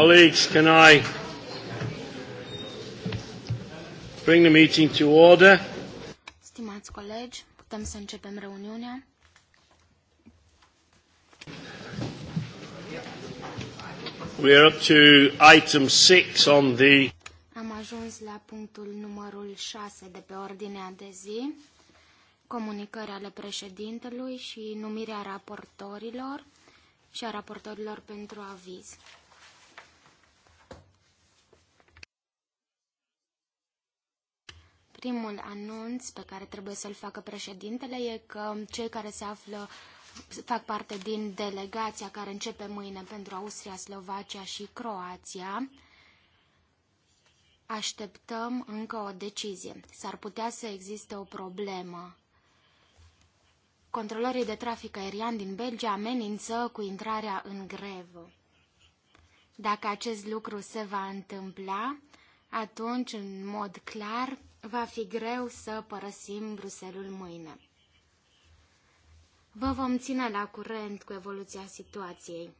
Colleagues, can I bring the meeting to order? Stimați colegi, putem să începem reuniunea. We are up to item 6 on the Am ajuns la punctul numărul 6 de pe ordinea de zi, comunicări ale președintelui și numirea raportorilor și a raportorilor pentru aviz. Primul anunț pe care trebuie să-l facă președintele e că cei care se află fac parte din delegația care începe mâine pentru Austria, Slovacia și Croația. Așteptăm încă o decizie. S-ar putea să existe o problemă. Controlorii de trafic aerian din Belgia amenință cu intrarea în grevă. Dacă acest lucru se va întâmpla, atunci, în mod clar, Va fi greu să părăsim Bruselul mâine. Vă vom ține la curent cu evoluția situației.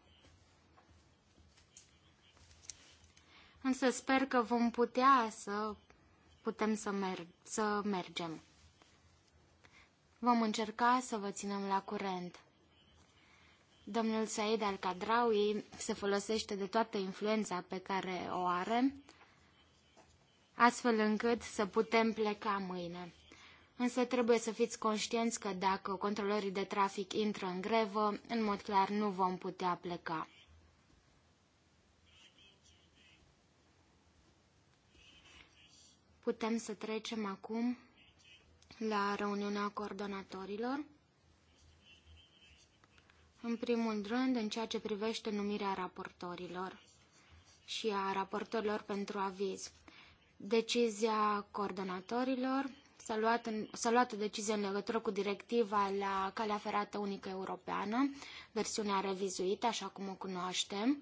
Însă sper că vom putea să putem să, mer- să mergem. Vom încerca să vă ținem la curent. Domnul Said al Cadraui se folosește de toată influența pe care o are astfel încât să putem pleca mâine. Însă trebuie să fiți conștienți că dacă controlorii de trafic intră în grevă, în mod clar nu vom putea pleca. Putem să trecem acum la reuniunea coordonatorilor. În primul rând, în ceea ce privește numirea raportorilor și a raportorilor pentru aviz. Decizia coordonatorilor s-a luat, în, s-a luat o decizie în legătură cu directiva la calea ferată unică europeană, versiunea revizuită, așa cum o cunoaștem.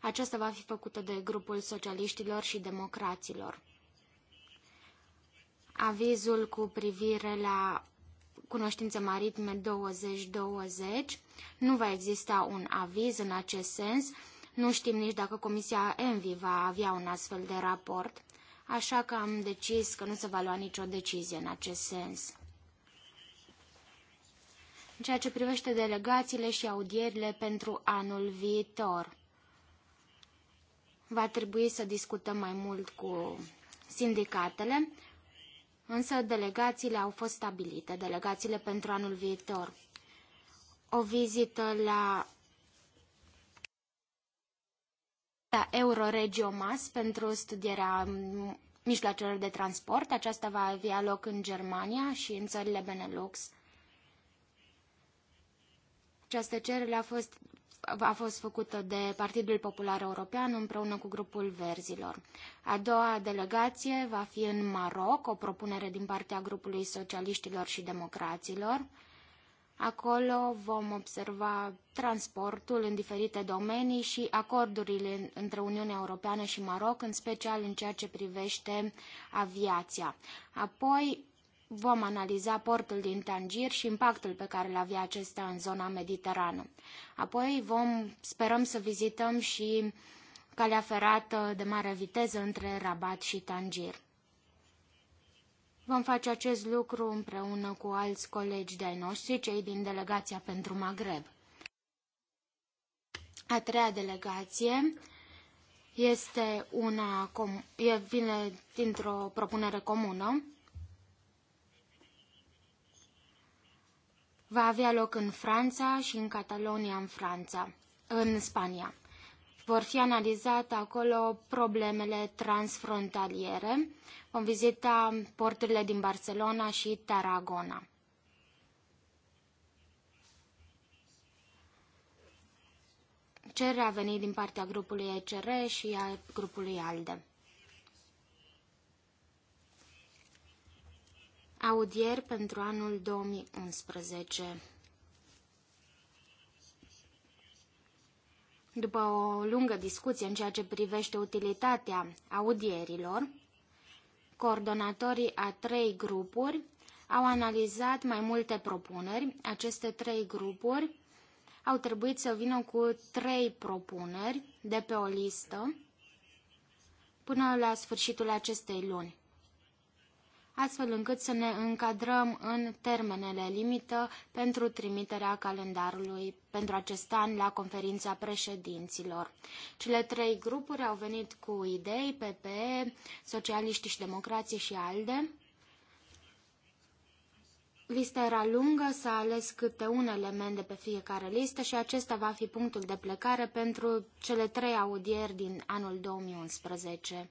Aceasta va fi făcută de grupul socialiștilor și democraților. Avizul cu privire la cunoștințe maritime 2020 nu va exista un aviz în acest sens. Nu știm nici dacă Comisia ENVI va avea un astfel de raport așa că am decis că nu se va lua nicio decizie în acest sens. În ceea ce privește delegațiile și audierile pentru anul viitor, va trebui să discutăm mai mult cu sindicatele, însă delegațiile au fost stabilite, delegațiile pentru anul viitor. O vizită la rețeta Euroregiomas pentru studierea mijloacelor de transport. Aceasta va avea loc în Germania și în țările Benelux. Această cerere a fost, a fost făcută de Partidul Popular European împreună cu grupul Verzilor. A doua delegație va fi în Maroc, o propunere din partea grupului socialiștilor și democraților. Acolo vom observa transportul în diferite domenii și acordurile între Uniunea Europeană și Maroc, în special în ceea ce privește aviația. Apoi vom analiza portul din Tangier și impactul pe care îl avea acesta în zona mediterană. Apoi vom sperăm să vizităm și calea ferată de mare viteză între Rabat și Tangier. Vom face acest lucru împreună cu alți colegi de-ai noștri, cei din delegația pentru Maghreb. A treia delegație este una, e, vine dintr-o propunere comună. Va avea loc în Franța și în Catalonia, în Franța, în Spania. Vor fi analizate acolo problemele transfrontaliere, Vom vizita porturile din Barcelona și Tarragona. Cererea a venit din partea grupului ECR și a grupului ALDE. Audier pentru anul 2011 După o lungă discuție în ceea ce privește utilitatea audierilor, Coordonatorii a trei grupuri au analizat mai multe propuneri. Aceste trei grupuri au trebuit să vină cu trei propuneri de pe o listă până la sfârșitul acestei luni astfel încât să ne încadrăm în termenele limită pentru trimiterea calendarului pentru acest an la conferința președinților. Cele trei grupuri au venit cu idei, PPE, Socialiștii și Democrații și ALDE. Lista era lungă, s-a ales câte un element de pe fiecare listă și acesta va fi punctul de plecare pentru cele trei audieri din anul 2011.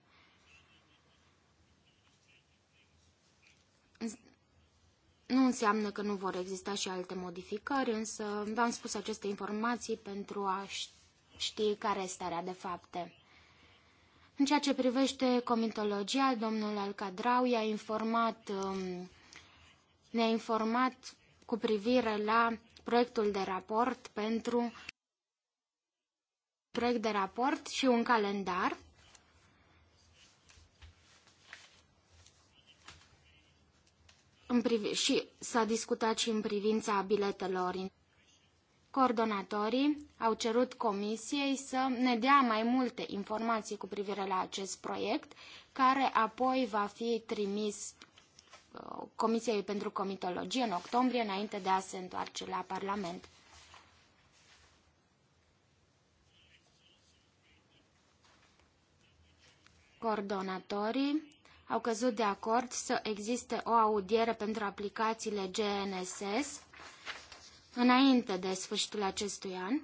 Nu înseamnă că nu vor exista și alte modificări, însă v-am spus aceste informații pentru a ști care este starea de fapte. În ceea ce privește comitologia, domnul Alcadrau i-a informat, um, ne-a informat cu privire la proiectul de raport pentru proiect de raport și un calendar în privi- și s-a discutat și în privința biletelor. Coordonatorii au cerut comisiei să ne dea mai multe informații cu privire la acest proiect, care apoi va fi trimis uh, Comisiei pentru Comitologie în octombrie, înainte de a se întoarce la Parlament. Coordonatorii au căzut de acord să existe o audiere pentru aplicațiile GNSS înainte de sfârșitul acestui an.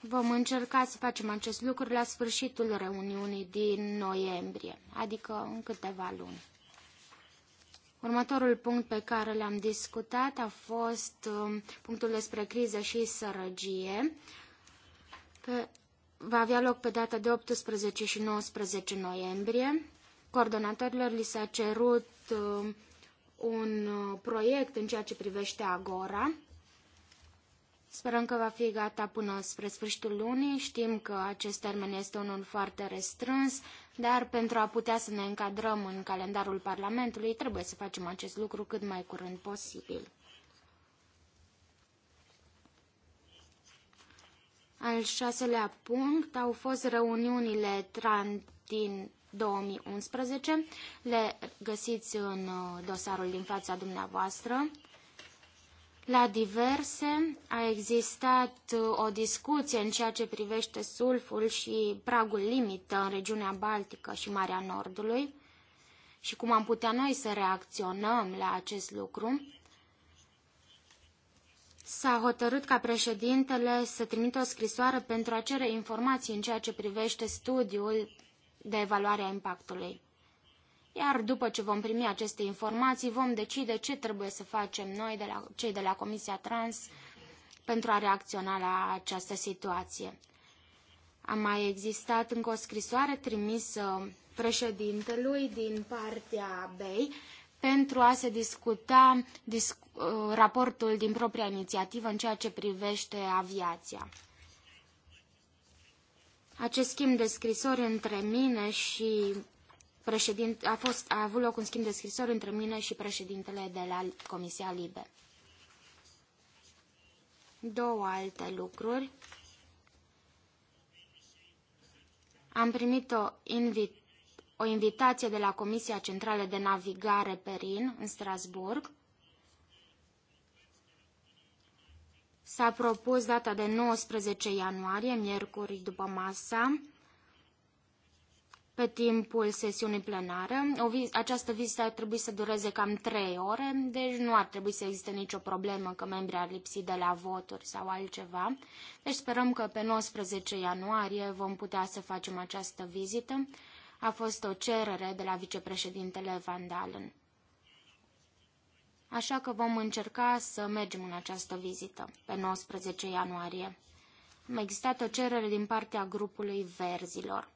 Vom încerca să facem acest lucru la sfârșitul reuniunii din noiembrie, adică în câteva luni. Următorul punct pe care l-am discutat a fost um, punctul despre criză și sărăgie. Pe va avea loc pe data de 18 și 19 noiembrie. Coordonatorilor li s-a cerut uh, un uh, proiect în ceea ce privește Agora. Sperăm că va fi gata până spre sfârșitul lunii. Știm că acest termen este unul foarte restrâns, dar pentru a putea să ne încadrăm în calendarul Parlamentului, trebuie să facem acest lucru cât mai curând posibil. Al șaselea punct au fost reuniunile TRAN din 2011. Le găsiți în uh, dosarul din fața dumneavoastră. La diverse a existat uh, o discuție în ceea ce privește sulful și pragul limită în regiunea Baltică și Marea Nordului și cum am putea noi să reacționăm la acest lucru. S-a hotărât ca președintele să trimită o scrisoare pentru a cere informații în ceea ce privește studiul de evaluare a impactului. Iar după ce vom primi aceste informații, vom decide ce trebuie să facem noi, de la, cei de la Comisia Trans, pentru a reacționa la această situație. A mai existat încă o scrisoare trimisă președintelui din partea BEI pentru a se discuta uh, raportul din propria inițiativă în ceea ce privește aviația. Acest schimb de scrisori între mine și președinte, a, fost, a avut loc un schimb de scrisori între mine și președintele de la Comisia Libe. Două alte lucruri. Am primit o invitație o invitație de la Comisia Centrală de Navigare Perin în Strasburg. S-a propus data de 19 ianuarie, miercuri după masa, pe timpul sesiunii plenare. O această vizită ar trebui să dureze cam 3 ore, deci nu ar trebui să existe nicio problemă că membrii ar lipsi de la voturi sau altceva. Deci sperăm că pe 19 ianuarie vom putea să facem această vizită. A fost o cerere de la vicepreședintele Van Dalen. Așa că vom încerca să mergem în această vizită, pe 19 ianuarie. Am existat o cerere din partea grupului verzilor.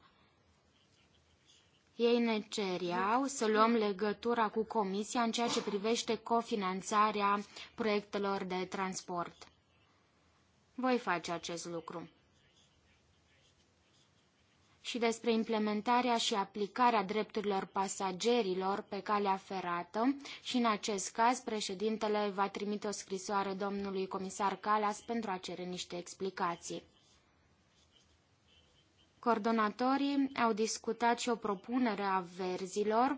Ei ne ceriau să luăm legătura cu Comisia în ceea ce privește cofinanțarea proiectelor de transport. Voi face acest lucru și despre implementarea și aplicarea drepturilor pasagerilor pe calea ferată și în acest caz președintele va trimite o scrisoare domnului comisar Calas pentru a cere niște explicații. Coordonatorii au discutat și o propunere a verzilor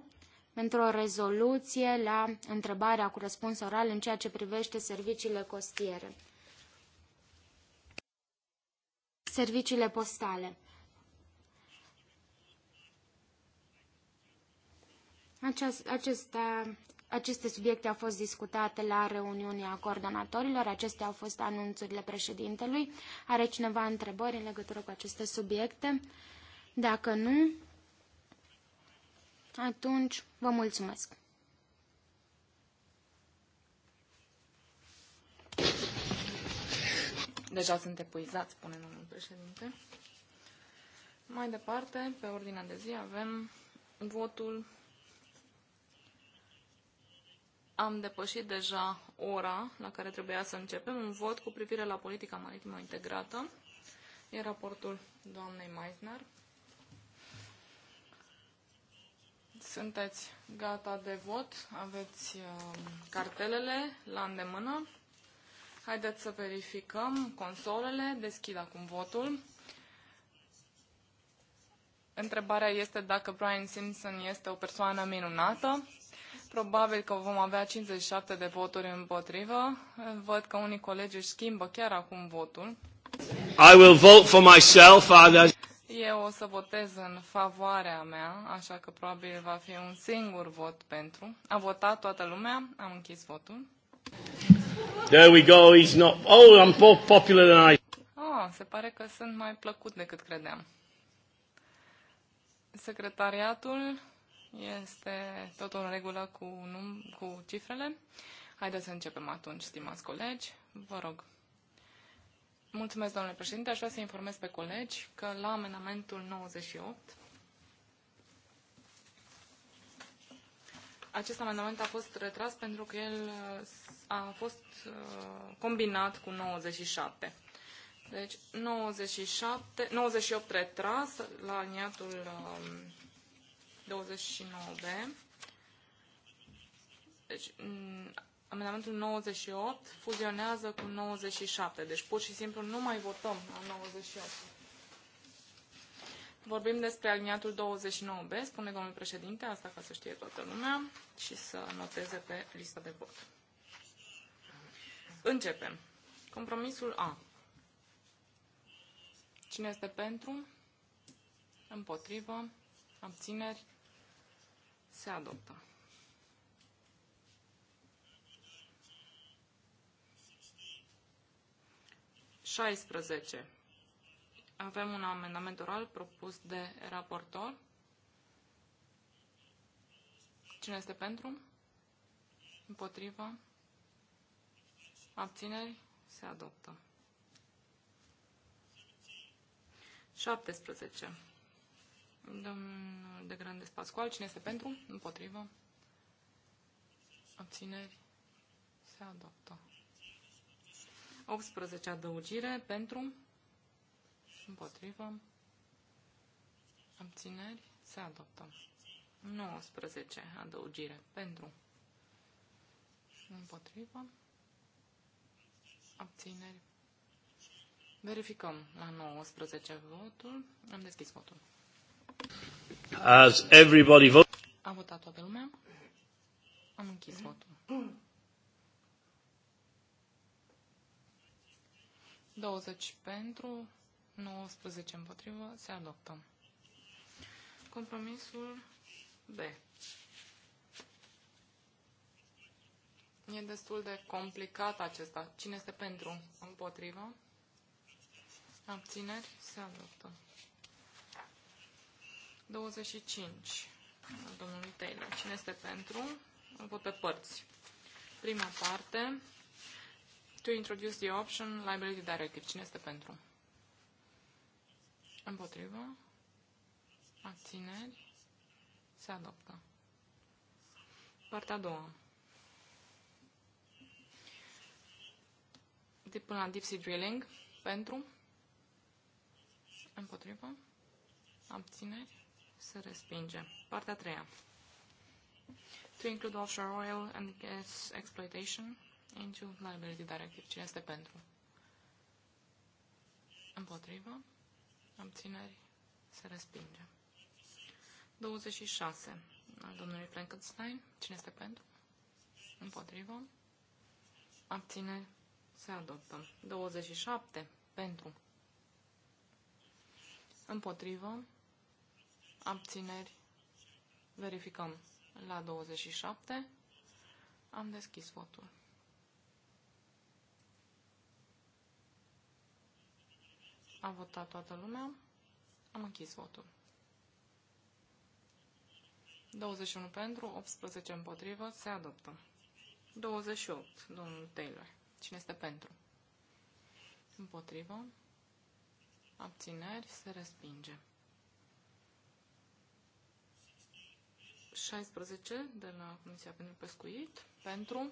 pentru o rezoluție la întrebarea cu răspuns oral în ceea ce privește serviciile costiere. Serviciile postale. Aceast, aceste subiecte au fost discutate la reuniunea coordonatorilor, acestea au fost anunțurile președintelui. Are cineva întrebări în legătură cu aceste subiecte? Dacă nu, atunci vă mulțumesc. Deja sunt epuizat, spune domnul președinte. Mai departe, pe ordinea de zi, avem votul am depășit deja ora la care trebuia să începem un vot cu privire la politica maritimă integrată. E raportul doamnei Meisner. Sunteți gata de vot, aveți um, cartelele la îndemână. Haideți să verificăm consolele, deschid acum votul. Întrebarea este dacă Brian Simpson este o persoană minunată. Probabil că vom avea 57 de voturi împotrivă. Văd că unii colegi își schimbă chiar acum votul. I will vote for myself. Father. Eu o să votez în favoarea mea, așa că probabil va fi un singur vot pentru. A votat toată lumea, am închis votul. There we go, he's not... Oh, I'm more popular than I... Oh, se pare că sunt mai plăcut decât credeam. Secretariatul este totul în regulă cu, num- cu cifrele. Haideți să începem atunci, stimați colegi. Vă rog. Mulțumesc, domnule președinte. Aș vrea să informez pe colegi că la amendamentul 98 acest amendament a fost retras pentru că el uh, a fost uh, combinat cu 97. Deci 97, 98 retras la aliniatul um, 29B. Deci, mm, amendamentul 98 fuzionează cu 97. Deci, pur și simplu, nu mai votăm la 98. Vorbim despre aliniatul 29B, spune domnul președinte, asta ca să știe toată lumea și să noteze pe lista de vot. Începem. Compromisul A. Cine este pentru? Împotrivă? Abțineri? Se adoptă. Avem un amendament oral propus de raportor. Cine este pentru? Împotriva? Abțineri? Se adoptă. 17. Domnul de Grande Pascual, cine este pentru? Împotrivă. Abțineri. Se adoptă. 18 adăugire pentru. Împotrivă. Abțineri. Se adoptă. 19 adăugire pentru. Împotrivă. Abțineri. Verificăm la 19 votul. Am deschis votul. As everybody vote. A votat toată lumea. Am închis votul. 20 pentru, 19 împotrivă, se adoptă. Compromisul B. E destul de complicat acesta. Cine este pentru? Împotrivă? Abțineri? Se adoptă. 25 al domnului Taylor. Cine este pentru? Îl vot pe părți. Prima parte. To introduce the option liability directive. Cine este pentru? Împotrivă. Abțineri. Se adoptă. Partea a doua. De până la deep sea drilling. Pentru. Împotrivă. Abțineri. Se respinge. Partea a treia. To include offshore oil and gas exploitation into liability directive. Cine este pentru? Împotrivă. Abțineri. Se respinge. 26. Al domnului Frankenstein. Cine este pentru? Împotrivă. Abțineri. Se adoptă. 27. Pentru. Împotrivă abțineri, verificăm la 27, am deschis votul. A votat toată lumea, am închis votul. 21 pentru, 18 împotrivă, se adoptă. 28, domnul Taylor. Cine este pentru? Împotrivă. Abțineri, se respinge. 16 de la Comisia pentru Pescuit pentru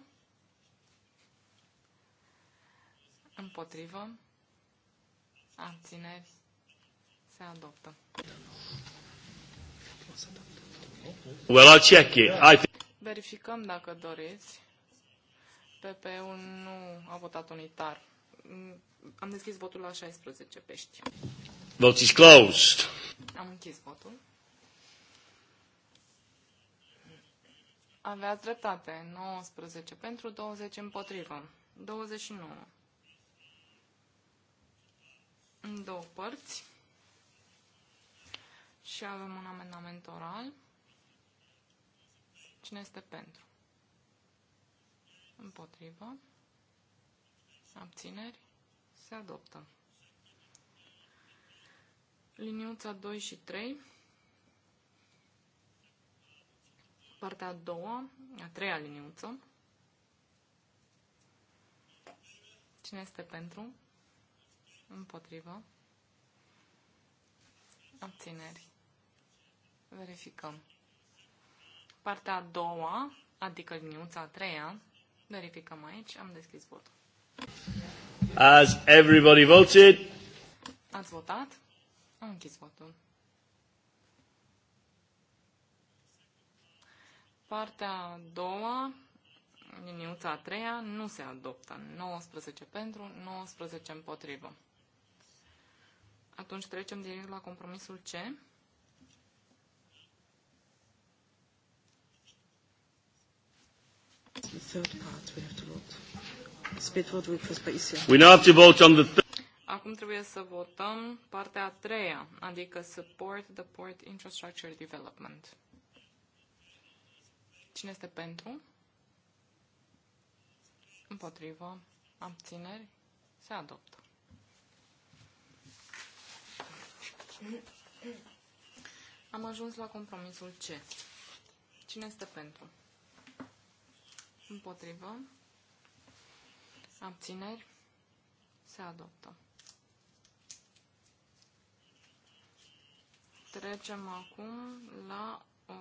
împotrivă abțineri se adoptă. Well, I'll check it. I Verificăm dacă doriți. PP-ul nu a votat unitar. Am deschis votul la 16 pești. Vote is closed. Am închis votul. Aveați dreptate. 19 pentru, 20 împotrivă. 29. În două părți. Și avem un amendament oral. Cine este pentru? Împotrivă. Abțineri. Se adoptă. Liniuța 2 și 3. Partea a doua, a treia liniuță. Cine este pentru? Împotrivă. Abțineri. Verificăm. Partea a doua, adică liniuța a treia, verificăm aici. Am deschis votul. As everybody voted. Ați votat? Am închis votul. Partea a doua, liniuța a treia, nu se adoptă. 19 pentru, 19 împotrivă. Atunci trecem direct la compromisul C. Acum trebuie să votăm partea a treia, adică Support the Port Infrastructure Development. Cine este pentru? Împotrivă. Abțineri. Se adoptă. Am ajuns la compromisul C. Cine este pentru? Împotrivă. Abțineri. Se adoptă. Trecem acum la Uh,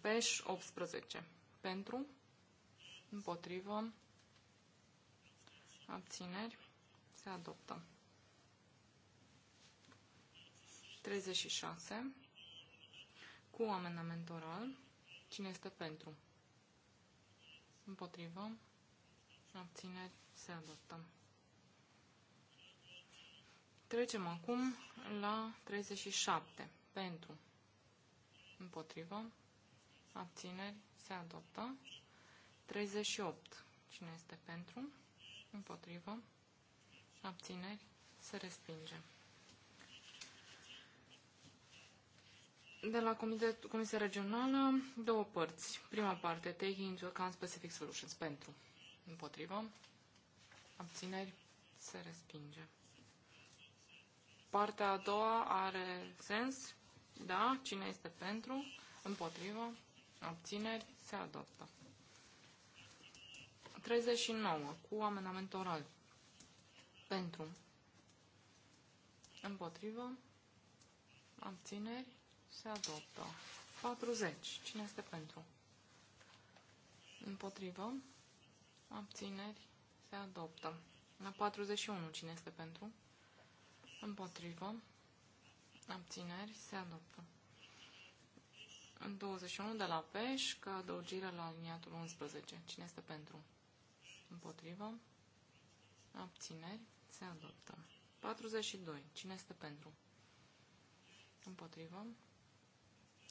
Peș 18. Pentru, împotrivă, abțineri, se adoptă. 36. Cu amendament oral. Cine este pentru? Împotrivă. Abțineri. Se adoptă. Trecem acum la 37. Pentru. Împotrivă. Abțineri. Se adoptă. 38. Cine este pentru? Împotrivă. Abțineri. Se respinge. De la Comisia Regională, două părți. Prima parte, taking into account specific solutions. Pentru. Împotrivă. Abțineri. Se respinge. Partea a doua are sens da, cine este pentru? Împotrivă? Abțineri? Se adoptă. 39. Cu amendament oral. Pentru. Împotrivă? Abțineri? Se adoptă. 40. Cine este pentru? Împotrivă? Abțineri? Se adoptă. La 41. Cine este pentru? Împotrivă? abțineri, se adoptă. În 21 de la peș, ca adăugire la aliniatul 11. Cine este pentru? Împotrivă. Abțineri. Se adoptă. 42. Cine este pentru? Împotrivă.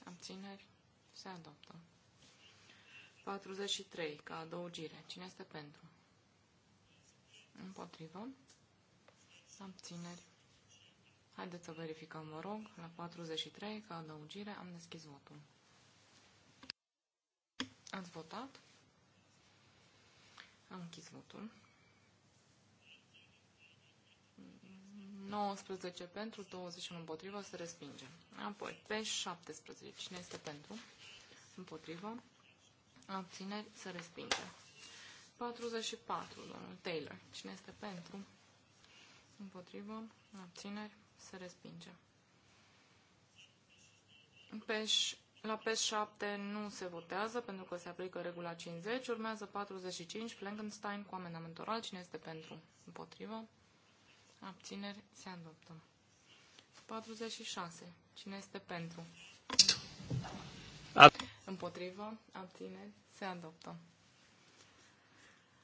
Abțineri. Se adoptă. 43. Ca adăugire. Cine este pentru? Împotrivă. Abțineri. Haideți să verificăm, vă rog, la 43, ca adăugire, am deschis votul. Ați votat? Am închis votul. 19 pentru, 21 împotrivă, se respinge. Apoi, pe 17, cine este pentru? Împotrivă, abțineri, se respinge. 44, domnul Taylor, cine este pentru? Împotrivă, abțineri, se respinge. Peș, la PS7 nu se votează pentru că se aplică regula 50. Urmează 45, Frankenstein cu amendament oral. Cine este pentru? Împotrivă. Abțineri se adoptă. 46. Cine este pentru? Împotrivă. Abțineri se adoptă.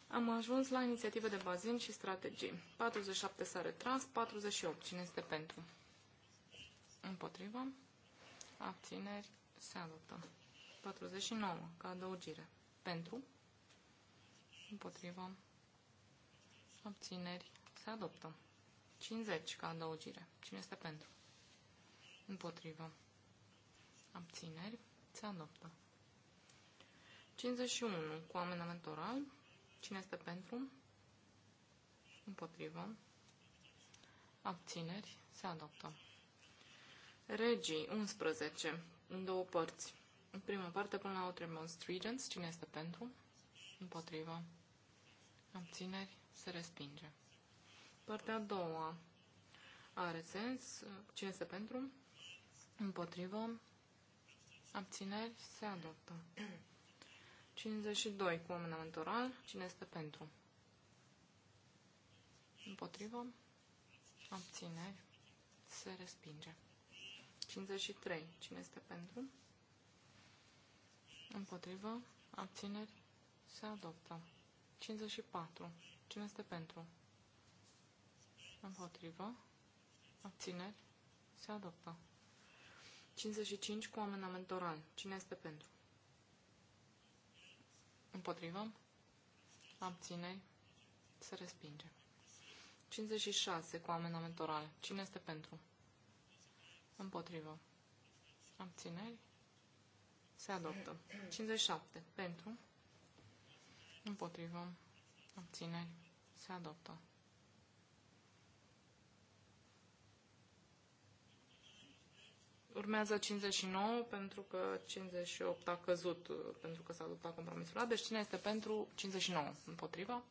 Am ajuns la inițiative de bazin și strategii. 47 s-a retras, 48. Cine este pentru? Împotriva. Abțineri. Se adoptă. 49. Ca adăugire. Pentru. Împotriva. Abțineri. Se adoptă. 50. Ca adăugire. Cine este pentru? Împotriva. Abțineri. Se adoptă. 51. Cu amendament oral. Cine este pentru? Împotrivă. Abțineri. Se adoptă. Regii 11. În două părți. În prima parte până la Outremont Students. Cine este pentru? Împotrivă. Abțineri. Se respinge. Partea a doua. Are sens. Cine este pentru? Împotrivă. Abțineri. Se adoptă. 52 cu amendament mentoral. Cine este pentru? Împotrivă? Obține. Se respinge. 53. Cine este pentru? Împotrivă? Abțineri? Se adoptă. 54. Cine este pentru? Împotrivă? Abțineri? Se adoptă. 55 cu amendament oral. Cine este pentru? Împotrivă. Abțineri. Se respinge. 56 cu amendament oral. Cine este pentru? Împotrivă. Abțineri. Se adoptă. 57. Pentru. Împotrivă. Abțineri. Se adoptă. Urmează 59 pentru că 58 a căzut uh, pentru că s-a adoptat compromisul Deci cine este pentru 59? Împotriva?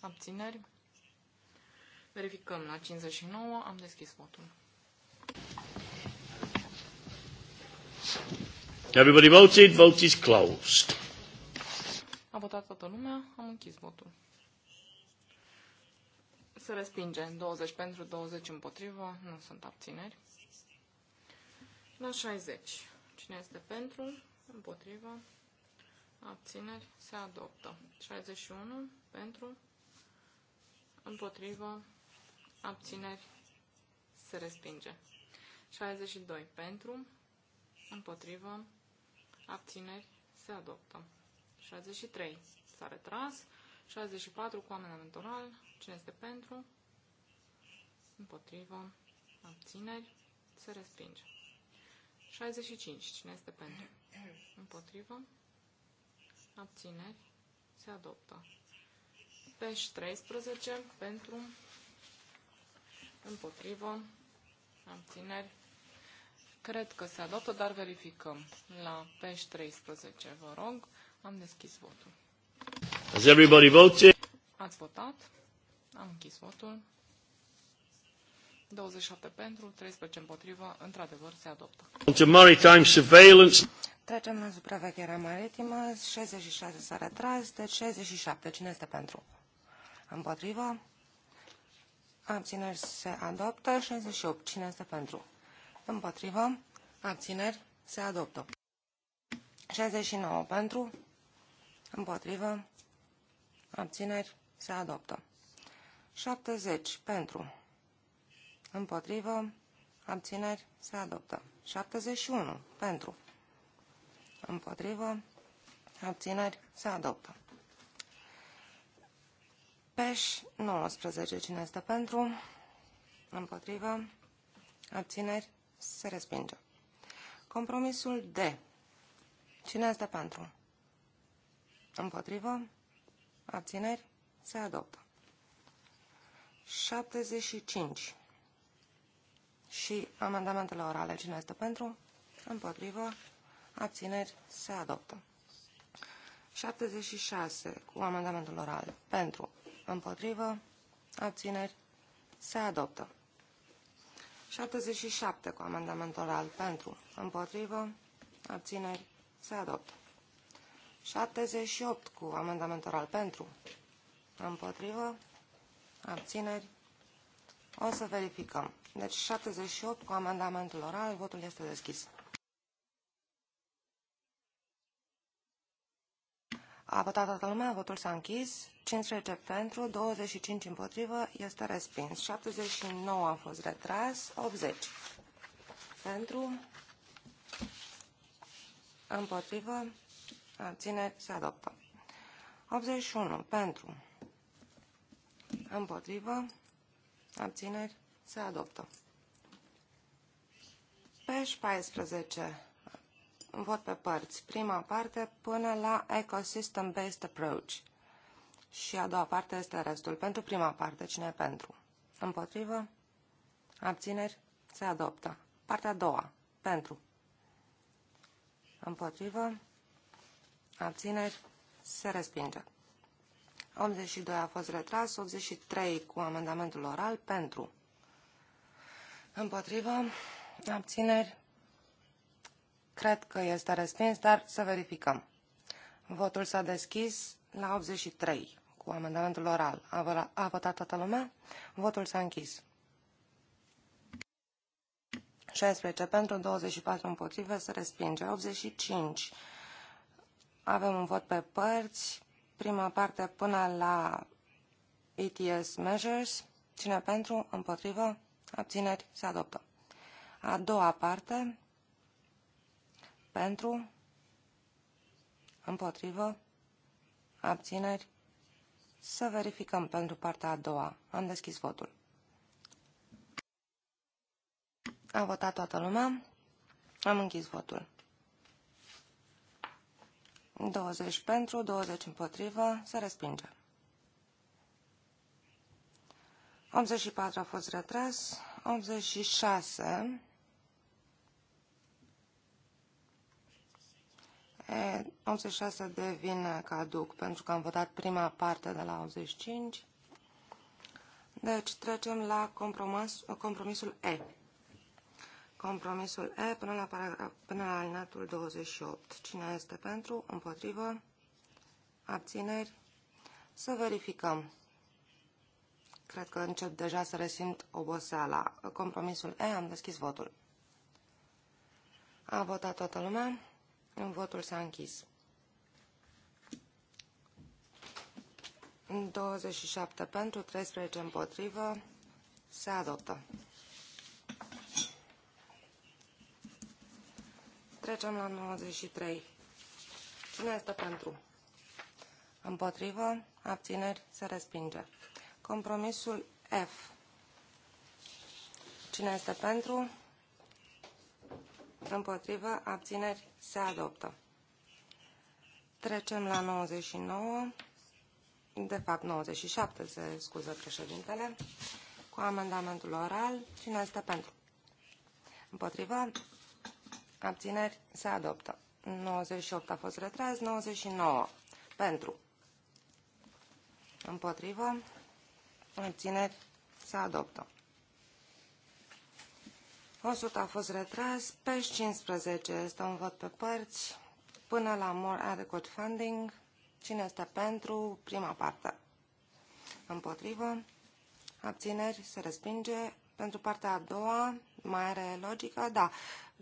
Abțineri? Verificăm la 59. Am deschis votul. Everybody voted. Vote is closed. A votat toată lumea. Am închis votul. Se respinge. 20 pentru, 20 împotriva. Nu sunt abțineri. La 60. Cine este pentru? Împotrivă. Abțineri. Se adoptă. 61. Pentru. Împotrivă. Abțineri. Se respinge. 62. Pentru. Împotrivă. Abțineri. Se adoptă. 63. S-a retras. 64 cu amendament oral. Cine este pentru? Împotrivă. Abțineri. Se respinge. 65. Cine este pentru? Împotrivă. Abțineri. Se adoptă. Peș 13. Pentru. Împotrivă. Abțineri. Cred că se adoptă, dar verificăm. La peș 13, vă rog, am deschis votul. Has everybody voted? Ați votat. Am închis votul. 27 pentru, 13 împotrivă, într-adevăr se adoptă. maritime surveillance. Trecem la supravegherea maritimă, 66 s-a retras, deci 67. Cine este pentru? Împotrivă? Abțineri se adoptă, 68. Cine este pentru? Împotrivă? Abțineri se adoptă. 69 pentru, împotrivă, abțineri se adoptă. 70 pentru, împotrivă, abțineri, se adoptă. 71 pentru, împotrivă, abțineri, se adoptă. Peș 19, cine este pentru, împotrivă, abțineri, se respinge. Compromisul D. Cine este pentru? Împotrivă, abțineri, se adoptă. 75 și amendamentele orale. Cine este pentru? Împotrivă. Abțineri. Se adoptă. 76 cu amendamentul oral. Pentru. Împotrivă. Abțineri. Se adoptă. 77 cu amendament oral. Pentru. Împotrivă. Abțineri. Se adoptă. 78 cu amendament oral. Pentru. Împotrivă. Abțineri. O să verificăm. Deci 78 cu amendamentul oral, votul este deschis. A votat toată lumea, votul s-a închis, 15 pentru, 25 împotrivă, este respins. 79 a fost retras, 80 pentru, împotrivă, abține, se adoptă. 81 pentru, împotrivă, abțineri, se adoptă. Pe 14. Vot pe părți. Prima parte până la Ecosystem-Based Approach. Și a doua parte este restul. Pentru prima parte, cine e pentru? Împotrivă? Abțineri? Se adoptă. Partea a doua. Pentru. Împotrivă? Abțineri? Se respinge. 82 a fost retras, 83 cu amendamentul oral pentru. Împotrivă. Abțineri. Cred că este respins, dar să verificăm. Votul s-a deschis la 83 cu amendamentul oral. A, a votat toată lumea? Votul s-a închis. 16 pentru, 24 împotrivă, se respinge. 85. Avem un vot pe părți. Prima parte până la ETS measures. Cine pentru? Împotrivă? Abțineri. Se adoptă. A doua parte. Pentru. Împotrivă. Abțineri. Să verificăm pentru partea a doua. Am deschis votul. A votat toată lumea. Am închis votul. 20 pentru, 20 împotrivă, se respinge. 84 a fost retras. 86. E, 86 devine caduc pentru că am votat prima parte de la 85. Deci trecem la compromis, compromisul E. Compromisul E până la, paragraf, până la alinatul 28. Cine este pentru? Împotrivă? Abțineri? Să verificăm. Cred că încep deja să resimt oboseala. Compromisul E, am deschis votul. A votat toată lumea. În votul s-a închis. 27 pentru, 13 împotrivă. Se adoptă. Trecem la 93. Cine este pentru? Împotrivă, abțineri, se respinge. Compromisul F. Cine este pentru? Împotrivă, abțineri, se adoptă. Trecem la 99, de fapt 97, se scuză președintele, cu amendamentul oral. Cine este pentru? Împotrivă, abțineri, se adoptă. 98 a fost retras, 99 pentru. Împotrivă, Abțineri. Se adoptă. 100 a fost retras. PES 15 este un vot pe părți. Până la More Adequate Funding. Cine este pentru? Prima parte. Împotrivă. Abțineri. Se respinge. Pentru partea a doua, mai are logică? Da.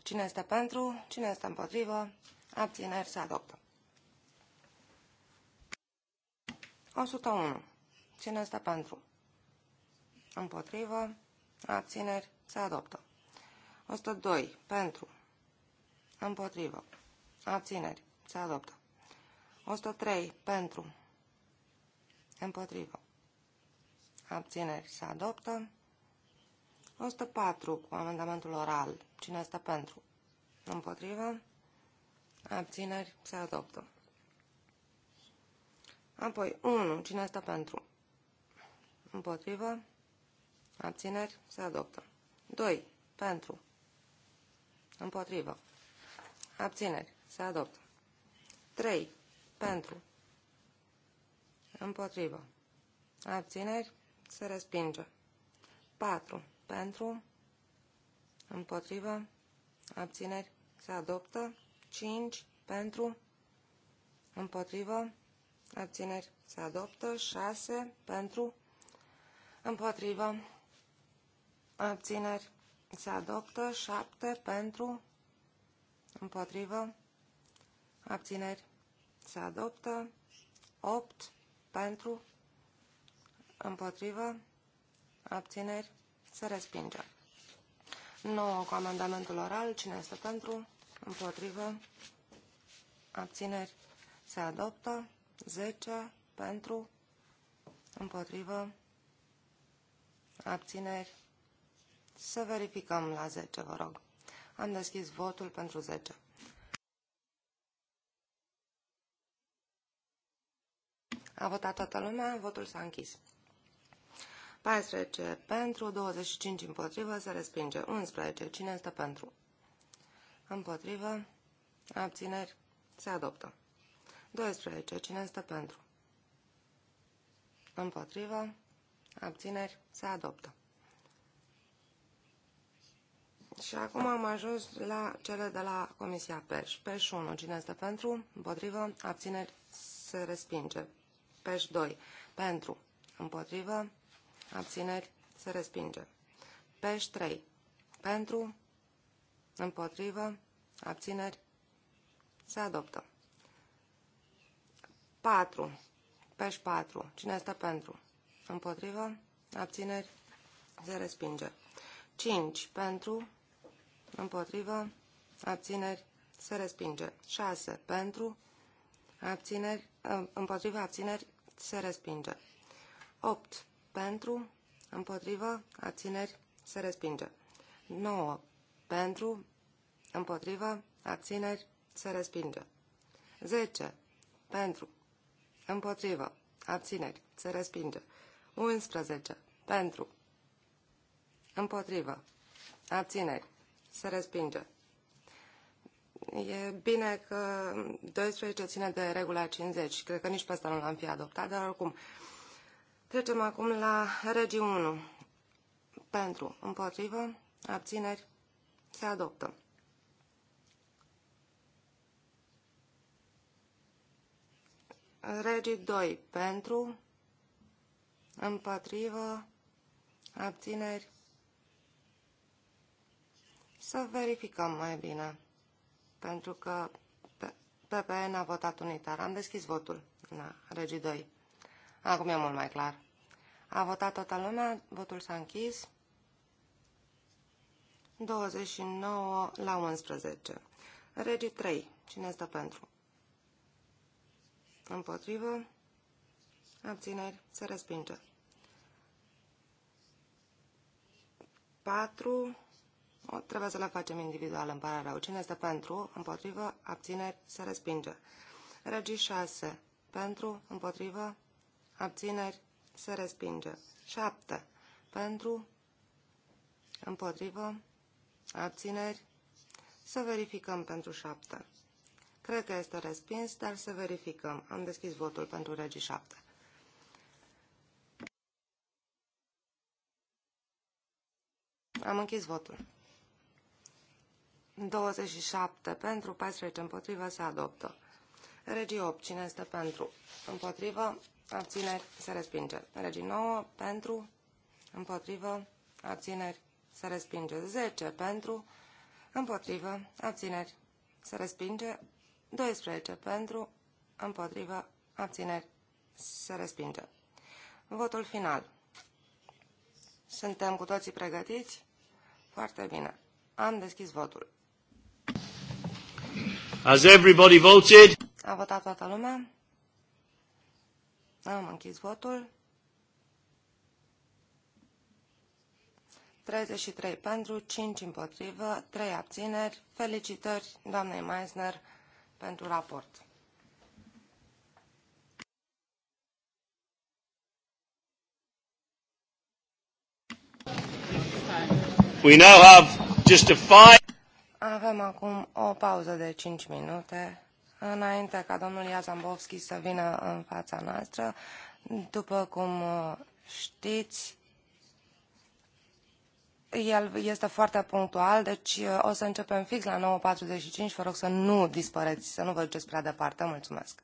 Cine este pentru? Cine este împotrivă? Abțineri. Se adoptă. 101. Cine este pentru? împotrivă, abțineri, se adoptă. 102 pentru, împotrivă, abțineri, se adoptă. 103 pentru, împotrivă, abțineri, se adoptă. 104 cu amendamentul oral, cine este pentru, împotrivă, abțineri, se adoptă. Apoi 1, cine este pentru, împotrivă, Abțineri? Se adoptă. 2. Pentru. Împotrivă. Abțineri. Se adoptă. 3. Pentru. Împotrivă. Abțineri. Se respinge. 4. Pentru. Împotrivă. Abțineri. Se adoptă. 5. Pentru. Împotrivă. Abțineri. Se adoptă. 6. Pentru. Împotrivă abțineri, se adoptă. 7 pentru, împotrivă, abțineri, se adoptă. 8 pentru, împotrivă, abțineri, se respinge. 9 cu amendamentul oral, cine este pentru, împotrivă, abțineri, se adoptă. 10 pentru, împotrivă, abțineri, să verificăm la 10, vă rog. Am deschis votul pentru 10. A votat toată lumea, votul s-a închis. 14 pentru, 25 împotrivă, se respinge. 11. Cine este pentru? Împotrivă, abțineri, se adoptă. 12. Cine este pentru? Împotrivă, abțineri, se adoptă. Și acum am ajuns la cele de la Comisia PEș. PEș 1, cine este pentru? Împotrivă? Abțineri? Se respinge. PEș 2, pentru? Împotrivă? Abțineri? Se respinge. PEș 3, pentru? Împotrivă? Abțineri? Se adoptă. 4. PEș 4. Cine este pentru? Împotrivă? Abțineri? Se respinge. 5. Pentru? împotrivă, abțineri, se respinge. 6 pentru, abțineri, ă, împotrivă, abțineri, se respinge. 8 pentru, împotrivă, abțineri, se respinge. 9 pentru, împotrivă, abțineri, se respinge. 10 pentru, împotrivă, abțineri, se respinge. 11 pentru, împotrivă, abțineri, se respinge. E bine că 12 ține de regula 50. Cred că nici pe asta nu l-am fi adoptat, dar oricum. Trecem acum la regii 1. Pentru, împotrivă, abțineri, se adoptă. Regii 2. Pentru, împotrivă, abțineri, să verificăm mai bine, pentru că PPN a votat unitar. Am deschis votul la regii 2. Acum e mult mai clar. A votat toată lumea, votul s-a închis. 29 la 11. Regii 3. Cine stă pentru? Împotrivă. Abțineri. Se respinge. 4. O, trebuie să le facem individual, îmi pare rău. Cine este pentru, împotrivă, abțineri, se respinge. Regii 6. Pentru, împotrivă, abțineri, se respinge. 7. Pentru, împotrivă, abțineri, să verificăm pentru 7. Cred că este respins, dar să verificăm. Am deschis votul pentru regii 7. Am închis votul. 27 pentru, 14 împotrivă, se adoptă. Regii 8, cine este pentru? Împotrivă, abțineri, se respinge. Regii 9, pentru, împotrivă, abțineri, se respinge. 10 pentru, împotrivă, abțineri, se respinge. 12 pentru, împotrivă, abțineri, se respinge. Votul final. Suntem cu toții pregătiți? Foarte bine. Am deschis votul. Has everybody voted? A votat toată lumea. Am închis votul. 33 pentru, 5 împotrivă, 3 abțineri. Felicitări doamnei Meisner pentru raport. We now have just a five avem acum o pauză de 5 minute înainte ca domnul Iazambovski să vină în fața noastră. După cum uh, știți, el este foarte punctual, deci uh, o să începem fix la 9.45. Vă rog să nu dispăreți, să nu vă duceți prea departe. Mulțumesc!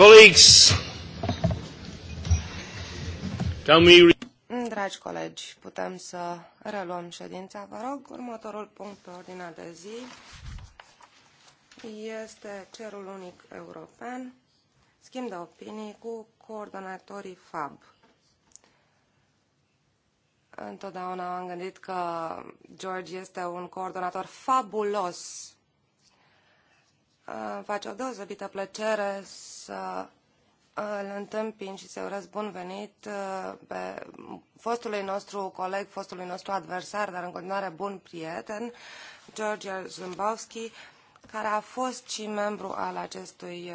Colleagues, can we... Dragi colegi, putem să reluăm ședința, vă rog. Următorul punct pe ordinea de zi este cerul unic european, schimb de opinii cu coordonatorii FAB. Întotdeauna am gândit că George este un coordonator fabulos Uh, face o deosebită plăcere să uh, îl întâmpin și să-i urez bun venit uh, pe fostului nostru coleg, fostului nostru adversar, dar în continuare bun prieten, George Zumbowski, care a fost și membru al acestui,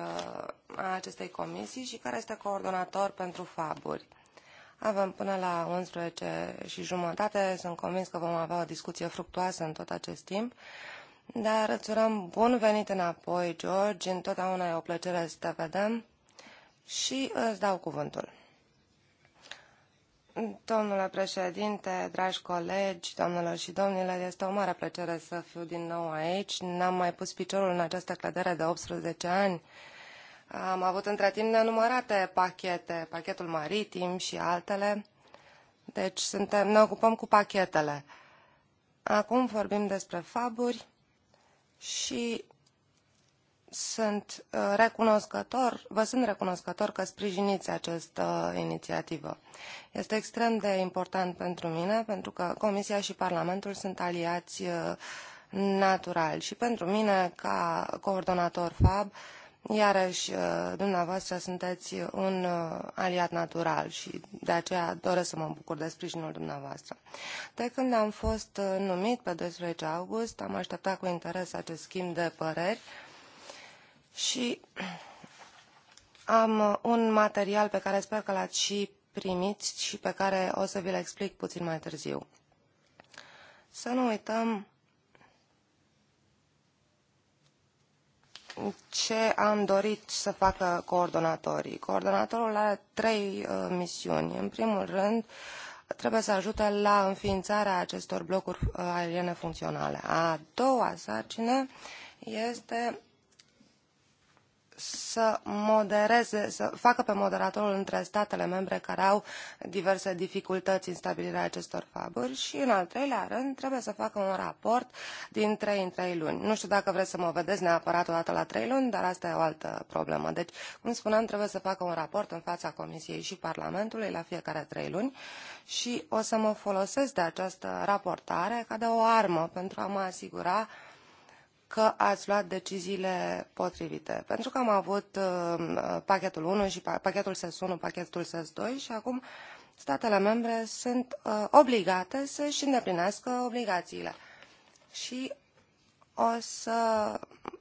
a acestei comisii și care este coordonator pentru faburi. Avem până la 11 și jumătate, sunt convins că vom avea o discuție fructuoasă în tot acest timp. Uh, dar îți urăm bun venit înapoi, George. Întotdeauna e o plăcere să te vedem. Și îți dau cuvântul. Domnule președinte, dragi colegi, domnilor și domnilor, este o mare plăcere să fiu din nou aici. N-am mai pus piciorul în această clădere de 18 ani. Am avut între timp nenumărate pachete, pachetul maritim și altele. Deci suntem, ne ocupăm cu pachetele. Acum vorbim despre faburi și sunt uh, recunoscător, vă sunt recunoscător că sprijiniți această uh, inițiativă. Este extrem de important pentru mine, pentru că Comisia și Parlamentul sunt aliați uh, natural și pentru mine, ca coordonator FAB, Iarăși, uh, dumneavoastră sunteți un uh, aliat natural și de aceea doresc să mă bucur de sprijinul dumneavoastră. De când am fost uh, numit pe 12 august, am așteptat cu interes acest schimb de păreri și am un material pe care sper că l-ați și primit și pe care o să vi-l explic puțin mai târziu. Să nu uităm ce am dorit să facă coordonatorii. Coordonatorul are trei uh, misiuni. În primul rând, trebuie să ajute la înființarea acestor blocuri uh, aeriene funcționale. A doua sarcină este să modereze, să facă pe moderatorul între statele membre care au diverse dificultăți în stabilirea acestor faburi și, în al treilea rând, trebuie să facă un raport din 3 în 3 luni. Nu știu dacă vreți să mă vedeți neapărat o dată la 3 luni, dar asta e o altă problemă. Deci, cum spuneam, trebuie să facă un raport în fața Comisiei și Parlamentului la fiecare 3 luni și o să mă folosesc de această raportare ca de o armă pentru a mă asigura uh, că ați luat deciziile potrivite. Pentru că am avut uh, pachetul 1 și pachetul SES 1, pachetul SES 2 și acum statele membre sunt uh, obligate să-și îndeplinească obligațiile. Și o să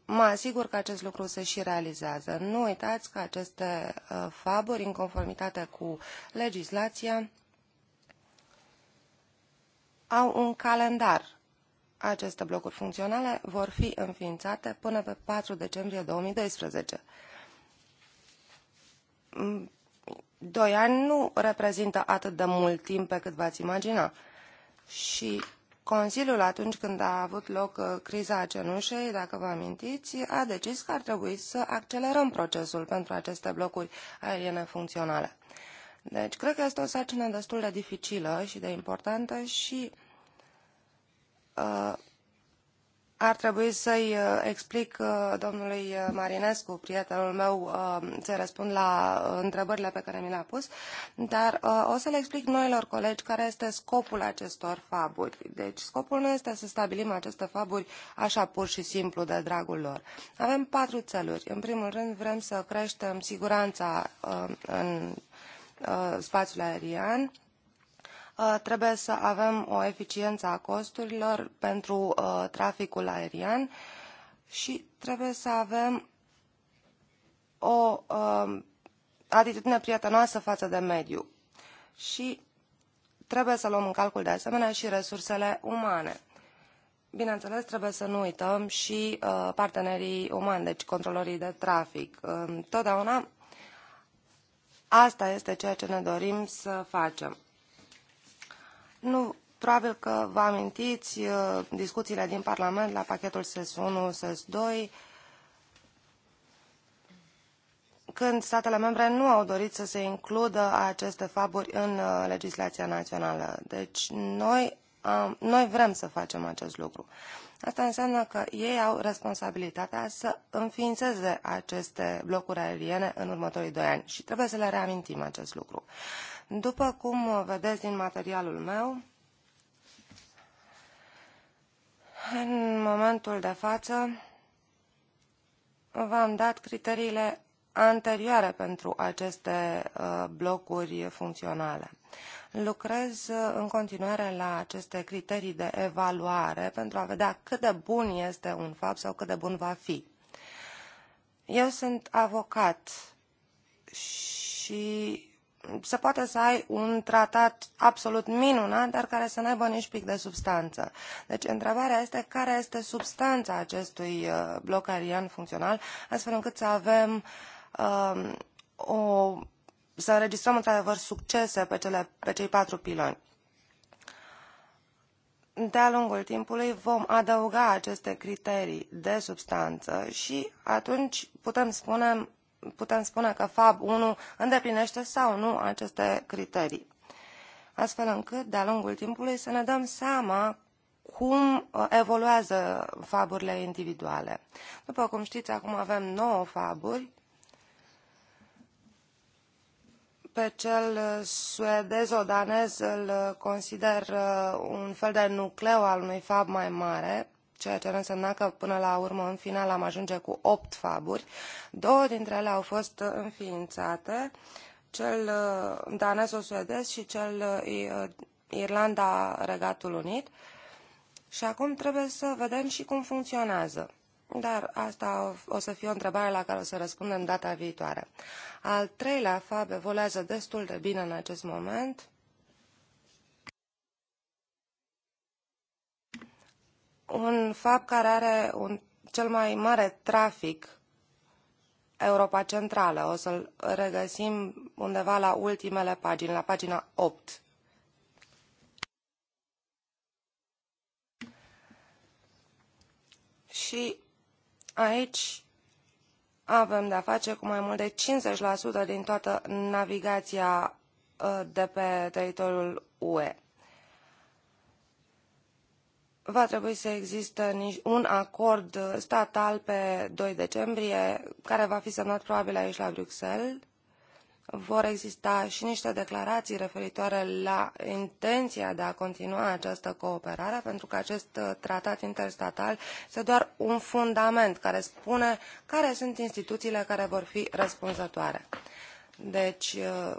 mă asigur că acest lucru se și realizează. Nu uitați că aceste uh, faburi, în conformitate cu legislația, au un calendar aceste blocuri funcționale vor fi înființate până pe 4 decembrie 2012. Mm, doi ani nu reprezintă atât de mult timp pe cât v-ați imagina. Și Consiliul, atunci când a avut loc uh, criza cenușei, dacă vă amintiți, a decis că ar trebui să accelerăm procesul pentru aceste blocuri aeriene funcționale. Deci, cred că este o sarcină destul de dificilă și de importantă și Uh, ar trebui să-i uh, explic uh, domnului Marinescu, prietenul meu, să răspund la întrebările pe care mi le-a pus, dar o să le explic noilor colegi care este scopul acestor faburi. Deci scopul nu este să stabilim aceste faburi așa pur și simplu de dragul lor. Avem patru țeluri. În primul rând vrem să creștem siguranța în spațiul aerian, Uh, trebuie să avem o eficiență a costurilor pentru uh, traficul aerian și trebuie să avem o um, atitudine prietenoasă față de mediu. Și trebuie să luăm în calcul de asemenea și resursele umane. Bineînțeles, trebuie să nu uităm și uh, partenerii umani, deci controlorii de trafic. Uh, totdeauna asta este ceea ce ne dorim să facem. Nu, probabil că vă amintiți uh, discuțiile din Parlament la pachetul SES 1, SES 2, când statele membre nu au dorit să se includă aceste faburi în uh, legislația națională. Deci noi, noi vrem să facem acest lucru. Asta înseamnă că ei au responsabilitatea să înființeze aceste blocuri aeriene în următorii doi ani și trebuie să le reamintim acest lucru. După cum vedeți din materialul meu, în momentul de față v-am dat criteriile anterioare pentru aceste uh, blocuri funcționale lucrez uh, în continuare la aceste criterii de evaluare pentru a vedea cât de bun este un fapt sau cât de bun va fi. Eu sunt avocat și se poate să ai un tratat absolut minunat, dar care să n-aibă nici pic de substanță. Deci întrebarea este care este substanța acestui uh, bloc arian funcțional, astfel încât să avem um, o să înregistrăm într-adevăr succese pe, cele, pe cei patru piloni. De-a lungul timpului vom adăuga aceste criterii de substanță și atunci putem spune, putem spune că FAB 1 îndeplinește sau nu aceste criterii. Astfel încât, de-a lungul timpului, să ne dăm seama cum uh, evoluează faburile individuale. După cum știți, acum avem 9 faburi Pe cel uh, suedez, o danez, îl uh, consider uh, un fel de nucleu al unui fab mai mare, ceea ce ar însemna că până la urmă, în final, am ajunge cu opt faburi. Două dintre ele au fost înființate, cel danez-suedez și cel Irlanda-Regatul Unit. Și acum trebuie să vedem și cum funcționează dar asta o să fie o întrebare la care o să răspundem data viitoare. Al treilea FAB evoluează destul de bine în acest moment. Un FAB care are un, cel mai mare trafic Europa Centrală. O să-l regăsim undeva la ultimele pagini, la pagina 8. Și Aici avem de-a face cu mai mult de 50% din toată navigația ă, de pe teritoriul UE. Va trebui să existe un acord statal pe 2 decembrie, care va fi semnat probabil aici la Bruxelles vor exista și niște declarații referitoare la intenția de a continua această cooperare, pentru că acest uh, tratat interstatal este doar un fundament care spune care sunt instituțiile care vor fi răspunzătoare. Deci, uh,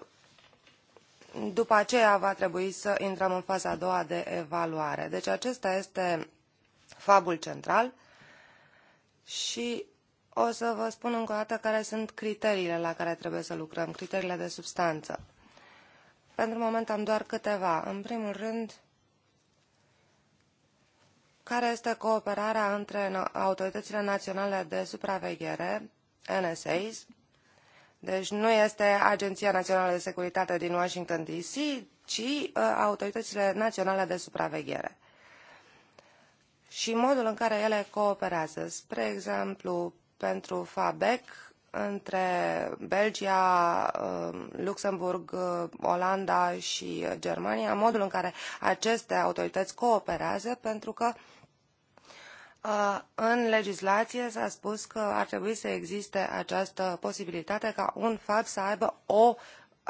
după aceea va trebui să intrăm în faza a doua de evaluare. Deci acesta este fabul central și o să vă spun încă o dată care sunt criteriile la care trebuie să lucrăm, criteriile de substanță. Pentru moment am doar câteva. În primul rând, care este cooperarea între autoritățile naționale de supraveghere, NSAs, deci nu este Agenția Națională de Securitate din Washington DC, ci ă, autoritățile naționale de supraveghere și modul în care ele cooperează. Spre exemplu, pentru FABEC între Belgia, um, Luxemburg, uh, Olanda și uh, Germania, modul în care aceste autorități cooperează, pentru că uh, în legislație s-a spus că ar trebui să existe această posibilitate ca un FAB să aibă o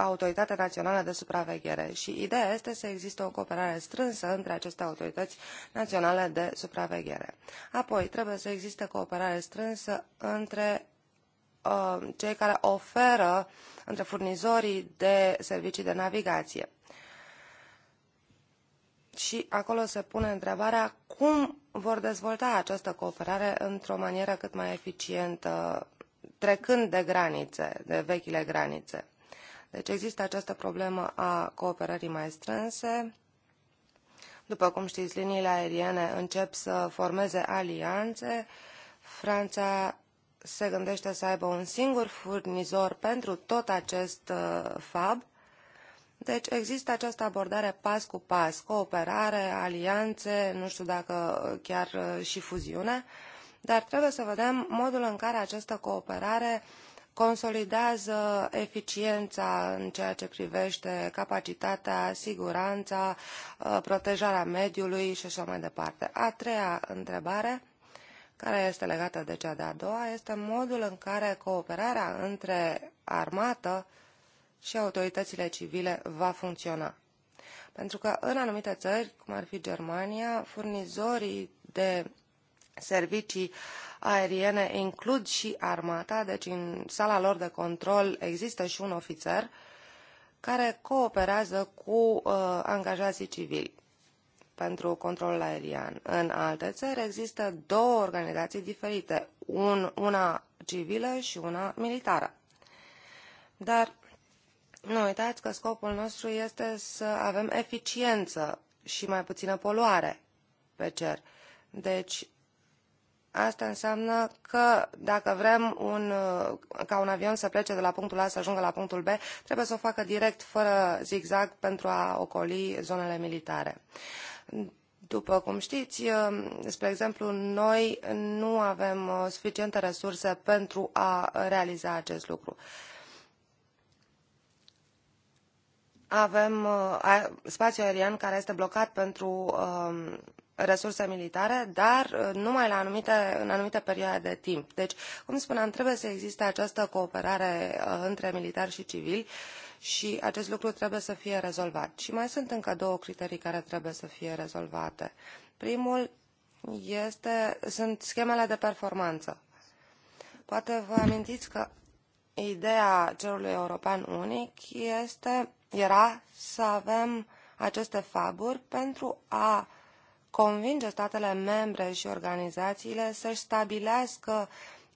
autoritatea Națională de Supraveghere și ideea este să existe o cooperare strânsă între aceste autorități naționale de supraveghere. Apoi, trebuie să existe cooperare strânsă între uh, cei care oferă, între furnizorii de servicii de navigație. Și acolo se pune întrebarea cum vor dezvolta această cooperare într-o manieră cât mai eficientă, trecând de granițe, de vechile granițe. Deci există această problemă a cooperării mai strânse. După cum știți, liniile aeriene încep să formeze alianțe. Franța se gândește să aibă un singur furnizor pentru tot acest uh, fab. Deci există această abordare pas cu pas, cooperare, alianțe, nu știu dacă chiar uh, și fuziune, dar trebuie să vedem modul în care această cooperare uh, consolidează eficiența în ceea ce privește capacitatea, siguranța, uh, protejarea mediului și așa mai departe. A treia întrebare care este legată de cea de-a doua, este modul în care cooperarea între armată și autoritățile civile va funcționa. Pentru că în anumite țări, cum ar fi Germania, furnizorii de servicii aeriene includ și armata, deci în sala lor de control există și un ofițer care cooperează cu uh, angajații civili pentru controlul aerian. În alte țări există două organizații diferite, un, una civilă și una militară. Dar nu uitați că scopul nostru este să avem eficiență și mai puțină poluare pe cer. Deci Asta înseamnă că dacă vrem un, ca un avion să plece de la punctul A să ajungă la punctul B, trebuie să o facă direct, fără zigzag, pentru a ocoli zonele militare. După cum știți, spre exemplu, noi nu avem uh, suficiente resurse pentru a realiza acest lucru. Avem uh, spațiu aerian care este blocat pentru um, resurse militare, dar uh, numai la anumite, în anumite perioade de timp. Deci, cum spuneam, trebuie să existe această cooperare uh, între militari și civili și acest lucru trebuie să fie rezolvat. Și mai sunt încă două criterii care trebuie să fie rezolvate. Primul este, sunt schemele de performanță. Poate vă amintiți că ideea cerului european unic este, era să avem aceste faburi pentru a convinge statele membre și organizațiile să-și stabilească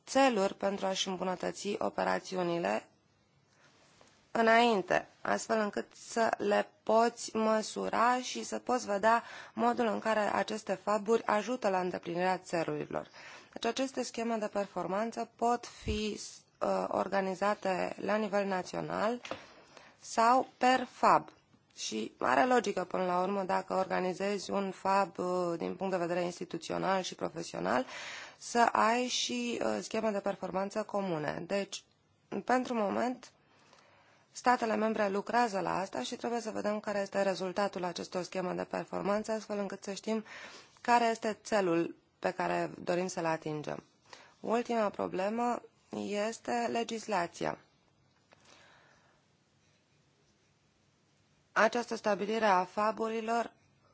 țeluri pentru a-și îmbunătăți operațiunile înainte, astfel încât să le poți măsura și să poți vedea modul în care aceste faburi ajută la îndeplinirea țelurilor. Deci aceste scheme de performanță pot fi uh, organizate la nivel național sau per fab. Și are logică până la urmă dacă organizezi un fab uh, din punct de vedere instituțional și profesional, să ai și uh, scheme de performanță comune. Deci, pentru moment, statele membre lucrează la asta și trebuie să vedem care este rezultatul acestor scheme de performanță, astfel încât să știm care este celul pe care dorim să-l atingem. Ultima problemă este legislația. această stabilire a faburilor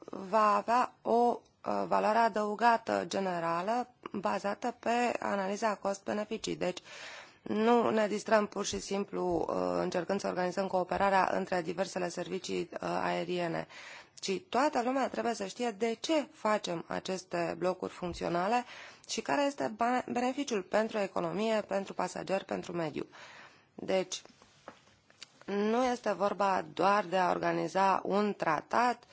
va avea o uh, valoare adăugată generală bazată pe analiza cost-beneficii. Deci nu ne distrăm pur și simplu uh, încercând să organizăm cooperarea între diversele servicii uh, aeriene, ci toată lumea trebuie să știe de ce facem aceste blocuri funcționale și care este beneficiul pentru economie, pentru pasager, pentru mediu. Deci, nu este vorba doar de a organiza un tratat,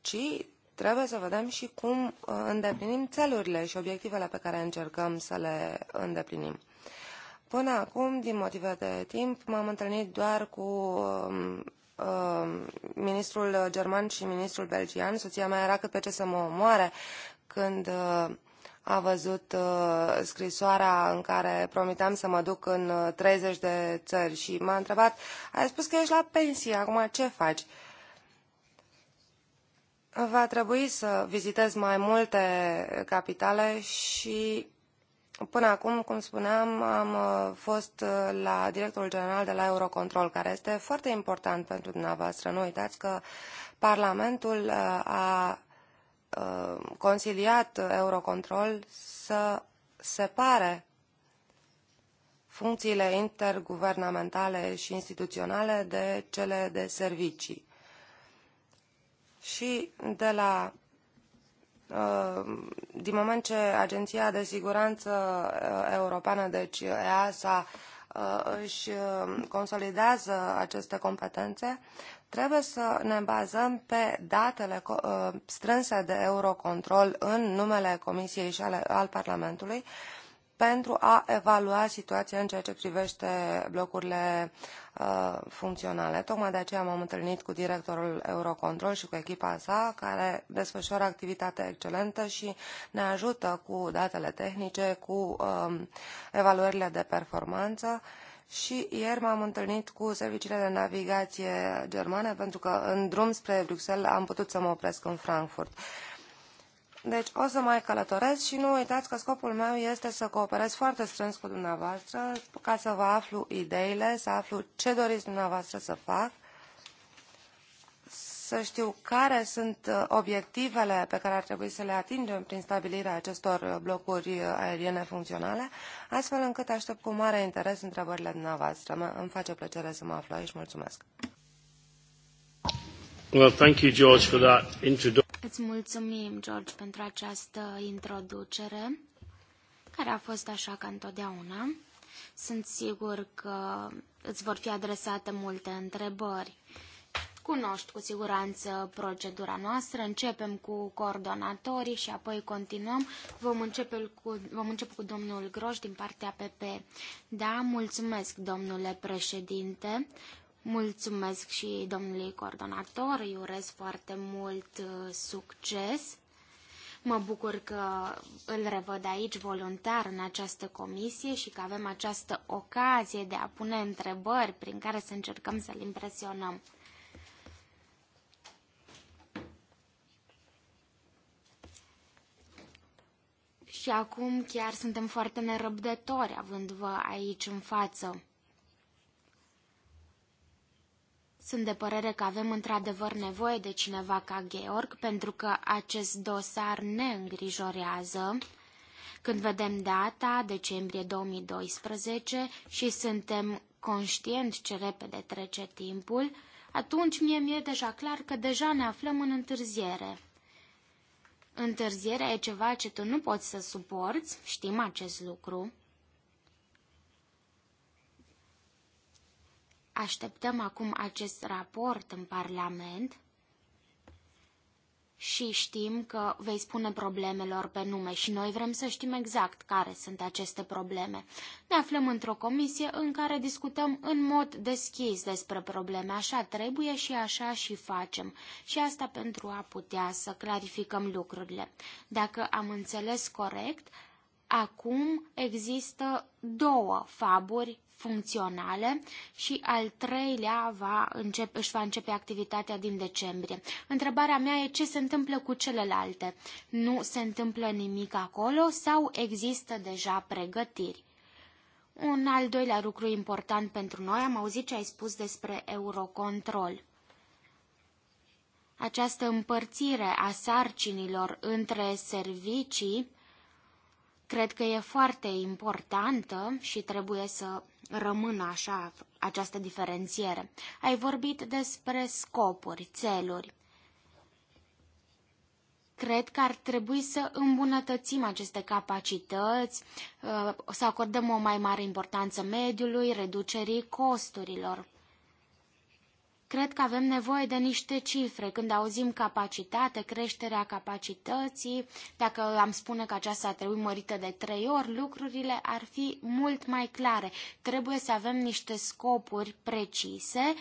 ci trebuie să vedem și cum uh, îndeplinim țelurile și obiectivele pe care încercăm să le îndeplinim. Până acum, din motive de timp, m-am întâlnit doar cu um, um, ministrul german și ministrul belgian. Soția mea era cât pe ce să mă omoare când uh, a văzut uh, scrisoarea în care promiteam să mă duc în 30 uh, de țări și m-a întrebat, ai spus că ești la pensie, acum ce faci? Va trebui să vizitez mai multe capitale și Până acum, cum spuneam, am uh, fost uh, la directorul general de la Eurocontrol, care este foarte important pentru dumneavoastră. Nu uitați că Parlamentul a Uh, consiliat Eurocontrol să separe funcțiile interguvernamentale și instituționale de cele de servicii. Și de la uh, din moment ce Agenția de Siguranță uh, Europeană, deci EASA, își consolidează aceste competențe, Trebuie să ne bazăm pe datele ă, strânse de Eurocontrol în numele Comisiei și al Parlamentului pentru a evalua situația în ceea ce privește blocurile uh, funcționale. Tocmai de aceea m-am întâlnit cu directorul Eurocontrol și cu echipa sa, care desfășoară activitate excelentă și ne ajută cu datele tehnice, cu uh, evaluările de performanță. Uh, și ieri m-am întâlnit cu serviciile de navigație germane pentru că în drum spre Bruxelles am putut să mă opresc în Frankfurt. Deci o să mai călătoresc și nu uitați că scopul meu este să cooperez foarte strâns cu dumneavoastră ca să vă aflu ideile, să aflu ce doriți dumneavoastră să fac să știu care sunt uh, obiectivele pe care ar trebui să le atingem prin stabilirea acestor uh, blocuri uh, aeriene funcționale, astfel încât aștept cu mare interes întrebările dumneavoastră. M îmi face plăcere să mă aflu aici. Mulțumesc! Well, thank you, George, for that Îți mulțumim, George, pentru această introducere, care a fost așa ca întotdeauna. Sunt sigur că îți vor fi adresate multe întrebări. Cunoști cu siguranță procedura noastră, începem cu coordonatorii și apoi continuăm. Vom începe cu, vom începe cu domnul Groș din partea PP. Da, mulțumesc, domnule președinte. Mulțumesc și domnului coordonator, îi urez foarte mult uh, succes. Mă bucur că îl revăd aici voluntar în această comisie și că avem această ocazie de a pune întrebări prin care să încercăm să-l impresionăm. și acum chiar suntem foarte nerăbdători având-vă aici în față. Sunt de părere că avem într-adevăr nevoie de cineva ca Georg, pentru că acest dosar ne îngrijorează. Când vedem data, decembrie 2012, și suntem conștienți ce repede trece timpul, atunci mie mi-e deja clar că deja ne aflăm în întârziere. Întârzierea e ceva ce tu nu poți să suporți, știm acest lucru. Așteptăm acum acest raport în Parlament și știm că vei spune problemelor pe nume și noi vrem să știm exact care sunt aceste probleme. Ne aflăm într-o comisie în care discutăm în mod deschis despre probleme. Așa trebuie și așa și facem. Și asta pentru a putea să clarificăm lucrurile. Dacă am înțeles corect, acum există două faburi funcționale și al treilea va începe, își va începe activitatea din decembrie. Întrebarea mea e ce se întâmplă cu celelalte. Nu se întâmplă nimic acolo sau există deja pregătiri? Un al doilea lucru important pentru noi, am auzit ce ai spus despre Eurocontrol. Această împărțire a sarcinilor între servicii cred că e foarte importantă și trebuie să rămână așa această diferențiere. Ai vorbit despre scopuri, țeluri. Cred că ar trebui să îmbunătățim aceste capacități, uh, să acordăm o mai mare importanță mediului, reducerii costurilor. Cred că avem nevoie de niște cifre. Când auzim capacitate, creșterea capacității, dacă am spune că aceasta ar trebui mărită de trei ori, lucrurile ar fi mult mai clare. Trebuie să avem niște scopuri precise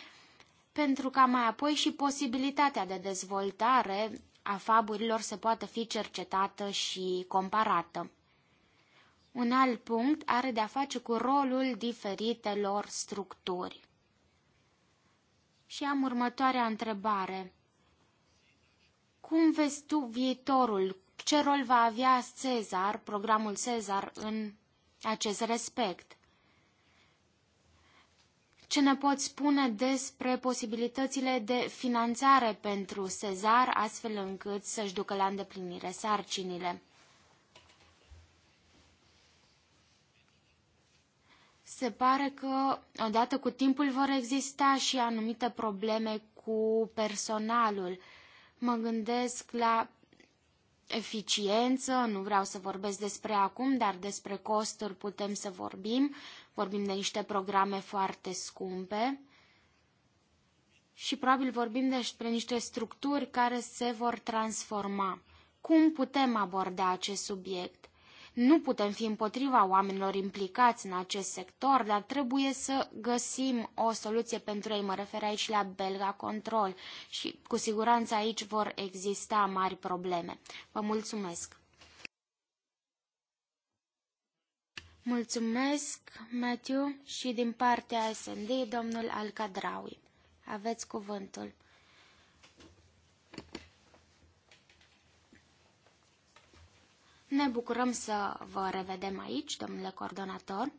pentru ca mai apoi și posibilitatea de dezvoltare a faburilor să poată fi cercetată și comparată. Un alt punct are de-a face cu rolul diferitelor structuri. Și am următoarea întrebare. Cum vezi tu viitorul? Ce rol va avea Cezar, programul Cezar, în acest respect? Ce ne poți spune despre posibilitățile de finanțare pentru Cezar, astfel încât să-și ducă la îndeplinire sarcinile? se pare că odată cu timpul vor exista și anumite probleme cu personalul. Mă gândesc la eficiență, nu vreau să vorbesc despre acum, dar despre costuri putem să vorbim. Vorbim de niște programe foarte scumpe și probabil vorbim despre niște structuri care se vor transforma. Cum putem aborda acest subiect? Nu putem fi împotriva oamenilor implicați în acest sector, dar trebuie să găsim o soluție pentru ei. Mă refer aici la Belga Control și cu siguranță aici vor exista mari probleme. Vă mulțumesc! Mulțumesc, Matthew, și din partea SND, domnul Alcadraui. Aveți cuvântul. Ne bucurăm să vă revedem aici, domnule coordonator.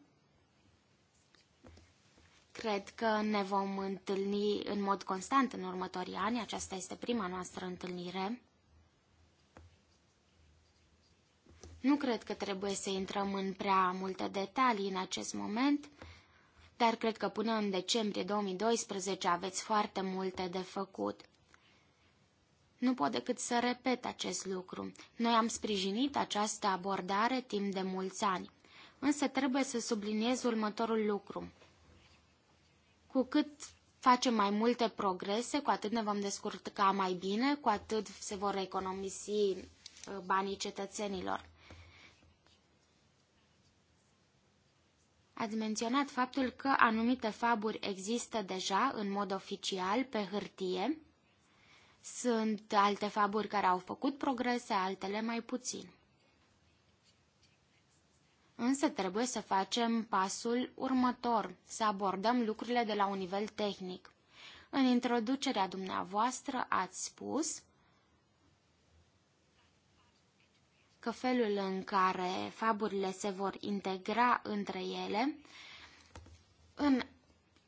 Cred că ne vom întâlni în mod constant în următorii ani. Aceasta este prima noastră întâlnire. Nu cred că trebuie să intrăm în prea multe detalii în acest moment, dar cred că până în decembrie 2012 aveți foarte multe de făcut. Nu pot decât să repet acest lucru. Noi am sprijinit această abordare timp de mulți ani. Însă trebuie să subliniez următorul lucru. Cu cât facem mai multe progrese, cu atât ne vom descurca mai bine, cu atât se vor economisi uh, banii cetățenilor. Ați menționat faptul că anumite faburi există deja în mod oficial pe hârtie, sunt alte faburi care au făcut progrese, altele mai puțin. Însă trebuie să facem pasul următor, să abordăm lucrurile de la un nivel tehnic. În introducerea dumneavoastră ați spus că felul în care faburile se vor integra între ele în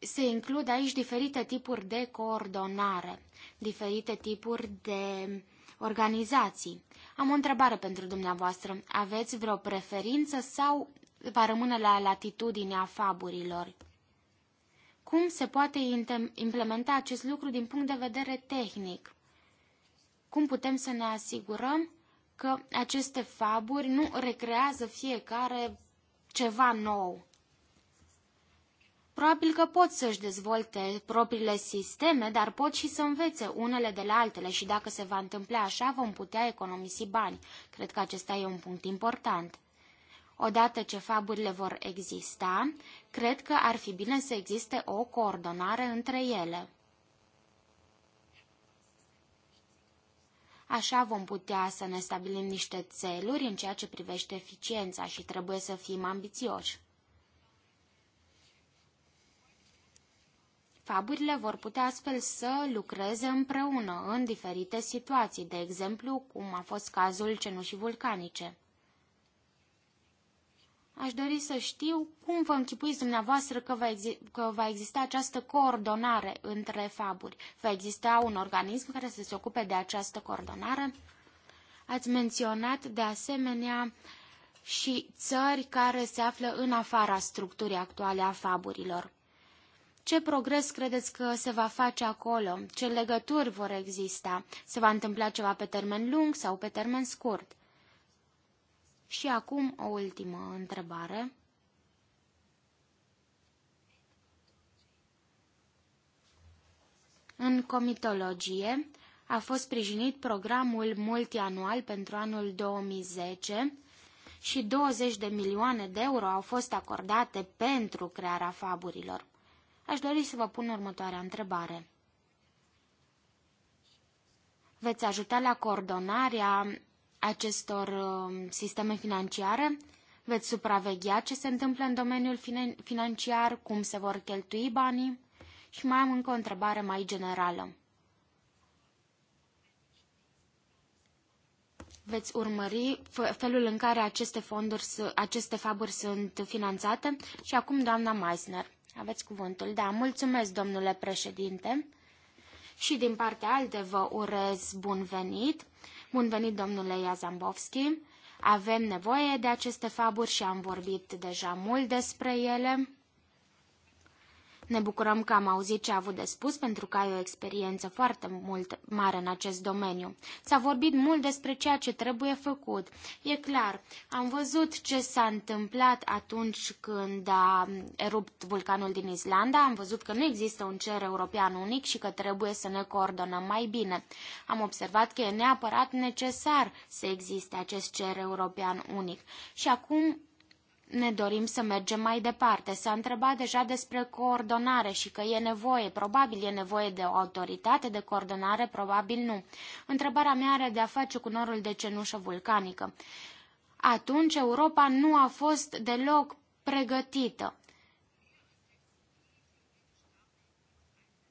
se includ aici diferite tipuri de coordonare, diferite tipuri de organizații. Am o întrebare pentru dumneavoastră. Aveți vreo preferință sau va rămâne la latitudinea faburilor? Cum se poate implementa acest lucru din punct de vedere tehnic? Cum putem să ne asigurăm că aceste faburi nu recrează fiecare ceva nou? Probabil că pot să-și dezvolte propriile sisteme, dar pot și să învețe unele de la altele și dacă se va întâmpla așa, vom putea economisi bani. Cred că acesta e un punct important. Odată ce faburile vor exista, cred că ar fi bine să existe o coordonare între ele. Așa vom putea să ne stabilim niște țeluri în ceea ce privește eficiența și trebuie să fim ambițioși. Faburile vor putea astfel să lucreze împreună în diferite situații, de exemplu cum a fost cazul cenușii vulcanice. Aș dori să știu cum vă închipuiți dumneavoastră că va, exi- că va exista această coordonare între faburi. Va exista un organism care să se ocupe de această coordonare? Ați menționat de asemenea și țări care se află în afara structurii actuale a faburilor. Ce progres credeți că se va face acolo? Ce legături vor exista? Se va întâmpla ceva pe termen lung sau pe termen scurt? Și acum o ultimă întrebare. În comitologie a fost sprijinit programul multianual pentru anul 2010 și 20 de milioane de euro au fost acordate pentru crearea faburilor. Aș dori să vă pun următoarea întrebare. Veți ajuta la coordonarea acestor um, sisteme financiare? Veți supraveghea ce se întâmplă în domeniul financiar, cum se vor cheltui banii? Și mai am încă o întrebare mai generală. veți urmări felul în care aceste fonduri, aceste faburi sunt finanțate. Și acum, doamna Meisner. Aveți cuvântul. Da, mulțumesc, domnule președinte. Și din partea alte vă urez bun venit. Bun venit, domnule Iazambovski. Avem nevoie de aceste faburi și am vorbit deja mult despre ele. Ne bucurăm că am auzit ce a avut de spus pentru că ai o experiență foarte mult mare în acest domeniu. S-a vorbit mult despre ceea ce trebuie făcut. E clar, am văzut ce s-a întâmplat atunci când a erupt vulcanul din Islanda, am văzut că nu există un cer european unic și că trebuie să ne coordonăm mai bine. Am observat că e neapărat necesar să existe acest cer european unic. Și acum ne dorim să mergem mai departe. S-a întrebat deja despre coordonare și că e nevoie, probabil e nevoie de o autoritate de coordonare, probabil nu. Întrebarea mea are de a face cu norul de cenușă vulcanică. Atunci Europa nu a fost deloc pregătită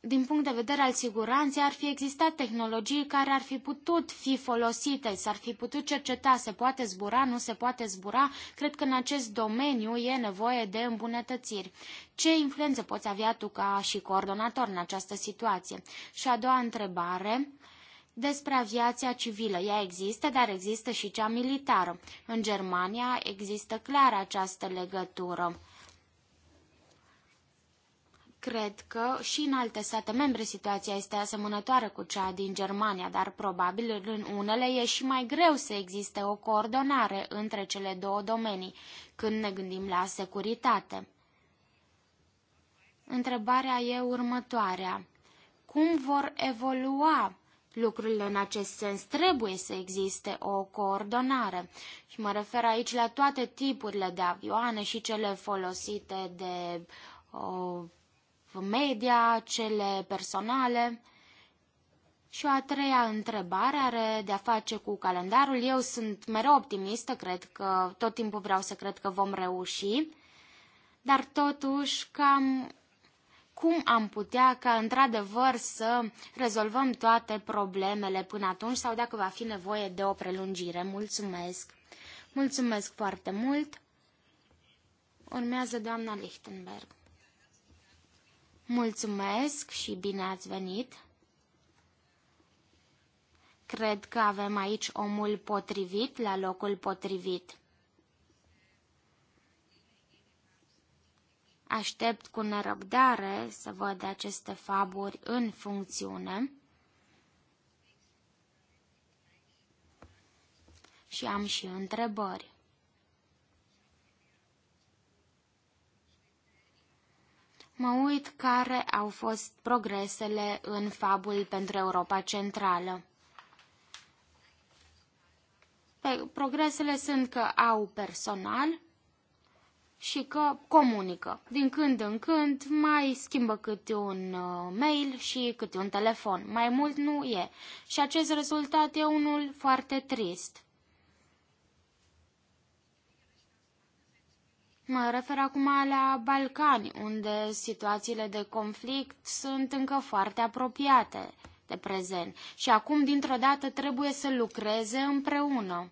din punct de vedere al siguranței, ar fi existat tehnologii care ar fi putut fi folosite, s-ar fi putut cerceta, se poate zbura, nu se poate zbura. Cred că în acest domeniu e nevoie de îmbunătățiri. Ce influență poți avea tu ca și coordonator în această situație? Și a doua întrebare despre aviația civilă. Ea există, dar există și cea militară. În Germania există clar această legătură Cred că și în alte state membre situația este asemănătoare cu cea din Germania, dar probabil în unele e și mai greu să existe o coordonare între cele două domenii când ne gândim la securitate. Întrebarea e următoarea. Cum vor evolua lucrurile în acest sens? Trebuie să existe o coordonare și mă refer aici la toate tipurile de avioane și cele folosite de uh, media, cele personale. Și o a treia întrebare are de-a face cu calendarul. Eu sunt mereu optimistă, cred că tot timpul vreau să cred că vom reuși, dar totuși cam cum am putea ca într-adevăr să rezolvăm toate problemele până atunci sau dacă va fi nevoie de o prelungire. Mulțumesc! Mulțumesc foarte mult! Urmează doamna Lichtenberg. Mulțumesc și bine ați venit! Cred că avem aici omul potrivit la locul potrivit. Aștept cu nerăbdare să văd aceste faburi în funcțiune. Și am și întrebări. mă uit care au fost progresele în fabul pentru Europa Centrală. Progresele sunt că au personal și că comunică. Din când în când mai schimbă câte un uh, mail și câte un telefon. Mai mult nu e. Și acest rezultat e unul foarte trist. Mă refer acum la Balcani, unde situațiile de conflict sunt încă foarte apropiate de prezent și acum, dintr-o dată, trebuie să lucreze împreună.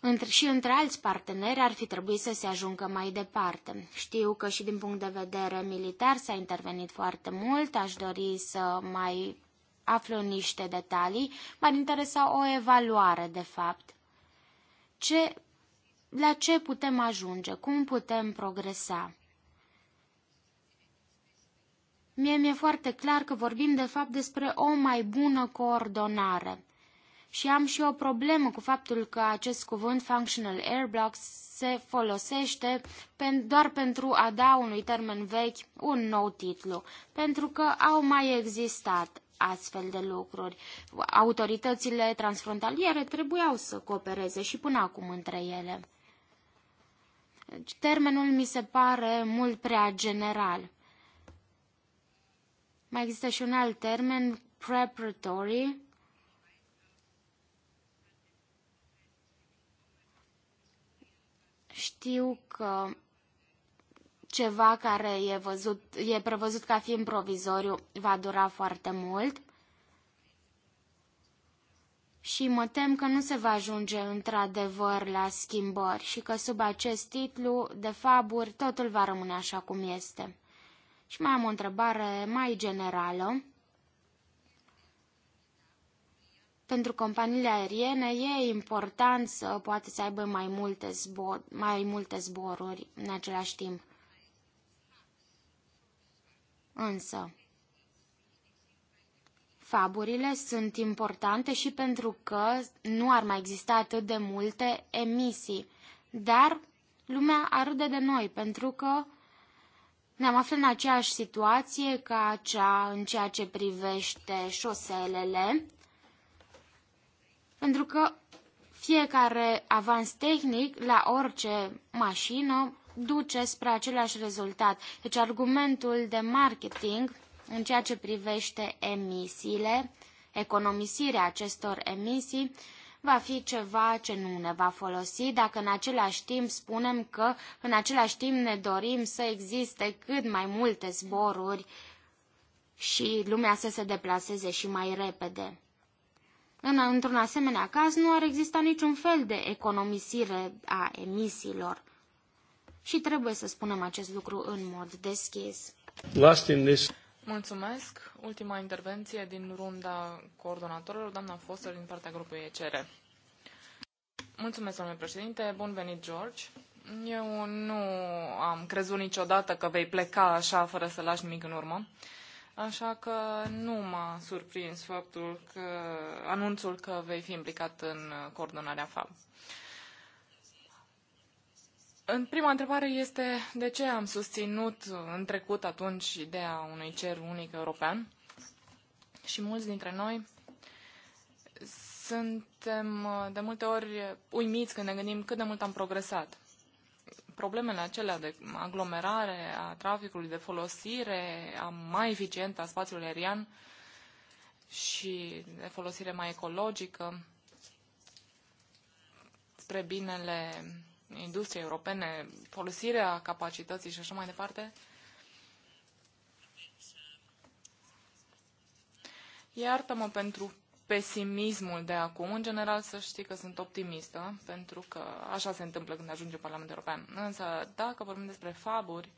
Între, și între alți parteneri ar fi trebuit să se ajungă mai departe. Știu că și din punct de vedere militar s-a intervenit foarte mult, aș dori să mai aflu niște detalii, m-ar interesa o evaluare, de fapt. Ce la ce putem ajunge, cum putem progresa. Mie mi-e foarte clar că vorbim de fapt despre o mai bună coordonare. Și am și o problemă cu faptul că acest cuvânt functional airblocks se folosește pen, doar pentru a da unui termen vechi un nou titlu, pentru că au mai existat astfel de lucruri. Autoritățile transfrontaliere trebuiau să coopereze și până acum între ele. Deci, termenul mi se pare mult prea general. Mai există și un alt termen, preparatory, știu că ceva care e, văzut, e prevăzut ca fiind provizoriu va dura foarte mult și mă tem că nu se va ajunge într-adevăr la schimbări și că sub acest titlu de faburi totul va rămâne așa cum este. Și mai am o întrebare mai generală. Pentru companiile aeriene e important să poate să aibă mai multe, zbor, mai multe zboruri în același timp. Însă, Faburile sunt importante și pentru că nu ar mai exista atât de multe emisii. Dar lumea arde de noi pentru că ne-am aflat în aceeași situație ca cea în ceea ce privește șoselele, pentru că fiecare avans tehnic la orice mașină duce spre același rezultat. Deci argumentul de marketing în ceea ce privește emisiile, economisirea acestor emisii va fi ceva ce nu ne va folosi dacă în același timp spunem că în același timp ne dorim să existe cât mai multe zboruri și lumea să se deplaseze și mai repede. În, într-un asemenea caz, nu ar exista niciun fel de economisire a emisiilor. Și trebuie să spunem acest lucru în mod deschis. Last in this... Mulțumesc. Ultima intervenție din runda coordonatorilor, doamna Foster, din partea grupului ECR. Mulțumesc, domnule președinte. Bun venit, George. Eu nu am crezut niciodată că vei pleca așa, fără să lași nimic în urmă. Așa că nu m-a surprins faptul că anunțul că vei fi implicat în coordonarea FAB. În prima întrebare este de ce am susținut în trecut atunci ideea unui cer unic european și mulți dintre noi suntem uh, de multe ori uimiți când ne gândim cât de mult am progresat. Problemele acelea de aglomerare, a traficului, de folosire a mai eficientă a spațiului aerian și de folosire mai ecologică spre binele industriei europene, folosirea capacității și așa mai departe. Iartă-mă pentru pesimismul de acum. În general, să știi că sunt optimistă, pentru că așa se întâmplă când ajunge Parlamentul European. Însă, dacă vorbim despre faburi,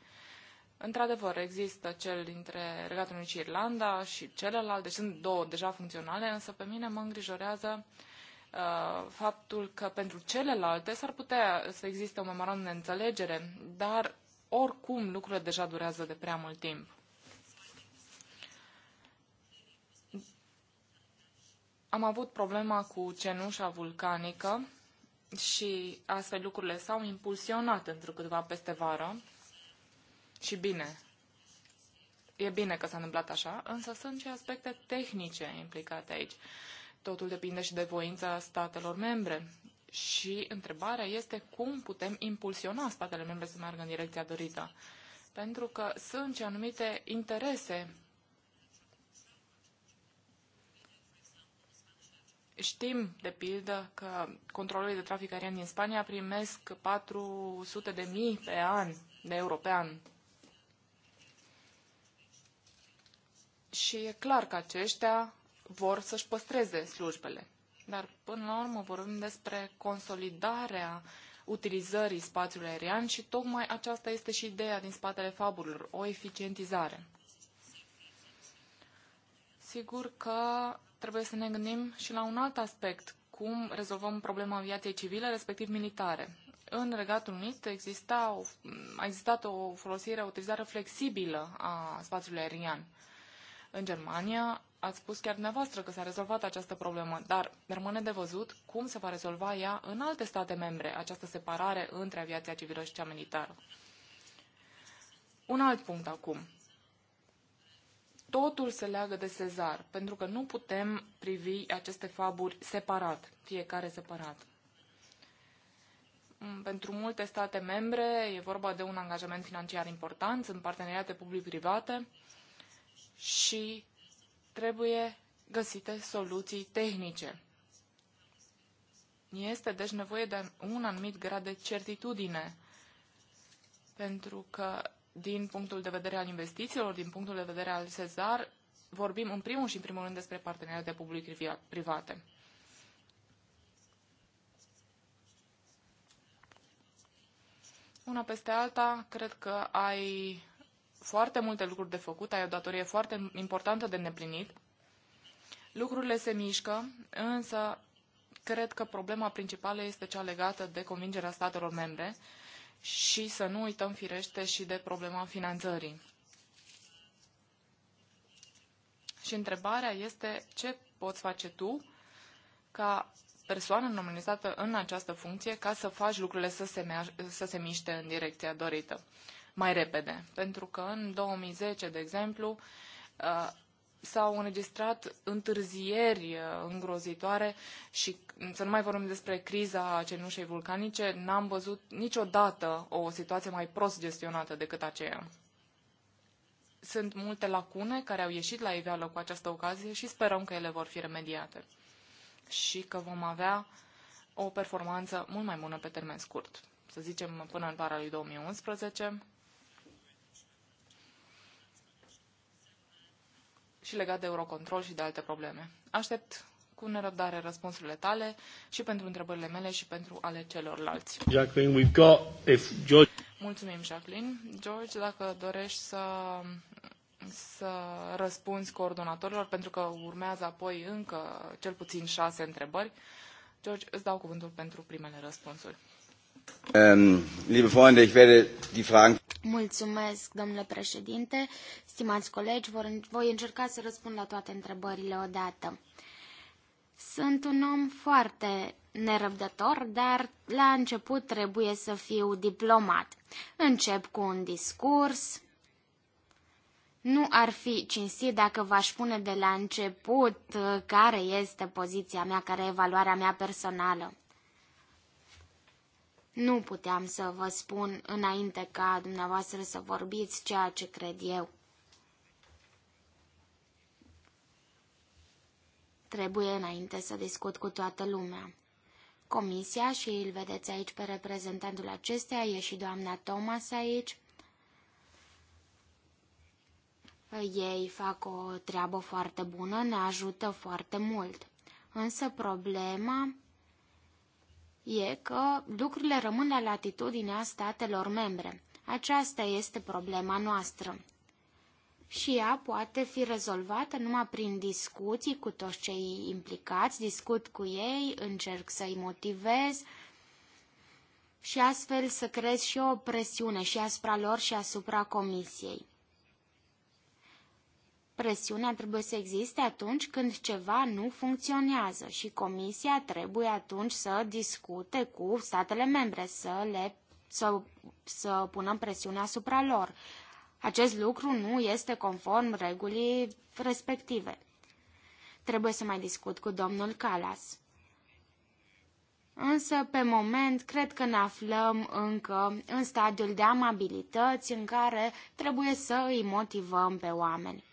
într-adevăr, există cel dintre Regatul Unit și Irlanda și celălalt, deci sunt două deja funcționale, însă pe mine mă îngrijorează uh, Uh, faptul că pentru celelalte s-ar putea să existe un memorandum de înțelegere, dar oricum lucrurile deja durează de prea mult timp. Am avut problema cu cenușa vulcanică și astfel lucrurile s-au impulsionat câteva peste vară și bine. E bine că s-a întâmplat așa, însă sunt și aspecte tehnice implicate aici. Totul depinde și de voința statelor membre. Și întrebarea este cum putem impulsiona statele membre să meargă în direcția dorită. Pentru că sunt și anumite interese. Știm, de pildă, că controlorii de trafic aerian din Spania primesc 400 de mii pe an de european. Și e clar că aceștia vor să-și păstreze slujbele. Dar, până la urmă, vorbim despre consolidarea utilizării spațiului aerian și tocmai aceasta este și ideea din spatele faburilor, o eficientizare. Sigur că trebuie să ne gândim și la un alt aspect, cum rezolvăm problema aviației civile, respectiv militare. În Regatul Unit exista o, a existat o folosire, o utilizare flexibilă a spațiului aerian. În Germania ați spus chiar dumneavoastră că s-a rezolvat această problemă, dar rămâne de văzut cum se va rezolva ea în alte state membre, această separare între aviația civilă și cea militară. Un alt punct acum. Totul se leagă de Sezar, pentru că nu putem privi aceste faburi separat, fiecare separat. Mm, pentru multe state membre e vorba de un angajament financiar important, sunt parteneriate public-private și trebuie găsite soluții tehnice. Este deci nevoie de un anumit grad de certitudine, pentru că din punctul de vedere al investițiilor, din punctul de vedere al Sezar, vorbim în primul și în primul rând despre parteneriate public-private. Una peste alta, cred că ai foarte multe lucruri de făcut, ai o datorie foarte importantă de neplinit. Lucrurile se mișcă, însă cred că problema principală este cea legată de convingerea statelor membre și să nu uităm firește și de problema finanțării. Și întrebarea este ce poți face tu ca persoană nominalizată în această funcție ca să faci lucrurile să se, să se miște în direcția dorită mai repede. Pentru că în 2010, de exemplu, uh, s-au înregistrat întârzieri uh, îngrozitoare și mm, să nu mai vorbim despre criza cenușei vulcanice, n-am văzut niciodată o situație mai prost gestionată decât aceea. Sunt multe lacune care au ieșit la iveală cu această ocazie și sperăm că ele vor fi remediate și că vom avea o performanță mult mai bună pe termen scurt. Să zicem până în vara lui 2011, și legat de Eurocontrol și de alte probleme. Aștept cu nerăbdare răspunsurile tale și pentru întrebările mele și pentru ale celorlalți. Jacqueline, we've got, if George... Mulțumim, Jacqueline. George, dacă dorești să să răspunzi coordonatorilor, pentru că urmează apoi încă cel puțin șase întrebări. George, îți dau cuvântul pentru primele răspunsuri. Ähm, liebe Freunde, ich werde die Fragen... Mulțumesc, domnule președinte. Stimați colegi, voi încerca să răspund la toate întrebările odată. Sunt un om foarte nerăbdător, dar la început trebuie să fiu diplomat. Încep cu un discurs. Nu ar fi cinstit dacă v-aș spune de la început uh, care este poziția mea, care e evaluarea mea personală. Nu puteam să vă spun înainte ca dumneavoastră să vorbiți ceea ce cred eu. Trebuie înainte să discut cu toată lumea. Comisia și îl vedeți aici pe reprezentantul acesteia, e și doamna Thomas aici. Ei fac o treabă foarte bună, ne ajută foarte mult. Însă problema e că lucrurile rămân la latitudinea statelor membre. Aceasta este problema noastră. Și ea poate fi rezolvată numai prin discuții cu toți cei implicați, discut cu ei, încerc să-i motivez și astfel să crezi și o presiune și asupra lor și asupra comisiei. Presiunea trebuie să existe atunci când ceva nu funcționează și Comisia trebuie atunci să discute cu statele membre, să, le, să, să pună presiune asupra lor. Acest lucru nu este conform regulii respective. Trebuie să mai discut cu domnul Calas. Însă, pe moment, cred că ne aflăm încă în stadiul de amabilități în care trebuie să îi motivăm pe oameni.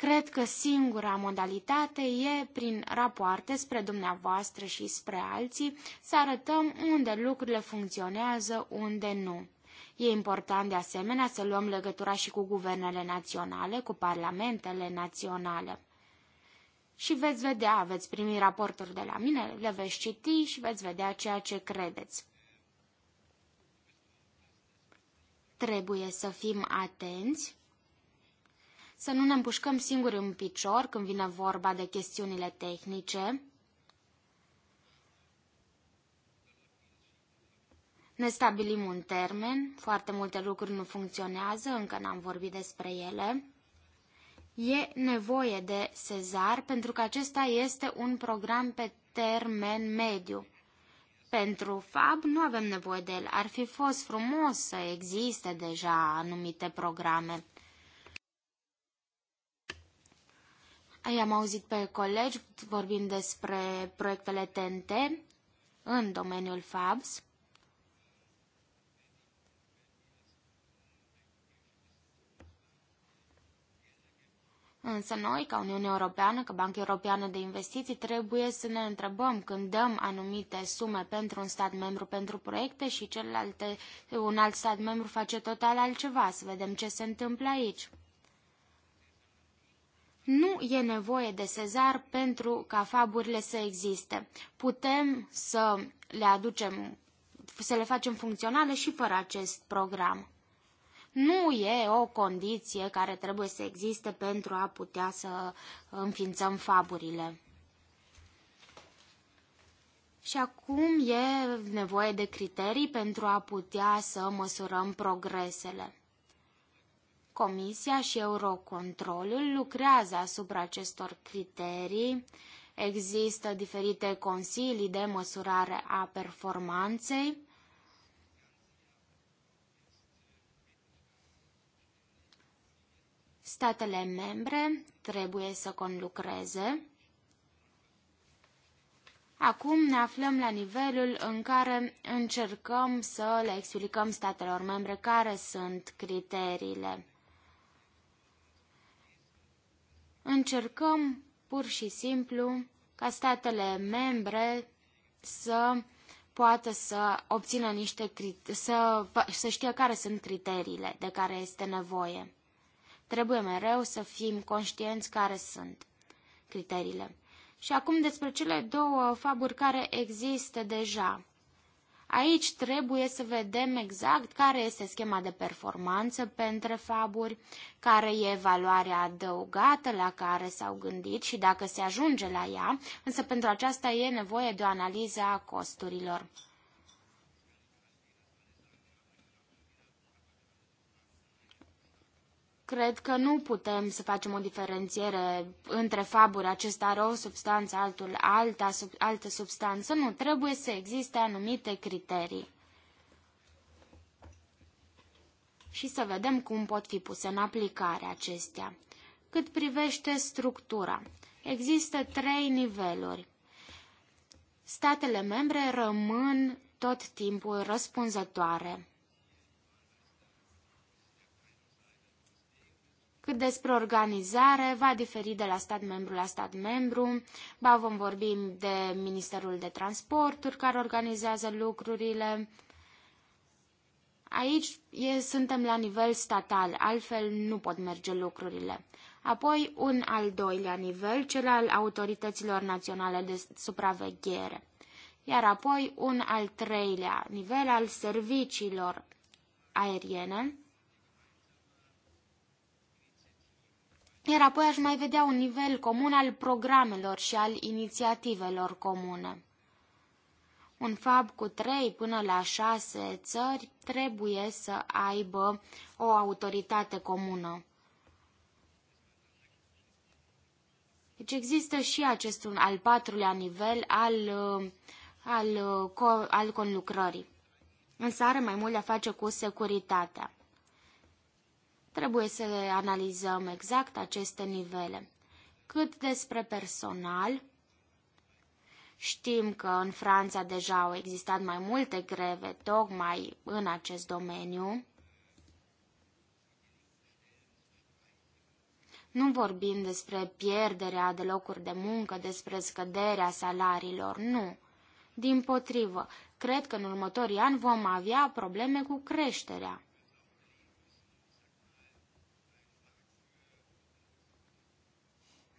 Cred că singura modalitate e prin rapoarte spre dumneavoastră și spre alții să arătăm unde lucrurile funcționează, unde nu. E important de asemenea să luăm legătura și cu guvernele naționale, cu parlamentele naționale. Și veți vedea, veți primi raporturi de la mine, le veți citi și veți vedea ceea ce credeți. Trebuie să fim atenți să nu ne împușcăm singuri în picior când vine vorba de chestiunile tehnice. Ne stabilim un termen, foarte multe lucruri nu funcționează, încă n-am vorbit despre ele. E nevoie de Sezar pentru că acesta este un program pe termen mediu. Pentru FAB nu avem nevoie de el. Ar fi fost frumos să existe deja anumite programe. I-am auzit pe colegi vorbind despre proiectele TNT în domeniul FABS. Însă noi, ca Uniunea Europeană, ca Banca Europeană de Investiții, trebuie să ne întrebăm când dăm anumite sume pentru un stat membru pentru proiecte și celelalte, un alt stat membru face total altceva, să vedem ce se întâmplă aici. Nu e nevoie de sezar pentru ca faburile să existe. Putem să le aducem, să le facem funcționale și fără acest program. Nu e o condiție care trebuie să existe pentru a putea să înființăm faburile. Și acum e nevoie de criterii pentru a putea să măsurăm progresele. Comisia și Eurocontrolul lucrează asupra acestor criterii. Există diferite consilii de măsurare a performanței. Statele membre trebuie să conlucreze. Acum ne aflăm la nivelul în care încercăm să le explicăm statelor membre care sunt criteriile. Încercăm pur și simplu ca statele membre să poată să obțină niște să, să știe care sunt criteriile de care este nevoie. Trebuie mereu să fim conștienți care sunt criteriile. Și acum despre cele două faburi care există deja Aici trebuie să vedem exact care este schema de performanță pentru faburi, care e valoarea adăugată la care s-au gândit și dacă se ajunge la ea, însă pentru aceasta e nevoie de o analiză a costurilor. Cred că nu putem să facem o diferențiere între faburi, acesta are o substanță, altul alta, sub, altă substanță. Nu, trebuie să existe anumite criterii. Și să vedem cum pot fi puse în aplicare acestea. Cât privește structura, există trei niveluri. Statele membre rămân tot timpul răspunzătoare Cât despre organizare, va diferi de la stat membru la stat membru. Ba vom vorbi de Ministerul de Transporturi care organizează lucrurile. Aici e, suntem la nivel statal, altfel nu pot merge lucrurile. Apoi un al doilea nivel, cel al autorităților naționale de supraveghere. Iar apoi un al treilea nivel al serviciilor aeriene, Iar apoi aș mai vedea un nivel comun al programelor și al inițiativelor comune. Un fab cu trei până la șase țări trebuie să aibă o autoritate comună. Deci există și acest un al patrulea nivel al, al, al conlucrării. Însă are mai mult de a face cu securitatea. Trebuie să analizăm exact aceste nivele. Cât despre personal, știm că în Franța deja au existat mai multe greve tocmai în acest domeniu. Nu vorbim despre pierderea de locuri de muncă, despre scăderea salariilor, nu. Din potrivă, cred că în următorii ani vom avea probleme cu creșterea.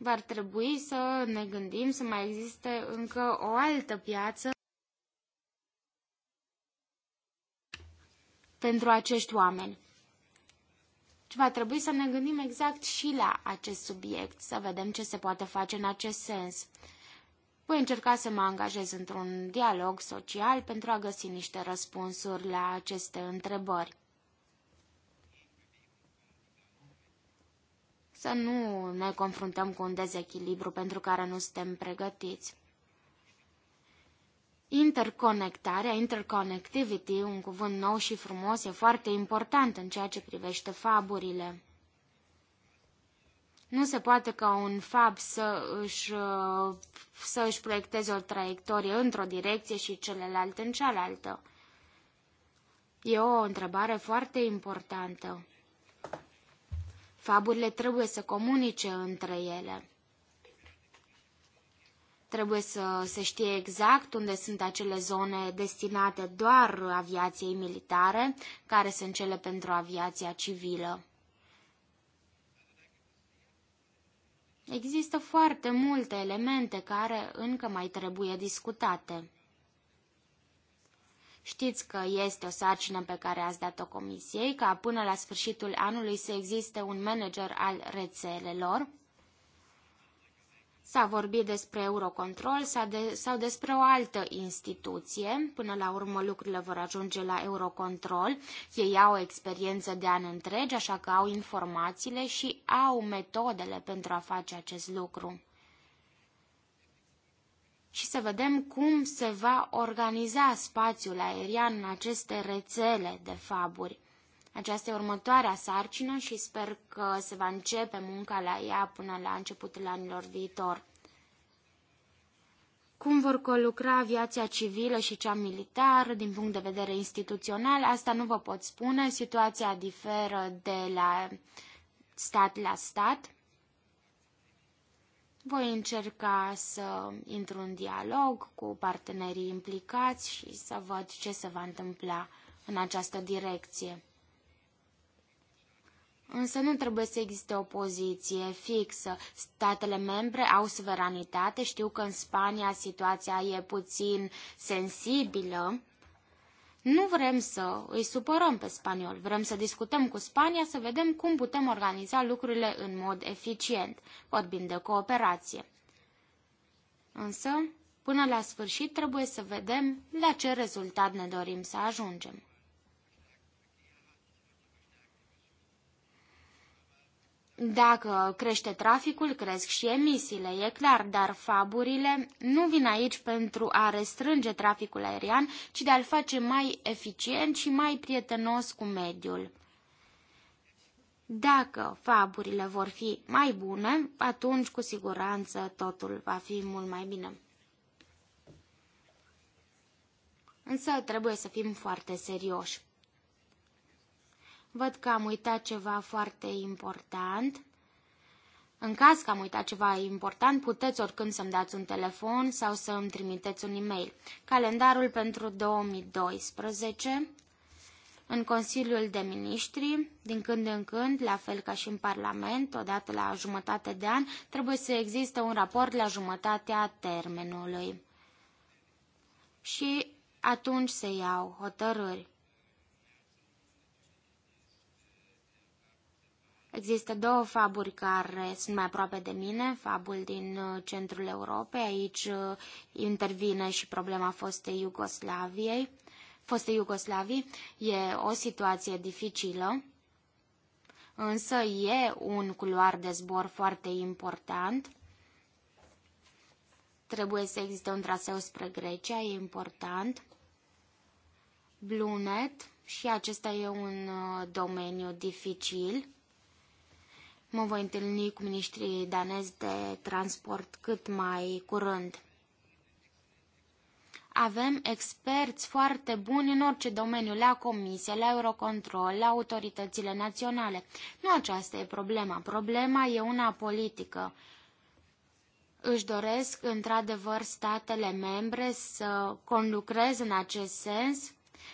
va trebui să ne gândim să mai existe încă o altă piață pentru acești oameni. Și va trebui să ne gândim exact și la acest subiect, să vedem ce se poate face în acest sens. Voi încerca să mă angajez într-un dialog social pentru a găsi niște răspunsuri la aceste întrebări. să nu ne confruntăm cu un dezechilibru pentru care nu suntem pregătiți. Interconectarea, interconnectivity, un cuvânt nou și frumos, e foarte important în ceea ce privește faburile. Nu se poate ca un fab să își, să își proiecteze o traiectorie într-o direcție și celălalt în cealaltă. E o întrebare foarte importantă. Faburile trebuie să comunice între ele. Trebuie să se știe exact unde sunt acele zone destinate doar aviației militare, care sunt cele pentru aviația civilă. Există foarte multe elemente care încă mai trebuie discutate. Știți că este o sarcină pe care ați dat-o comisiei, ca până la sfârșitul anului să existe un manager al rețelelor. S-a vorbit despre Eurocontrol sau, despre o altă instituție. Până la urmă lucrurile vor ajunge la Eurocontrol. Ei au o experiență de ani întregi, așa că au informațiile și au metodele pentru a face acest lucru și să vedem cum se va organiza spațiul aerian în aceste rețele de faburi. Aceasta e următoarea sarcină și sper că se va începe munca la ea până la începutul anilor viitor. Cum vor colucra aviația civilă și cea militară din punct de vedere instituțional, asta nu vă pot spune, situația diferă de la stat la stat. Voi încerca să intru în dialog cu partenerii implicați și să văd ce se va întâmpla în această direcție. Însă nu trebuie să existe o poziție fixă. Statele membre au suveranitate, știu că în Spania situația e puțin sensibilă, nu vrem să îi supărăm pe spanioli, vrem să discutăm cu Spania să vedem cum putem organiza lucrurile în mod eficient, vorbind de cooperație. Însă, până la sfârșit trebuie să vedem la ce rezultat ne dorim să ajungem. Dacă crește traficul, cresc și emisiile, e clar, dar faburile nu vin aici pentru a restrânge traficul aerian, ci de a-l face mai eficient și mai prietenos cu mediul. Dacă faburile vor fi mai bune, atunci cu siguranță totul va fi mult mai bine. Însă trebuie să fim foarte serioși. Văd că am uitat ceva foarte important. În caz că am uitat ceva important, puteți oricând să-mi dați un telefon sau să îmi trimiteți un e-mail. Calendarul pentru 2012 în Consiliul de Ministri, din când în când, la fel ca și în Parlament, odată la jumătate de an, trebuie să existe un raport la jumătatea termenului. Și atunci se iau hotărâri. Există două faburi care sunt mai aproape de mine, fabul din uh, centrul Europei, aici uh, intervine și problema fostei Iugoslaviei, fostei Iugoslavii, e o situație dificilă, însă e un culoar de zbor foarte important. Trebuie să existe un traseu spre Grecia, e important. Blunet, și acesta e un uh, domeniu dificil Mă voi întâlni cu ministrii danezi de transport cât mai curând. Avem experți foarte buni în orice domeniu, la comisie, la Eurocontrol, la autoritățile naționale. Nu aceasta e problema. Problema e una politică. Își doresc, într-adevăr, statele membre să conlucreze în acest sens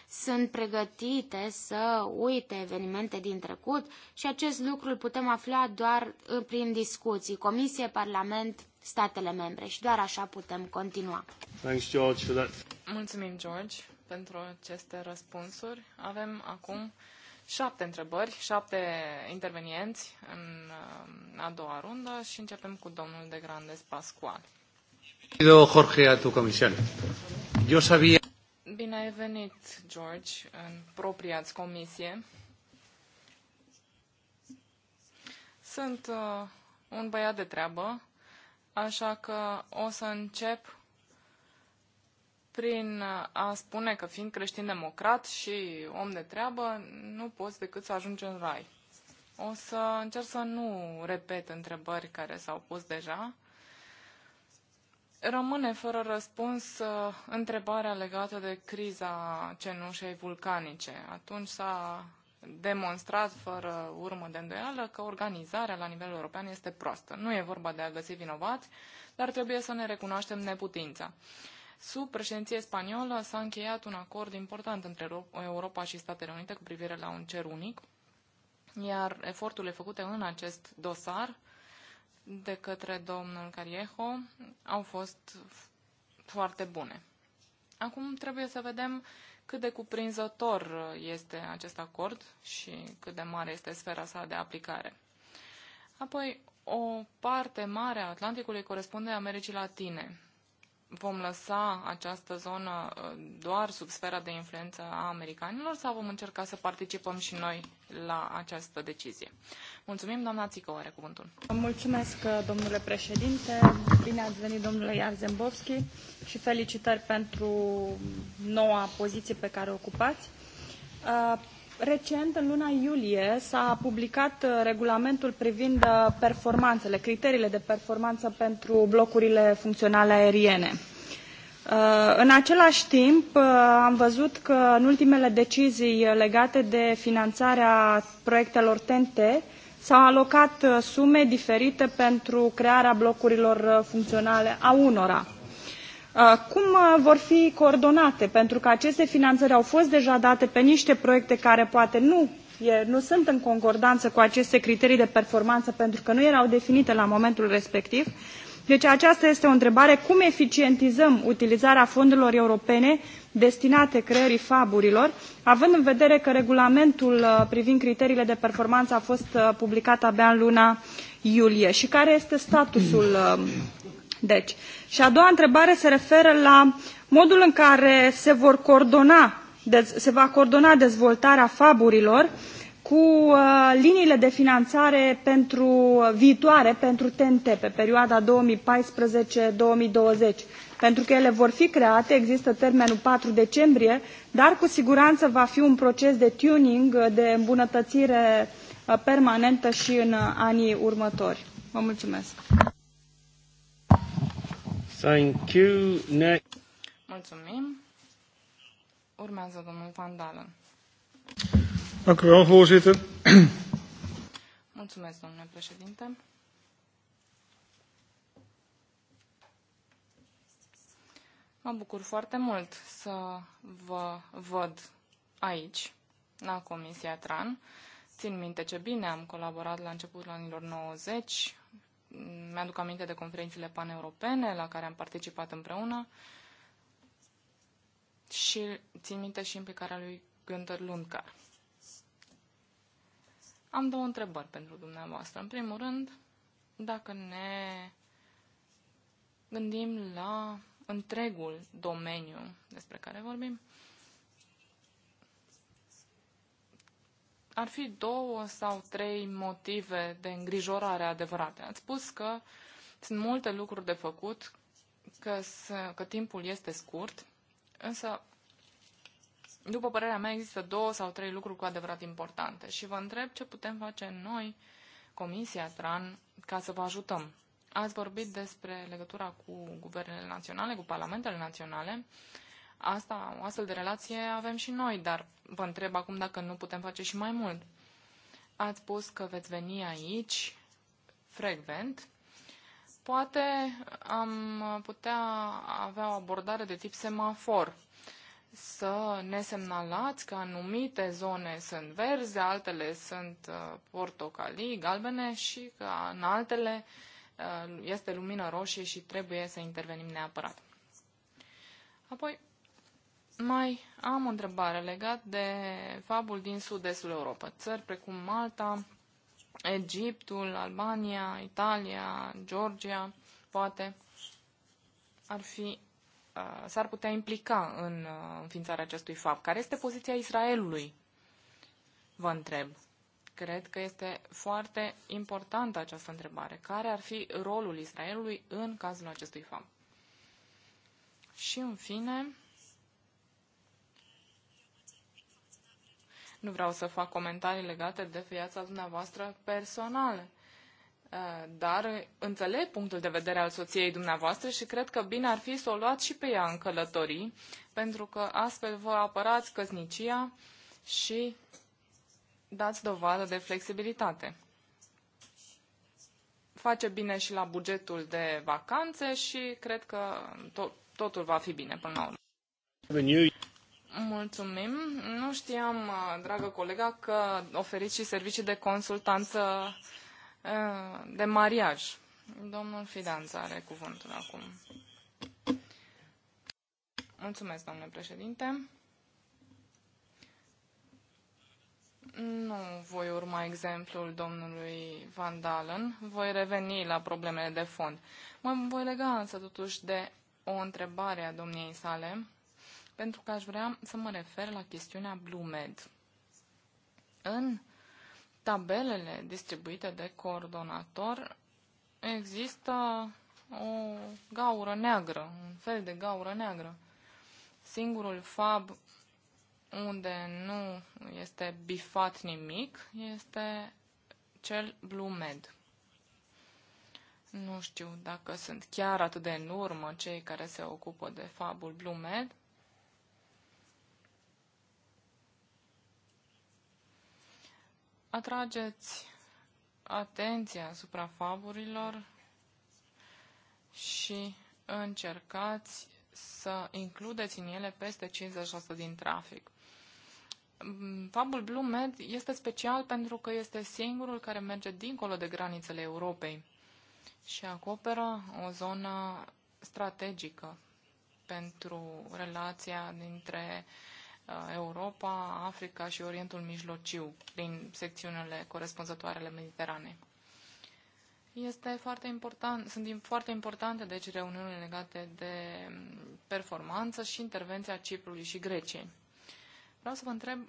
sunt pregătite să uite evenimente din trecut și acest lucru îl putem afla doar uh, prin discuții, Comisie, Parlament, statele membre și doar așa putem continua. Thanks, George, for that. Mulțumim, George, pentru aceste răspunsuri. Avem acum șapte întrebări, șapte intervenienți în uh, a doua rundă și începem cu domnul de Grandes Pascual. Jorge, a tu comisión. Eu sabía... Bine ai venit, George, în propria comisie. Sunt uh, un băiat de treabă, așa că o să încep prin a spune că fiind creștin-democrat și om de treabă, nu poți decât să ajungi în rai. O să încerc să nu repet întrebări care s-au pus deja, rămâne fără răspuns uh, întrebarea legată de criza cenușei vulcanice. Atunci s-a demonstrat fără urmă de îndoială că organizarea la nivel european este proastă. Nu e vorba de a găsi vinovați, dar trebuie să ne recunoaștem neputința. Sub președinție spaniolă s-a încheiat un acord important între Europa și Statele Unite cu privire la un cer unic, iar eforturile făcute în acest dosar de către domnul Carieho au fost foarte bune. Acum trebuie să vedem cât de cuprinzător este acest acord și cât de mare este sfera sa de aplicare. Apoi, o parte mare a Atlanticului corespunde Americii Latine vom lăsa această zonă uh, doar sub sfera de influență a americanilor sau vom încerca să participăm și noi la această decizie? Mulțumim, doamna Țică, are cuvântul. Mulțumesc, uh, domnule președinte. Bine ați venit, domnule Iar Zembovski, și felicitări pentru noua poziție pe care o ocupați. Uh, Recent, în luna iulie, s-a publicat uh, regulamentul privind uh, performanțele, criteriile de performanță pentru blocurile funcționale aeriene. Uh, în același timp, am văzut că în ultimele decizii legate de finanțarea proiectelor TNT s-au alocat sume diferite pentru crearea blocurilor funcționale a unora. Uh, cum uh, vor fi coordonate? Pentru că aceste finanțări au fost deja date pe niște proiecte care poate nu, e, nu sunt în concordanță cu aceste criterii de performanță pentru că nu erau definite la momentul respectiv. Deci aceasta este o întrebare. Cum eficientizăm utilizarea fondurilor europene destinate creării faburilor, având în vedere că regulamentul uh, privind criteriile de performanță a fost publicat abia în luna iulie și care este statusul deci, și a doua întrebare se referă la modul în care se, vor coordona, se va coordona dezvoltarea faburilor cu uh, liniile de finanțare pentru uh, viitoare, pentru TNT, pe perioada 2014-2020 pentru că ele vor fi create, există termenul 4 decembrie, dar cu siguranță va fi un proces de tuning, uh, de îmbunătățire permanentă și în anii următori. Vă mulțumesc! Thank you. Next. Mulțumim. Urmează domnul Van Dalen. Dank u wel, voorzitter. Mulțumesc, domnule președinte. Mă bucur foarte mult să vă văd aici, la Comisia TRAN. Țin minte ce bine am colaborat la începutul anilor 90 mi-aduc aminte de conferințele paneuropene la care am participat împreună și țin minte și implicarea lui Günther Lundgar. Am două întrebări pentru dumneavoastră. În primul rând, dacă ne gândim la întregul domeniu despre care vorbim, ar fi două sau trei motive de îngrijorare adevărate. Ați spus că sunt multe lucruri de făcut, că, că timpul este scurt, însă, după părerea mea, există două sau trei lucruri cu adevărat importante și vă întreb ce putem face noi, Comisia TRAN, ca să vă ajutăm. Ați vorbit despre legătura cu guvernele naționale, cu parlamentele naționale. Uh, asta, o astfel de relație avem și noi, dar vă întreb acum dacă nu putem face și mai mult. Ați spus că veți veni aici frecvent. Poate am putea avea o abordare de tip semafor să ne semnalați că anumite zone sunt verzi, altele sunt uh, portocalii, galbene și că în altele uh, este lumină roșie și trebuie să intervenim neapărat. Apoi, mai am o întrebare legat de fabul din sud-estul Europa. Țări precum Malta, Egiptul, Albania, Italia, Georgia, poate ar fi uh, s-ar putea implica în uh, înființarea acestui fab, Care este poziția Israelului? Vă întreb. Cred că este foarte importantă această întrebare. Care ar fi rolul Israelului în cazul acestui fapt? Și în fine, Nu vreau să fac comentarii legate de viața dumneavoastră personală. Ă, dar înțeleg punctul de vedere al soției dumneavoastră și cred că bine ar fi să o luați și pe ea în călătorii, pentru că astfel vă apărați căsnicia și dați dovadă de flexibilitate. Face bine și la bugetul de vacanțe și cred că tot, totul va fi bine până la urmă. Mulțumim. Nu știam, uh, dragă colega, că oferiți și servicii de consultanță uh, de mariaj. Domnul fidanț are cuvântul acum. Mulțumesc, domnule președinte. Nu voi urma exemplul domnului Van Dalen, voi reveni la problemele de fond. Mă voi lega însă totuși de o întrebare a domniei sale pentru că aș vrea să mă refer la chestiunea BlueMed. În tabelele distribuite de coordonator există o gaură neagră, un fel de gaură neagră. Singurul fab unde nu este bifat nimic este cel Blue Med. Nu știu dacă sunt chiar atât de în urmă cei care se ocupă de fabul Blue Med, atrageți atenția asupra faburilor și încercați să includeți în ele peste 50% din trafic. Mm, fabul Blue Med este special pentru că este singurul care merge dincolo de granițele Europei și acoperă o zonă strategică pentru relația dintre uh, Uh, Europa, Africa și Orientul Mijlociu, prin secțiunile corespunzătoare ale Mediteranei. Este foarte important, sunt foarte importante, deci, reuniunile legate de mm, performanță și intervenția Ciprului și Greciei. Vreau să vă întreb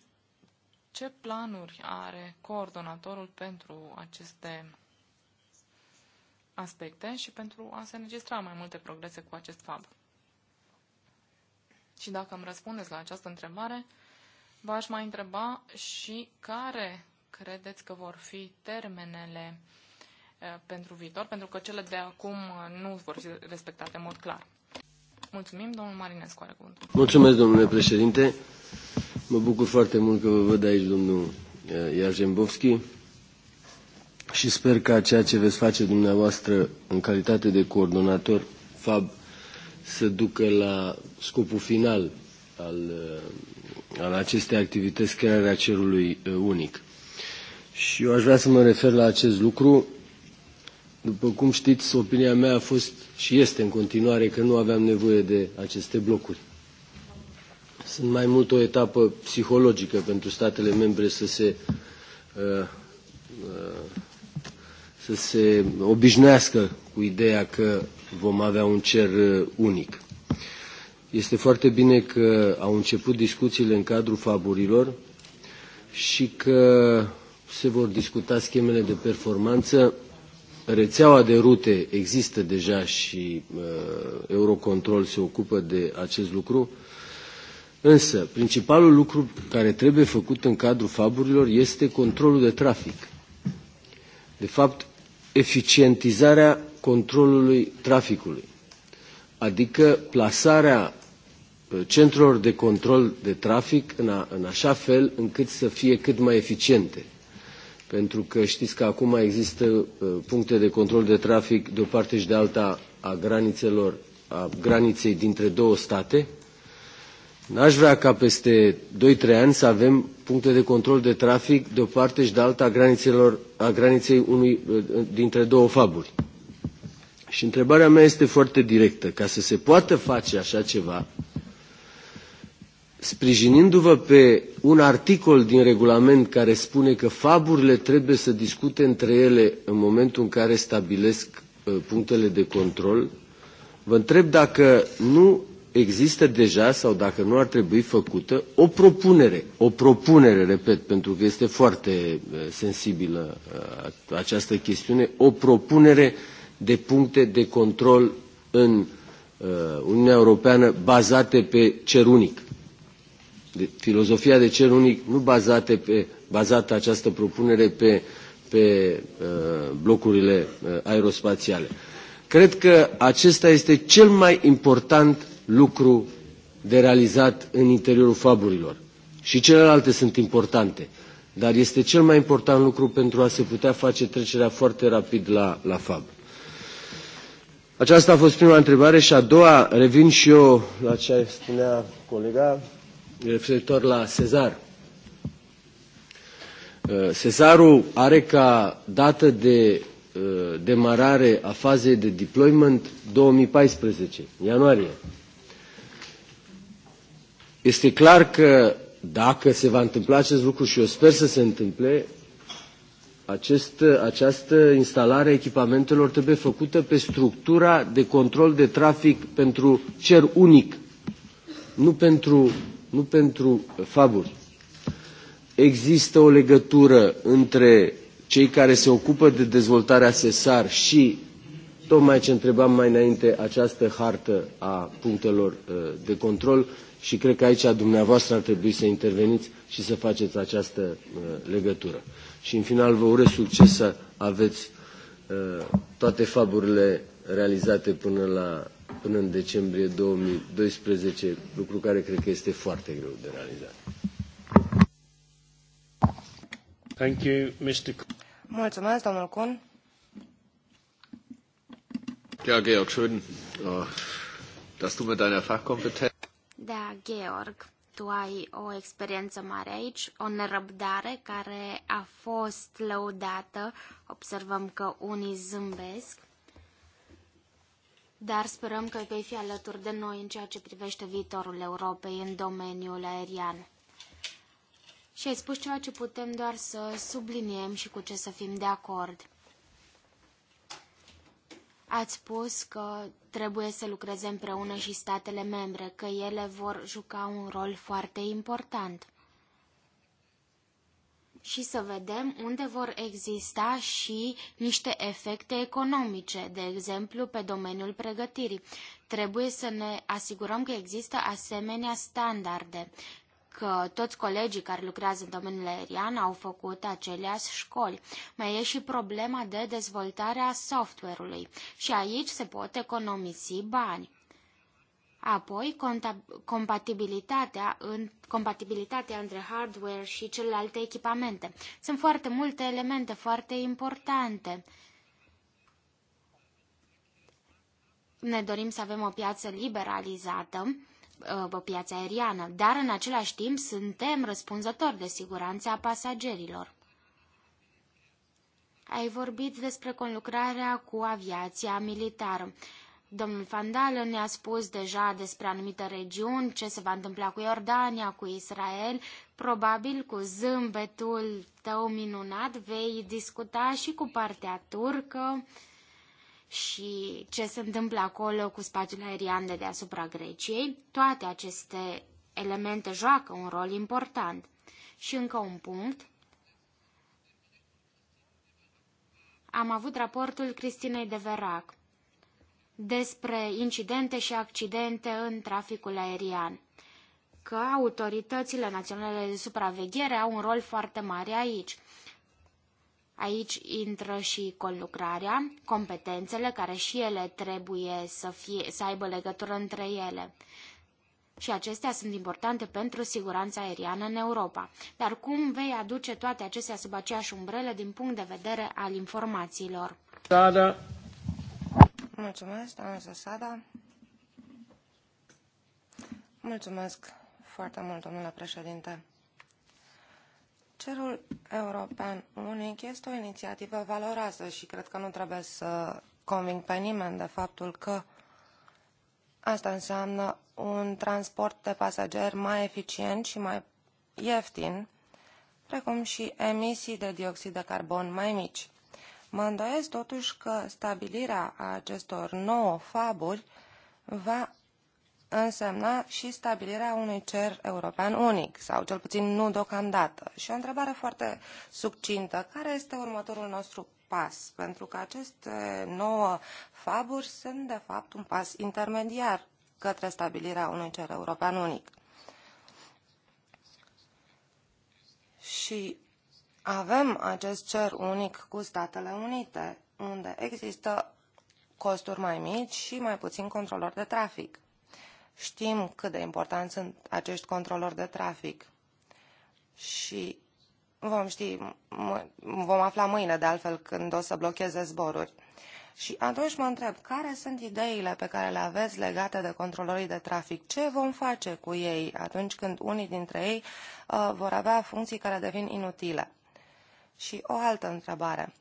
ce planuri are coordonatorul pentru aceste aspecte și pentru a se înregistra mai multe progrese cu acest fab. Și dacă îmi răspundeți la această întrebare, v-aș mai întreba și care credeți că vor fi termenele eh, pentru viitor, pentru că cele de acum eh, nu vor fi respectate în mod clar. Mulțumim, domnul Marinescu are cuvântul. Mulțumesc, domnule președinte. Mă bucur foarte mult că vă văd aici, domnul eh, Iarzembovski, și sper că ceea ce veți face dumneavoastră în calitate de coordonator FAB să ducă la scopul final al, uh, al acestei activități, crearea cerului uh, unic. Și eu aș vrea să mă refer la acest lucru. După cum știți, opinia mea a fost și este în continuare că nu aveam nevoie de aceste blocuri. Sunt mai mult o etapă psihologică pentru statele membre să se, uh, uh, să se obișnuiască cu ideea că vom avea un cer uh, unic. Este foarte bine că au început discuțiile în cadrul faburilor și că se vor discuta schemele de performanță. Rețeaua de rute există deja și uh, Eurocontrol se ocupă de acest lucru. Însă, principalul lucru care trebuie făcut în cadrul faburilor este controlul de trafic. De fapt, eficientizarea controlului traficului, adică plasarea uh, centrelor de control de trafic în, a, în așa fel încât să fie cât mai eficiente. Pentru că știți că acum există uh, puncte de control de trafic de o parte și de alta a granițelor, a graniței dintre două state. N-aș vrea ca peste 2-3 ani să avem puncte de control de trafic de o parte și de alta a, granițelor, a graniței unui, uh, dintre două faburi. Și întrebarea mea este foarte directă. Ca să se poată face așa ceva, sprijinindu-vă pe un articol din regulament care spune că faburile trebuie să discute între ele în momentul în care stabilesc uh, punctele de control, vă întreb dacă nu există deja sau dacă nu ar trebui făcută o propunere, o propunere, repet, pentru că este foarte uh, sensibilă uh, această chestiune, o propunere uh, de puncte de control în uh, Uniunea Europeană bazate pe cer unic. De, filozofia de cer unic nu bazate pe, bazată această propunere pe, pe uh, blocurile uh, aerospațiale. Cred că acesta este cel mai important lucru de realizat în interiorul faburilor. Și celelalte sunt importante, dar este cel mai important lucru pentru a se putea face trecerea foarte rapid la, la fabri. Aceasta a fost prima întrebare și a doua, revin și eu la ce spunea colega referitor la Cezar. Uh, Cezarul are ca dată de uh, demarare a fazei de deployment 2014, ianuarie. Este clar că dacă se va întâmpla acest lucru și eu sper să se întâmple, acest, această instalare a echipamentelor trebuie făcută pe structura de control de trafic pentru cer unic, nu pentru, nu pentru faburi. Există o legătură între cei care se ocupă de dezvoltarea SESAR și, tocmai ce întrebam mai înainte, această hartă a punctelor uh, de control, și cred că aici dumneavoastră ar trebui să interveniți și să faceți această uh, legătură. Și în final vă urez succes să aveți uh, toate faburile realizate până, la, până în decembrie 2012, lucru care cred că este foarte greu de realizat. Thank you, Mr. Mulțumesc, domnul Kuhn. Ja, Georg, schön, dass du mit deiner Fachkompetenz da, Georg, tu ai o experiență mare aici, o nerăbdare care a fost lăudată. Observăm că unii zâmbesc, dar sperăm că vei fi alături de noi în ceea ce privește viitorul Europei în domeniul aerian. Și ai spus ceva ce putem doar să subliniem și cu ce să fim de acord. Ați spus că trebuie să lucreze împreună și statele membre, că ele vor juca un rol foarte important. Și să vedem unde vor exista și niște efecte economice, de exemplu pe domeniul pregătirii. Trebuie să ne asigurăm că există asemenea standarde că toți colegii care lucrează în domeniul aerian au făcut aceleași școli. Mai e și problema de dezvoltare a software-ului și aici se pot economisi bani. Apoi, compatibilitatea, în, compatibilitatea între hardware și celelalte echipamente. Sunt foarte multe elemente foarte importante. Ne dorim să avem o piață liberalizată Uh, pe piața aeriană, dar în același timp suntem răspunzători de siguranța pasagerilor. Ai vorbit despre conlucrarea cu aviația militară. Domnul Fandal ne-a spus deja despre anumite regiuni, ce se va întâmpla cu Iordania, cu Israel. Probabil cu zâmbetul tău minunat vei discuta și cu partea turcă. Uh, și ce se întâmplă acolo cu spațiul aerian de deasupra Greciei, toate aceste elemente joacă un rol important. Și încă un punct. Am avut raportul Cristinei de Verac despre incidente și accidente în traficul aerian, că autoritățile naționale de supraveghere au un rol foarte mare aici. Aici intră și conlucrarea, competențele care și ele trebuie să, fie, să aibă legătură între ele. Și acestea sunt importante pentru siguranța aeriană în Europa. Dar cum vei aduce toate acestea sub aceeași umbrelă din punct de vedere al informațiilor? Sada. Mulțumesc, doamna Sada. Mulțumesc foarte mult, domnule președinte. Cerul European Unic este o inițiativă valoroasă și cred că nu trebuie să conving pe nimeni de faptul că asta înseamnă un transport de pasageri mai eficient și mai ieftin, precum și emisii de dioxid de carbon mai mici. Mă îndoiesc totuși că stabilirea acestor nouă faburi va însemna și stabilirea unui cer european unic, sau cel puțin nu deocamdată. Și o întrebare foarte succintă. Care este următorul nostru pas? Pentru că aceste nouă faburi sunt, de fapt, un pas intermediar către stabilirea unui cer european unic. Și avem acest cer unic cu Statele Unite, unde există costuri mai mici și mai puțin controlori de trafic. Știm cât de important sunt acești controlori de trafic și vom ști, vom afla mâine de altfel când o să blocheze zboruri. Și atunci mă întreb, care sunt ideile pe care le aveți legate de controlorii de trafic? Ce vom face cu ei atunci când unii dintre ei uh, vor avea funcții care devin inutile? Și o altă întrebare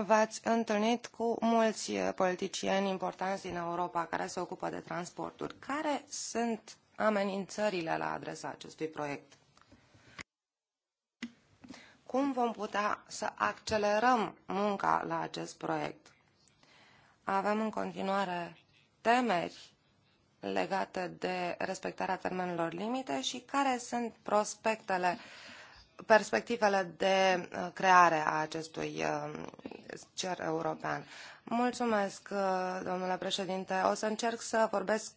v-ați întâlnit cu mulți uh, politicieni importanți din Europa care se ocupă de transporturi. Care sunt amenințările la adresa acestui proiect? Cum vom putea să accelerăm munca la acest proiect? Avem în continuare temeri legate de respectarea termenelor limite și care sunt prospectele uh, perspectivele de uh, creare a acestui uh, cer european. Mulțumesc, uh, domnule președinte. O să încerc să vorbesc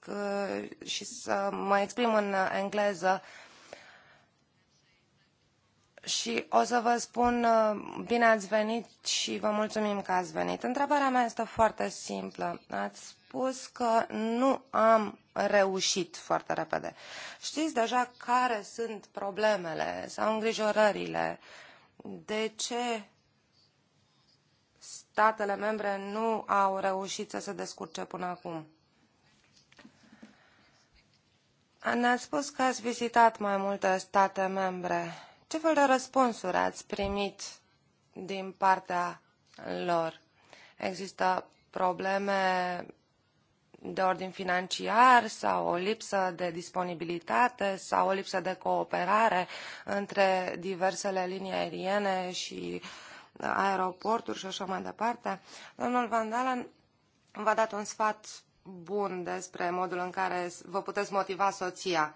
și să mă exprim în engleză și o să vă spun uh, bine ați venit și vă mulțumim că ați venit. Întrebarea mea este foarte simplă. Ați spus că nu am reușit foarte repede. Știți deja care sunt problemele sau îngrijorările? De ce statele membre nu au reușit să se descurce până acum? Ne-ați spus că ați vizitat mai multe state membre ce fel de răspunsuri ați primit din partea lor? Există probleme de ordin financiar sau o lipsă de disponibilitate sau o lipsă de cooperare între diversele linii aeriene și aeroporturi și așa mai departe. Domnul Van Dalen v-a dat un sfat bun despre modul în care vă puteți motiva soția.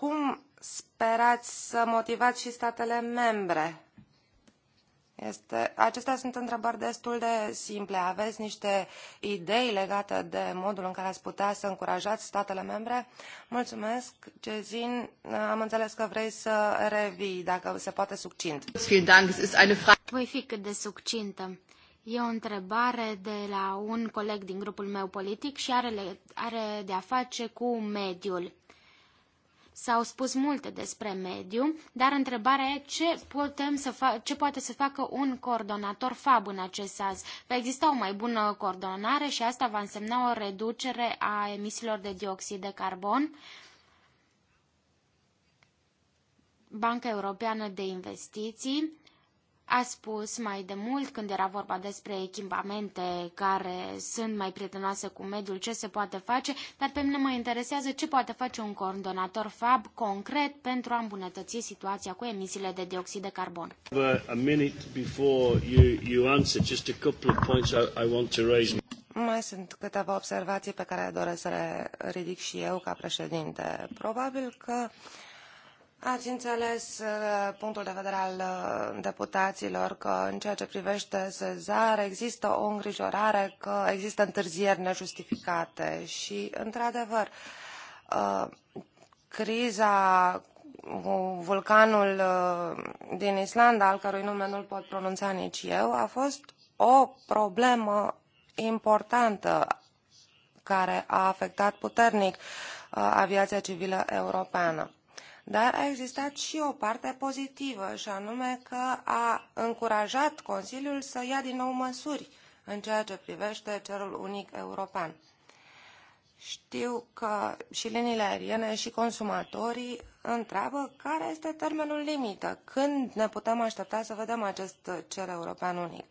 cum sperați să motivați și statele membre? Este, acestea sunt întrebări destul de simple. Aveți niște idei legate de modul în care ați putea să încurajați statele membre? Mulțumesc, Cezin Am înțeles că vrei să revii, dacă se poate succint. Voi fi cât de succintă. E o întrebare de la un coleg din grupul meu politic și are, are de a face cu mediul. S-au spus multe despre mediu, dar întrebarea e ce, putem să fa- ce poate să facă un coordonator FAB în acest sens. Va exista o mai bună coordonare și asta va însemna o reducere a emisiilor de dioxid de carbon. Banca Europeană de Investiții a spus mai de mult când era vorba despre echipamente care sunt mai prietenoase cu mediul, ce se poate face, dar pe mine mă interesează ce poate face un coordonator FAB concret pentru a îmbunătăți situația cu emisiile de dioxid de carbon. Mai sunt câteva observații pe care doresc să le ridic și eu ca președinte. Probabil că uh, Ați înțeles uh, punctul de vedere al uh, deputaților că în ceea ce privește Sezar există o îngrijorare că există întârzieri nejustificate și, într-adevăr, uh, criza cu vulcanul din Islanda, al cărui nume nu-l pot pronunța nici eu, a fost o problemă importantă care a afectat puternic aviația civilă europeană. Dar a existat și o parte pozitivă, și anume că a încurajat Consiliul să ia din nou măsuri în ceea ce privește cerul unic european. Știu că și liniile aeriene și consumatorii întreabă care este termenul limită, când ne putem aștepta să vedem acest cer european unic.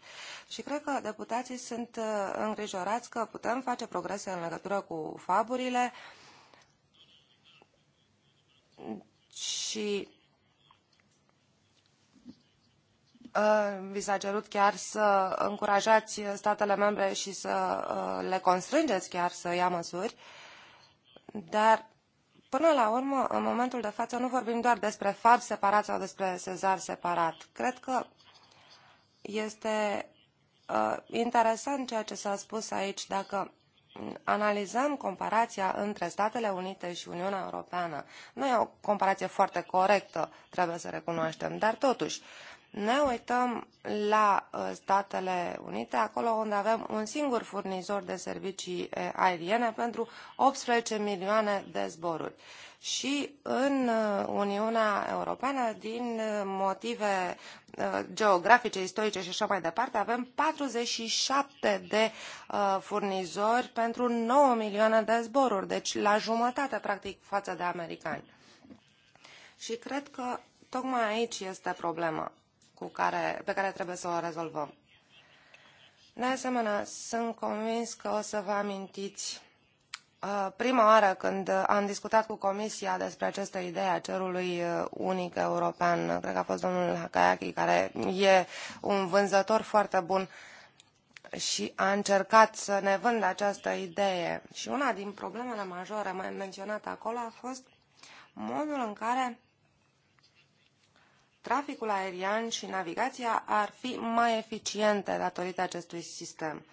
Și cred că deputații sunt uh, îngrijorați că putem face progrese în legătură cu faburile, și uh, vi s-a cerut chiar să încurajați statele membre și să uh, le constrângeți chiar să ia măsuri, dar până la urmă, în momentul de față, nu vorbim doar despre FAB separat sau despre Sezar separat. Cred că este uh, interesant ceea ce s-a spus aici, dacă analizăm comparația între Statele Unite și Uniunea Europeană, nu e o comparație foarte corectă, trebuie să recunoaștem, dar totuși, ne uităm la uh, Statele Unite, acolo unde avem un singur furnizor de servicii uh, aeriene pentru 18 milioane de zboruri. Și în uh, Uniunea Europeană, din motive geografice, istorice și așa mai departe, avem 47 de furnizori pentru 9 milioane de zboruri, deci la jumătate, practic, față de americani. Și cred că tocmai aici este problema cu care, pe care trebuie să o rezolvăm. De asemenea, sunt convins că o să vă amintiți uh, prima oară când am discutat cu Comisia despre această idee a cerului uh, unic european, cred că a fost domnul Hakayaki, care e un vânzător foarte bun și a încercat să ne vândă această idee. Și una din problemele majore mai menționate acolo a fost modul în care traficul aerian și navigația ar fi mai eficiente datorită acestui sistem.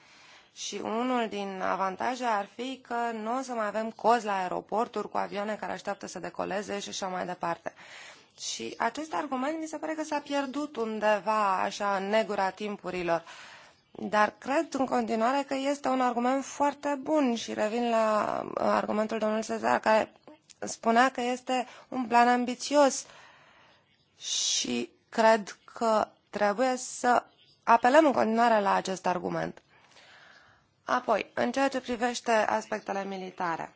Și unul din avantaje ar fi că nu o să mai avem cozi la aeroporturi cu avioane care așteaptă să decoleze și așa mai departe. Și acest argument mi se pare că s-a pierdut undeva așa în negura timpurilor. Dar cred în continuare că este un argument foarte bun și revin la uh, argumentul domnului Cezar care spunea că este un plan ambițios uh, și cred că trebuie să apelăm în continuare la acest argument. Apoi, în ceea ce privește aspectele militare,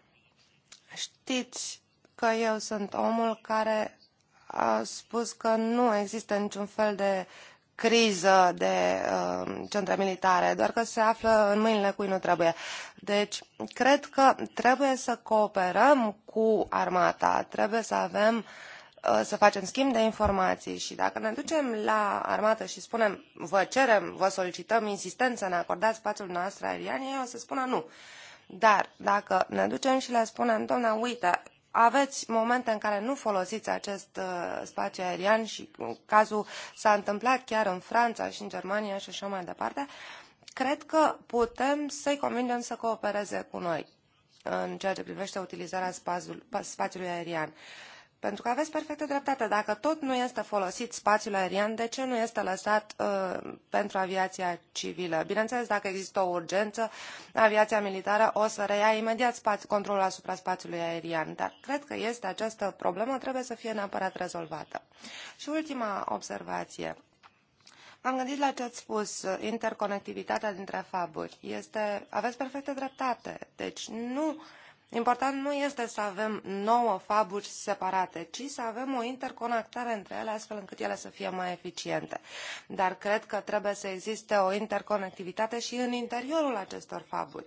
știți că eu sunt omul care a spus că nu există niciun fel de criză de uh, centre militare, doar că se află în mâinile cui nu trebuie. Deci, cred că trebuie să cooperăm cu armata, trebuie să avem uh, Uh, să facem schimb de informații și dacă ne ducem la armată și spunem, vă cerem, vă solicităm insistent să ne acordați spațiul nostru aerian, ei o să spună nu. Dar dacă ne ducem și le spunem, doamna, uite, aveți momente în care nu folosiți acest uh, spațiu aerian și în uh, cazul s-a întâmplat chiar în Franța și în Germania și așa mai departe, cred că putem să-i convingem să coopereze cu noi în ceea ce privește utilizarea spațiului aerian. Uh, pentru că aveți perfectă dreptate. Dacă tot nu este folosit spațiul aerian, de ce nu este lăsat uh, pentru aviația civilă? Bineînțeles, dacă există o urgență, aviația militară o să reia imediat spațiu, controlul asupra spațiului aerian. Dar cred că este această problemă, trebuie să fie neapărat rezolvată. Și ultima observație. Am gândit la ce ați spus, interconectivitatea dintre faburi. Este, aveți perfectă dreptate. Deci nu uh, Important nu este să avem nouă fabuci separate, ci să avem o interconectare între ele, astfel încât ele să fie mai eficiente. Dar cred că trebuie să existe o interconectivitate și în interiorul acestor faburi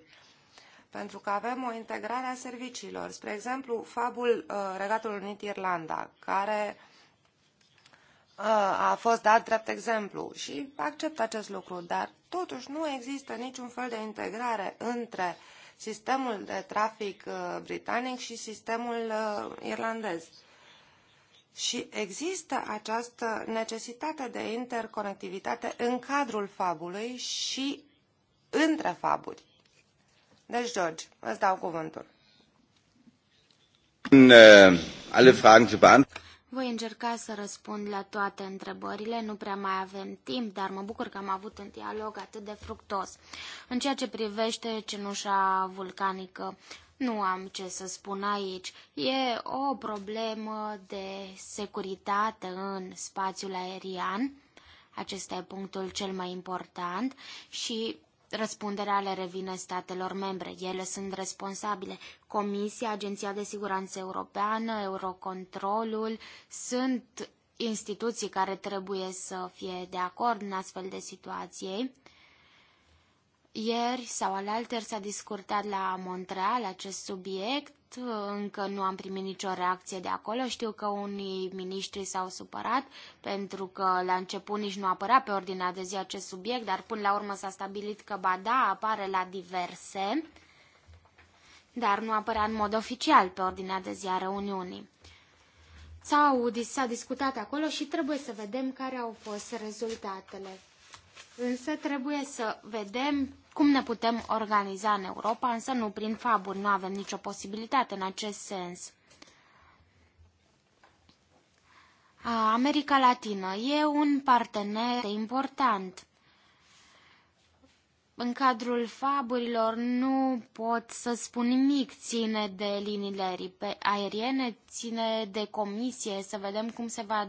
pentru că avem o integrare a serviciilor. Spre exemplu, fabul uh, Regatul Unit Irlanda, care uh, a fost dat drept exemplu și accept acest lucru, dar totuși nu există niciun fel de integrare între uh, sistemul de trafic uh, britanic și sistemul uh, irlandez. Și există această necesitate de interconectivitate în cadrul fabului și între faburi. Deci, George, îți dau cuvântul. Uh, alle Fragen zu beantworten. Voi încerca să răspund la toate întrebările, nu prea mai avem timp, dar mă bucur că am avut un dialog atât de fructos. În ceea ce privește cenușa vulcanică, nu am ce să spun aici. E o problemă de securitate în spațiul aerian. Acesta e punctul cel mai important și Răspunderea le revine statelor membre. Ele sunt responsabile. Comisia, Agenția de Siguranță Europeană, Eurocontrolul sunt instituții care trebuie să fie de acord în astfel de situații. Ieri sau alaltări s-a discutat la Montreal acest subiect încă nu am primit nicio reacție de acolo. Știu că unii miniștri s-au supărat pentru că la început nici nu apărea pe ordinea de zi acest subiect, dar până la urmă s-a stabilit că ba da, apare la diverse, dar nu apărea în mod oficial pe ordinea de zi a reuniunii. S-a discutat acolo și trebuie să vedem care au fost rezultatele. Însă trebuie să vedem cum ne putem organiza în Europa, însă nu prin faburi, nu avem nicio posibilitate în acest sens. America Latină e un partener important în cadrul faburilor nu pot să spun nimic ține de liniile aeriene, ține de comisie, să vedem cum se va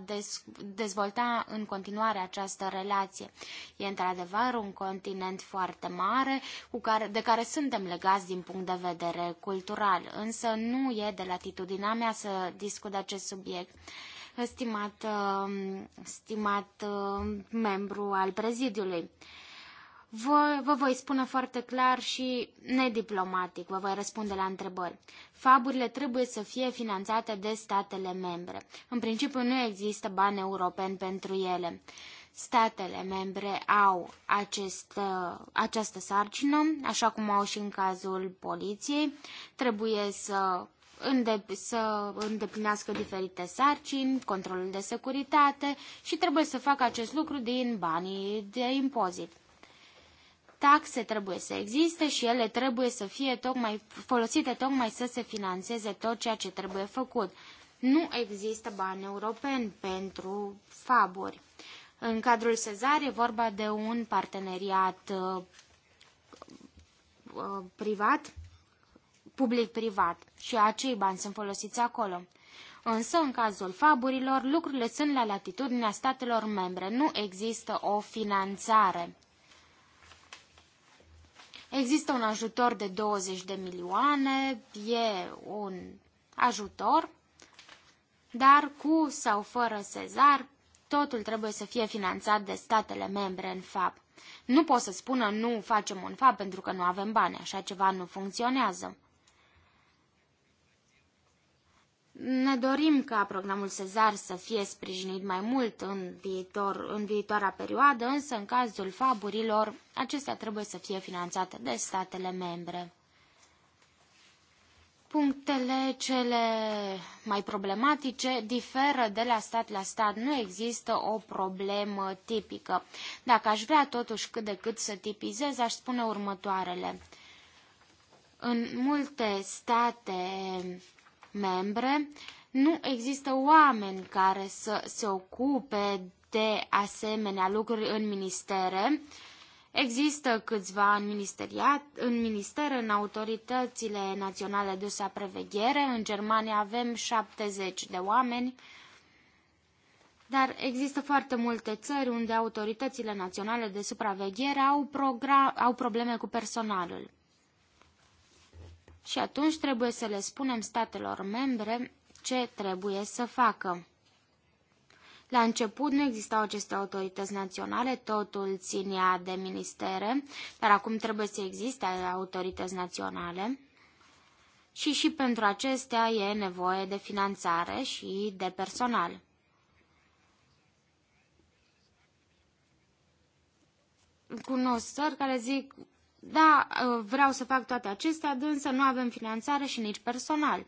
dezvolta în continuare această relație. E într-adevăr un continent foarte mare cu care, de care suntem legați din punct de vedere cultural, însă nu e de latitudinea mea să discut acest subiect uh, stimat, stimat uh, membru al prezidiului. Vă, vă voi spune foarte clar și nediplomatic, vă voi răspunde la întrebări. Faburile trebuie să fie finanțate de statele membre. În principiu nu există bani europeni pentru ele statele membre au acest, uh, această sarcină, așa cum au și în cazul poliției. Trebuie să, îndep- să îndeplinească diferite sarcini, controlul de securitate și trebuie să facă acest lucru din banii de impozit. Taxe trebuie să existe și ele trebuie să fie tocmai, folosite tocmai să se financeze tot ceea ce trebuie făcut. Nu există bani europeni pentru faburi. În cadrul Sezar e vorba de un parteneriat uh, uh, privat, public-privat și acei bani sunt folosiți acolo. Însă, în cazul faburilor, lucrurile sunt la latitudinea statelor membre. Nu există o finanțare Există un ajutor de 20 de milioane, e un ajutor, dar cu sau fără Sezar, totul trebuie să fie finanțat de statele membre în FAP. Nu pot să spună nu facem un FAP pentru că nu avem bani, așa ceva nu funcționează. Ne dorim ca programul Sezar să fie sprijinit mai mult în, viitor, în viitoarea perioadă, însă în cazul faburilor, acestea trebuie să fie finanțate de statele membre. Punctele cele mai problematice diferă de la stat la stat. Nu există o problemă tipică. Dacă aș vrea totuși cât de cât să tipizez, aș spune următoarele. În multe state membre, nu există oameni care să se ocupe de asemenea lucruri în ministere. Există câțiva în, ministeriat, în minister, în autoritățile naționale de supraveghere. În Germania avem 70 de oameni. Dar există foarte multe țări unde autoritățile naționale de supraveghere au, au probleme cu personalul. Și atunci trebuie să le spunem statelor membre ce trebuie să facă. La început nu existau aceste autorități naționale, totul ținea de ministere, dar acum trebuie să existe autorități naționale. Și și pentru acestea e nevoie de finanțare și de personal. Cunosc care zic da, ă, vreau să fac toate acestea, însă nu avem finanțare și nici personal.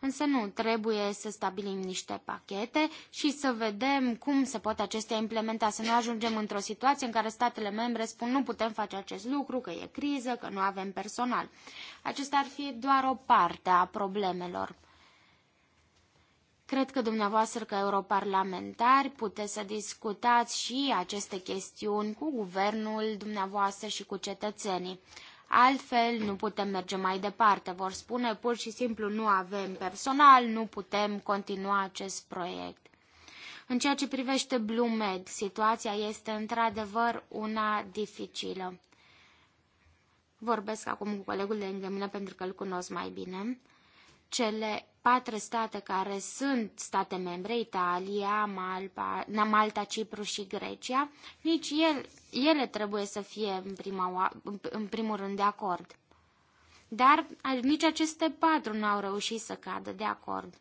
Însă nu, trebuie să stabilim niște pachete și să vedem cum se pot acestea implementa, să nu ajungem într-o situație în care statele membre spun nu putem face acest lucru, că e criză, că nu avem personal. Acesta ar fi doar o parte a problemelor. Cred că dumneavoastră ca europarlamentari puteți să discutați și aceste chestiuni cu guvernul dumneavoastră și cu cetățenii. Altfel nu putem merge mai departe. Vor spune pur și simplu nu avem personal, nu putem continua acest proiect. În ceea ce privește BlueMed, situația este într-adevăr una dificilă. Vorbesc acum cu colegul de îngămână pentru că îl cunosc mai bine. Cele patru state care sunt state membre, Italia, Malpa, Malta, Cipru și Grecia, nici el, ele trebuie să fie în, prima, în primul rând de acord. Dar nici aceste patru nu au reușit să cadă de acord.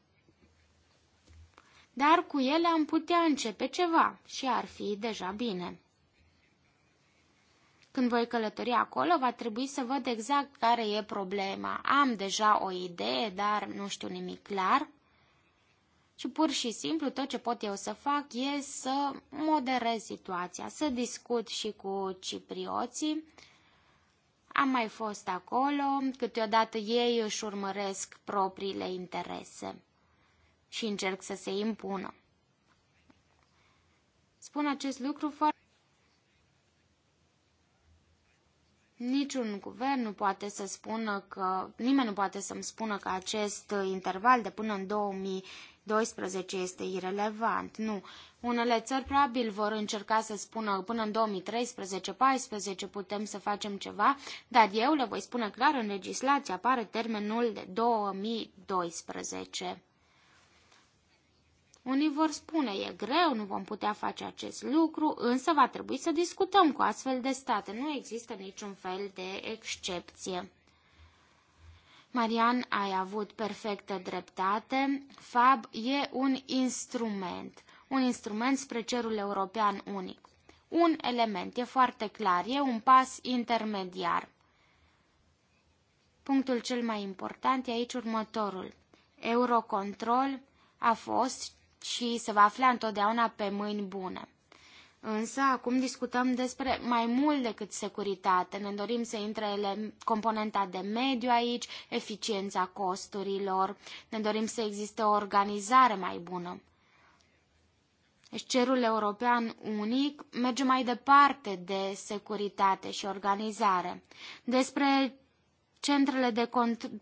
Dar cu ele am putea începe ceva și ar fi deja bine. Când voi călători acolo, va trebui să văd exact care e problema. Am deja o idee, dar nu știu nimic clar. Și pur și simplu tot ce pot eu să fac e să moderez situația, să discut și cu ciprioții. Am mai fost acolo, câteodată ei își urmăresc propriile interese și încerc să se impună. Spun acest lucru foarte... Niciun guvern nu poate să spună că, nimeni nu poate să-mi spună că acest interval de până în 2012 este irelevant. Nu. Unele țări probabil vor încerca să spună până în 2013-14 putem să facem ceva, dar eu le voi spune clar în legislație apare termenul de 2012. Unii vor spune, e greu, nu vom putea face acest lucru, însă va trebui să discutăm cu astfel de state. Nu există niciun fel de excepție. Marian, ai avut perfectă dreptate. FAB e un instrument, un instrument spre cerul european unic. Un element, e foarte clar, e un pas intermediar. Punctul cel mai important e aici următorul. Eurocontrol a fost și se va afla întotdeauna pe mâini bune. Însă, acum discutăm despre mai mult decât securitate. Ne dorim să intre ele, componenta de mediu aici, eficiența costurilor, ne dorim să existe o organizare mai bună. Deci cerul european unic merge mai departe de securitate și organizare. Despre Centrele de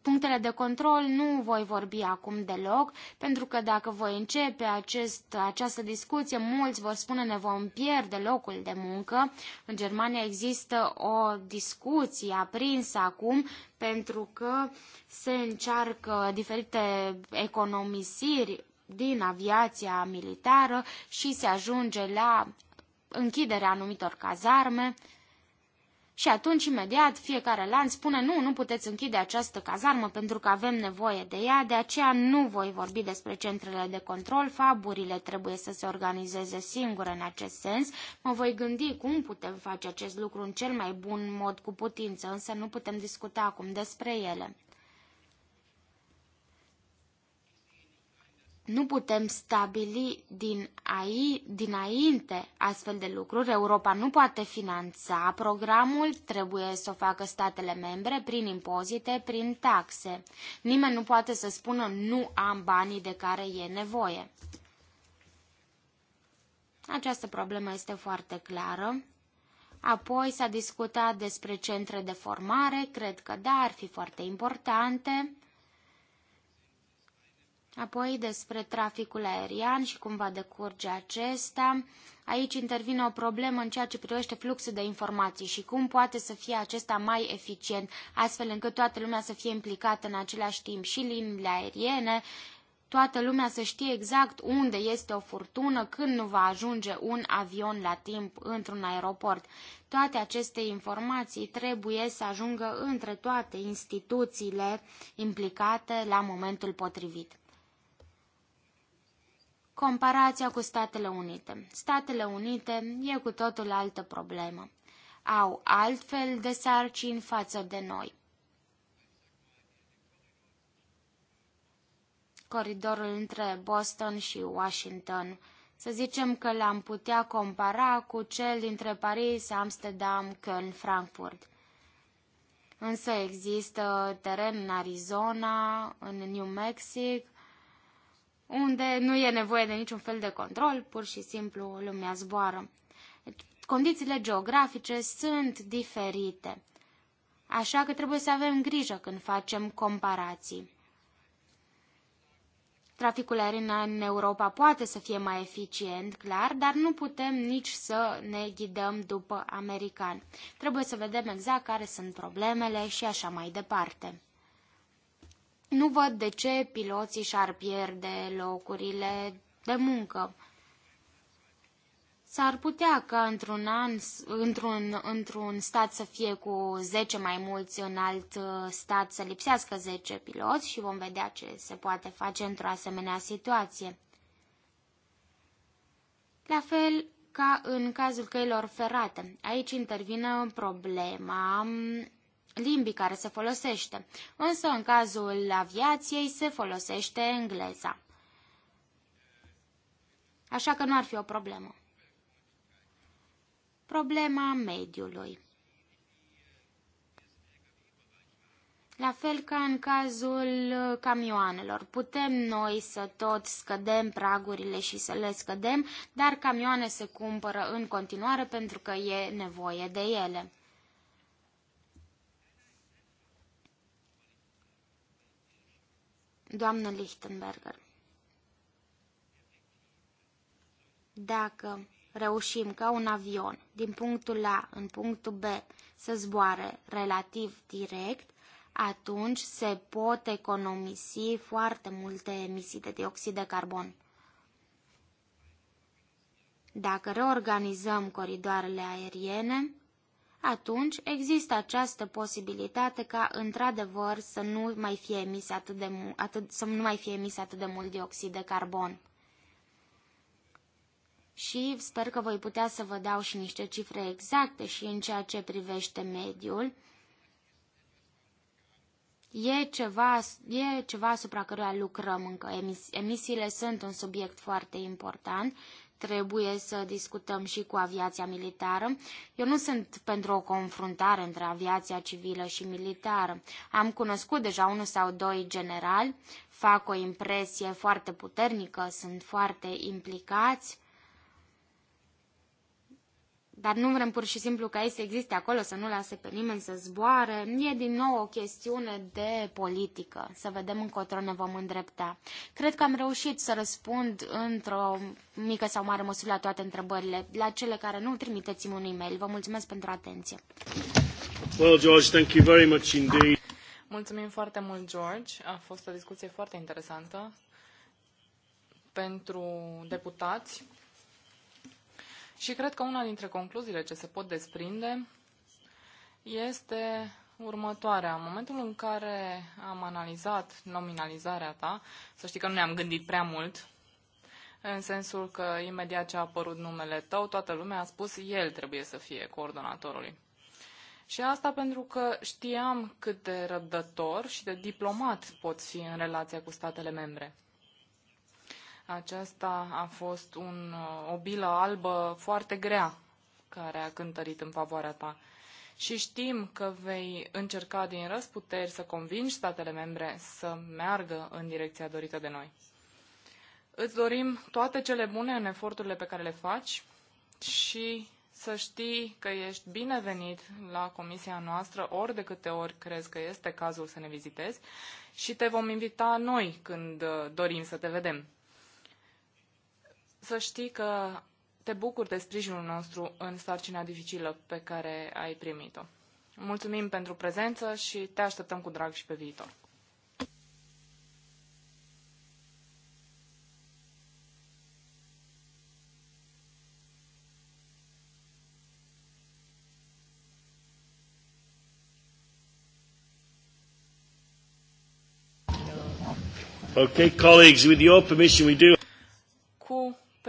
punctele de control nu voi vorbi acum deloc, pentru că dacă voi începe acest, această discuție, mulți vor spune ne vom pierde locul de muncă. În Germania există o discuție aprinsă acum pentru că se încearcă diferite economisiri din aviația militară și se ajunge la închiderea anumitor cazarme. Și atunci, imediat, fiecare lanț spune, nu, nu puteți închide această cazarmă pentru că avem nevoie de ea, de aceea nu voi vorbi despre centrele de control, faburile trebuie să se organizeze singure în acest sens. Mă voi gândi cum putem face acest lucru în cel mai bun mod cu putință, însă nu putem discuta acum despre ele. Nu putem stabili din ai, dinainte astfel de lucruri. Europa nu poate finanța programul, trebuie să o facă statele membre prin impozite, prin taxe. Nimeni nu poate să spună nu am banii de care e nevoie. Această problemă este foarte clară. Apoi s-a discutat despre centre de formare, cred că da, ar fi foarte importante. Apoi despre traficul aerian și cum va decurge acesta. Aici intervine o problemă în ceea ce privește fluxul de informații și cum poate să fie acesta mai eficient, astfel încât toată lumea să fie implicată în același timp și liniile aeriene, toată lumea să știe exact unde este o furtună, când nu va ajunge un avion la timp într-un aeroport. Toate aceste informații trebuie să ajungă între toate instituțiile implicate la momentul potrivit. Comparația cu Statele Unite. Statele Unite e cu totul altă problemă. Au altfel de sarcini față de noi. Coridorul între Boston și Washington. Să zicem că l-am putea compara cu cel dintre Paris, Amsterdam, Köln, Frankfurt. Însă există teren în Arizona, în New Mexico, unde nu e nevoie de niciun fel de control, pur și simplu lumea zboară. Condițiile geografice sunt diferite, așa că trebuie să avem grijă când facem comparații. Traficul aerian în Europa poate să fie mai eficient, clar, dar nu putem nici să ne ghidăm după american. Trebuie să vedem exact care sunt problemele și așa mai departe. Nu văd de ce piloții și-ar pierde locurile de muncă. S-ar putea ca într-un an, într-un, într-un stat să fie cu 10 mai mulți, în alt uh, stat să lipsească 10 piloți și vom vedea ce se poate face într-o asemenea situație. La fel ca în cazul căilor ferate. Aici intervine problema limbii care se folosește, însă în cazul aviației se folosește engleza. Așa că nu ar fi o problemă. Problema mediului. La fel ca în cazul camioanelor. Putem noi să tot scădem pragurile și să le scădem, dar camioane se cumpără în continuare pentru că e nevoie de ele. Doamnă Lichtenberger, dacă reușim ca un avion din punctul A în punctul B să zboare relativ direct, atunci se pot economisi foarte multe emisii de dioxid de carbon. Dacă reorganizăm coridoarele aeriene, atunci există această posibilitate ca într-adevăr să nu mai fie emis atât de, atât, să nu mai fie emis atât de mult dioxid de carbon. Și sper că voi putea să vă dau și niște cifre exacte și în ceea ce privește mediul. E ceva, e ceva asupra căruia lucrăm încă. Emisiile sunt un subiect foarte important trebuie să discutăm și cu aviația militară. Eu nu sunt pentru o confruntare între aviația civilă și militară. Am cunoscut deja unul sau doi generali, fac o impresie foarte puternică, sunt foarte implicați dar nu vrem pur și simplu ca ei să existe acolo, să nu lase pe nimeni să zboare. E din nou o chestiune de politică, să vedem încotro ne vom îndrepta. Cred că am reușit să răspund într-o mică sau mare măsură la toate întrebările. La cele care nu, trimiteți-mi un e-mail. Vă mulțumesc pentru atenție. Well, George, thank you very much indeed. Mulțumim foarte mult, George. A fost o discuție foarte interesantă pentru deputați și cred că una dintre concluziile ce se pot desprinde este următoarea. În momentul în care am analizat nominalizarea ta, să știi că nu ne-am gândit prea mult, în sensul că imediat ce a apărut numele tău, toată lumea a spus el trebuie să fie coordonatorului. Și asta pentru că știam cât de răbdător și de diplomat poți fi în relația cu statele membre. Aceasta a fost un, o bilă albă foarte grea care a cântărit în favoarea ta. Și știm că vei încerca din răsputeri să convingi statele membre să meargă în direcția dorită de noi. Îți dorim toate cele bune în eforturile pe care le faci și să știi că ești binevenit la comisia noastră ori de câte ori crezi că este cazul să ne vizitezi și te vom invita noi când uh, dorim să te vedem să știi că te bucuri de sprijinul nostru în sarcina dificilă pe care ai primit-o. Mulțumim pentru prezență și te așteptăm cu drag și pe viitor. Okay, colleagues, with your permission, we do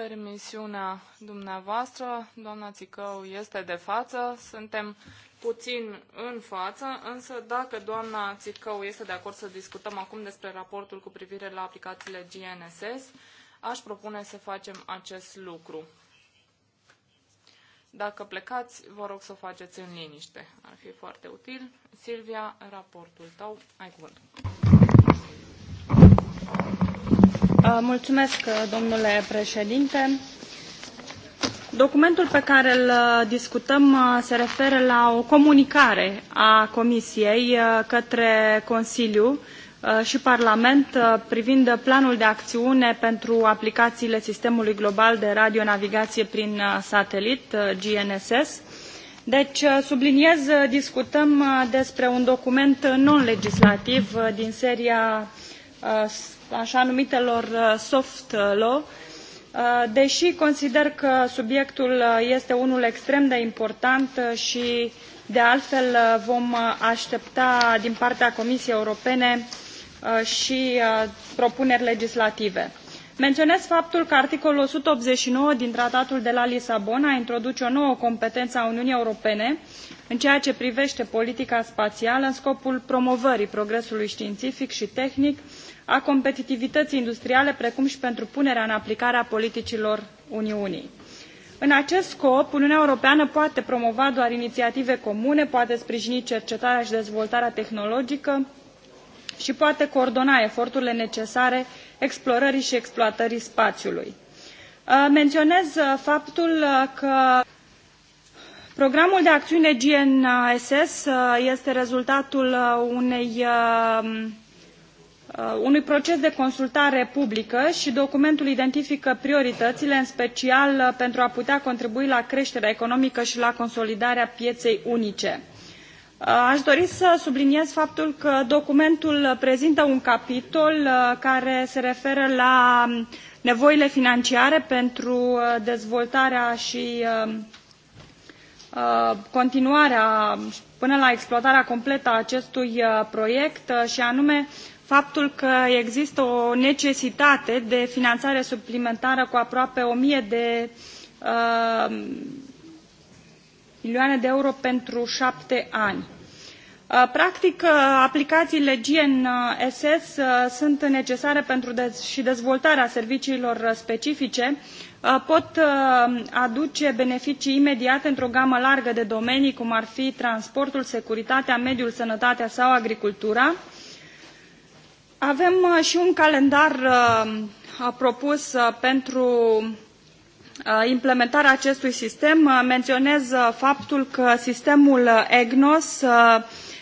permisiunea dumneavoastră, doamna Țicău este de față, suntem puțin în față, însă dacă doamna Țicău este de acord să discutăm acum despre raportul cu privire la aplicațiile GNSS, aș propune să facem acest lucru. Dacă plecați, vă rog să o faceți în liniște. Ar fi foarte util. Silvia, raportul tău, ai cuvântul. Uh, mulțumesc, uh, domnule președinte. Documentul pe care îl uh, discutăm se referă la o comunicare a Comisiei către Consiliu și Parlament privind planul de acțiune pentru aplicațiile Sistemului Global de Radionavigație prin Satelit, GNSS. Deci, subliniez, discutăm despre un document non-legislativ din seria așa numitelor uh, soft uh, law, uh, deși consider că subiectul este unul extrem de important și de altfel vom aștepta din partea Comisiei Europene și propuneri legislative. Menționez faptul că articolul 189 din Tratatul de la Lisabona introduce o nouă competență a Uniunii Europene în ceea ce privește politica spațială în scopul promovării progresului științific și tehnic, a competitivităii industriale, precum și pentru punerea în aplicare a politicilor Uniunii. În acest scop, Uniunea Europeană poate promova doar inițiative comune, poate sprijini cercetarea și dezvoltarea tehnologică și poate coordona eforturile necesare explorării și exploatării spațiului. Uh, menionez uh, faptul uh, că programul de acțiune GNSS este rezultatul unei Uh, unui proces de consultare publică și documentul identifică prioritățile în special uh, pentru a putea contribui la creșterea economică și la consolidarea pieței unice. Uh, aș dori să subliniez faptul că documentul prezintă un capitol care se referă la um, nevoile financiare pentru dezvoltarea și um, continuarea până la exploatarea completă a acestui proiect și anume faptul că există o necesitate de finanțare suplimentară cu aproape 1000 de uh, milioane de euro pentru șapte ani. Uh, practic, uh, aplicațiile GNSS uh, sunt necesare pentru dez și dezvoltarea serviciilor specifice, pot aduce beneficii imediate într-o gamă largă de domenii, cum ar fi transportul, securitatea, mediul, sănătatea sau agricultura, avem uh, și un calendar uh, propus uh, pentru implementarea acestui sistem. Menționez faptul că sistemul EGNOS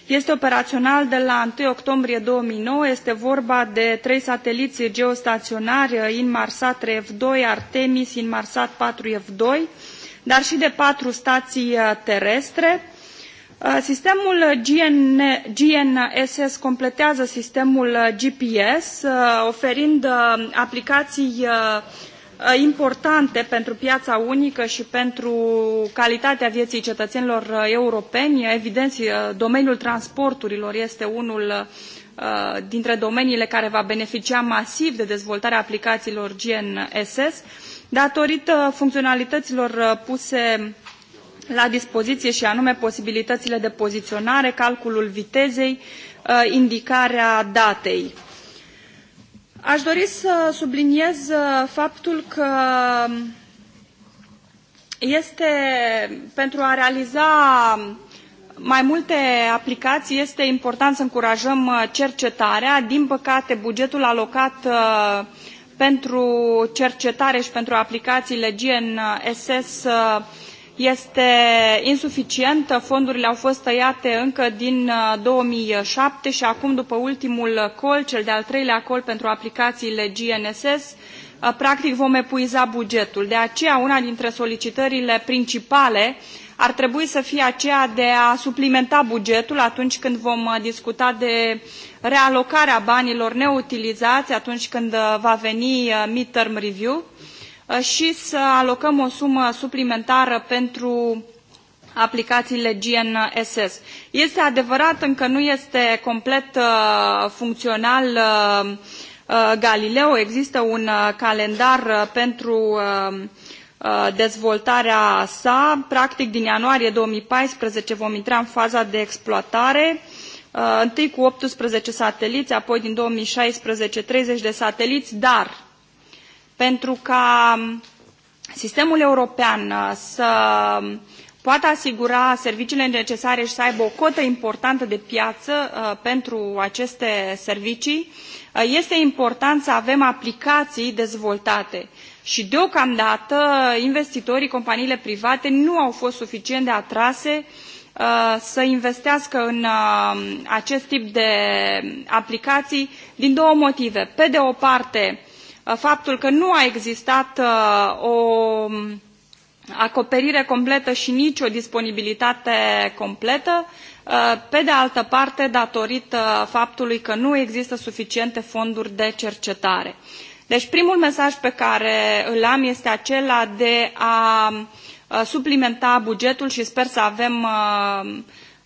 este operațional de la 1 octombrie 2009. Este vorba de trei sateliți geostaționari, Inmarsat 3F2, Artemis, Inmarsat 4F2, dar și de patru stații terestre Uh, sistemul uh, GNSS completează sistemul uh, GPS, oferind aplicații importante pentru piața unică și pentru calitatea vieții cetățenilor europeni. Evident, domeniul transporturilor este unul dintre domeniile care va beneficia masiv de dezvoltarea aplicațiilor GNSS, datorită funcționalităților puse la dispoziție și anume posibilitățile de poziționare, calculul vitezei, uh, indicarea datei. Aș dori să subliniez uh, faptul că este pentru a realiza mai multe aplicații este important să încurajăm uh, cercetarea. Din păcate, bugetul alocat pentru cercetare și pentru aplicațiile GNSS este insuficientă fondurile au fost tăiate încă din uh, două mii șapte și acum după ultimul col cel de al treilea col pentru aplicațiile gnss uh, practic vom epuiza bugetul. de aceea una dintre solicitările principale ar trebui să fie aceea de a suplimenta bugetul atunci când vom uh, discuta de realocarea banilor neutilizați atunci când va veni mid term review Uh, și să alocăm o sumă suplimentară pentru aplicațiile GNSS. Este adevărat, încă nu este complet uh, funcțional uh, Galileo, există un calendar pentru dezvoltarea sa. Practic, din ianuarie 2014 vom intra în faza de exploatare, întâi cu 18 sateliți, apoi din 2016 30 de sateliți, dar pentru ca sistemul european uh, să poată asigura serviciile necesare și să aibă o cotă importantă de piață uh, pentru aceste servicii, uh, este important să avem aplicații dezvoltate. Și deocamdată investitorii, companiile private nu au fost suficient de atrase să investească în acest tip de aplicații din două motive. Pe de o parte, Uh, faptul că nu a existat uh, o um, acoperire completă și nicio disponibilitate completă uh, pe de altă parte datorită faptului că nu există suficiente fonduri de cercetare. deci primul mesaj pe care îl am este acela de a suplimenta bugetul și sper să avem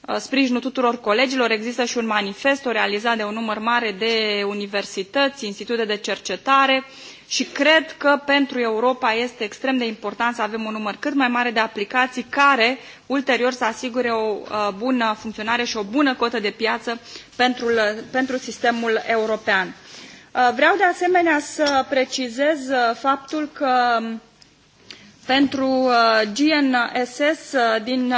Uh, sprijinul tuturor colegilor există și un manifest realizat de un număr mare de universități institute de cercetare și cred că pentru europa este extrem de important să avem un număr cât mai mare de aplicații care ulterior să asigure o uh, bună funcționare și o bună cotă de piață pentru, pentru sistemul european. Uh, vreau de asemenea să precizez faptul că um, pentru gnss din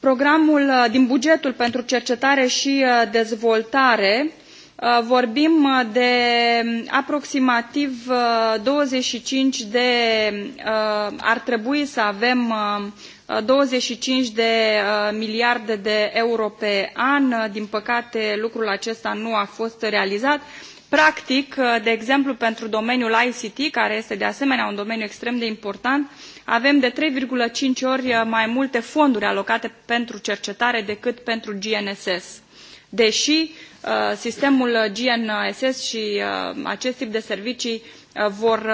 programul, uh, din bugetul pentru cercetare și uh, dezvoltare uh, vorbim de aproximativ 25 de, ar trebui să avem 25 de miliarde de euro pe an. Din păcate, lucrul acesta nu a fost realizat. Practic, de exemplu, pentru domeniul ICT, care este de asemenea un domeniu extrem de important, avem de trei cinci ori uh, mai multe fonduri alocate pentru cercetare decât pentru gnss deși uh, sistemul GNSS și uh, acest tip de servicii vor,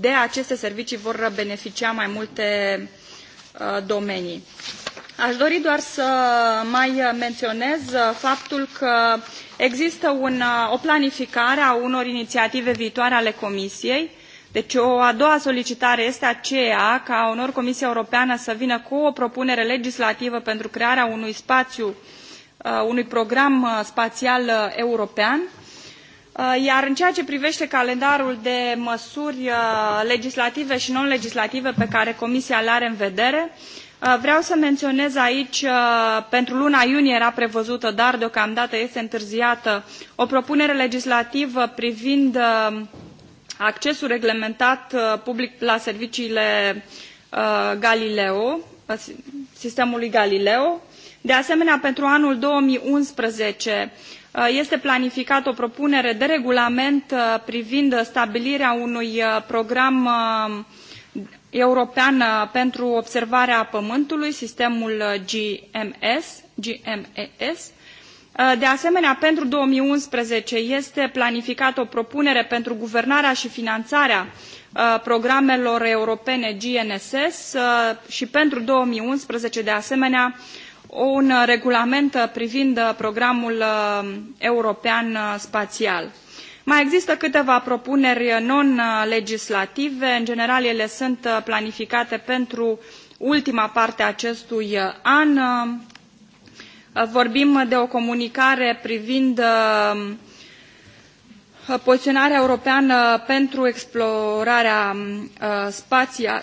de aceste servicii vor beneficia mai multe domenii. Aș dori doar să mai menționez faptul că există un, o planificare a unor inițiative viitoare ale Comisiei uh, deci o a doua solicitare este aceea ca onor Comisia Europeană să vină cu o propunere legislativă pentru crearea unui spațiu, uh, unui program uh, spațial uh, european. Iar în ceea ce privește calendarul de măsuri legislative și non-legislative pe care Comisia le are în vedere, Vreau să menționez aici, pentru luna iunie era prevăzută, dar deocamdată este întârziată, o propunere legislativă privind accesul reglementat uh, public la serviciile uh, Galileo, uh, sistemului Galileo. De asemenea, pentru anul unsprezece este planificată o propunere de regulament privind stabilirea unui program european pentru observarea Pământului, sistemul GMS, GMES, Uh, de asemenea pentru două mii unsprezece este planificată o propunere pentru guvernarea și finanțarea uh, programelor europene gnss uh, și pentru două mii unsprezece de asemenea un regulament privind programul european spațial. mai există câteva propuneri non legislative în general ele sunt planificate pentru ultima parte a acestui an vorbim de o comunicare privind uh, poziționarea europeană pentru explorarea uh,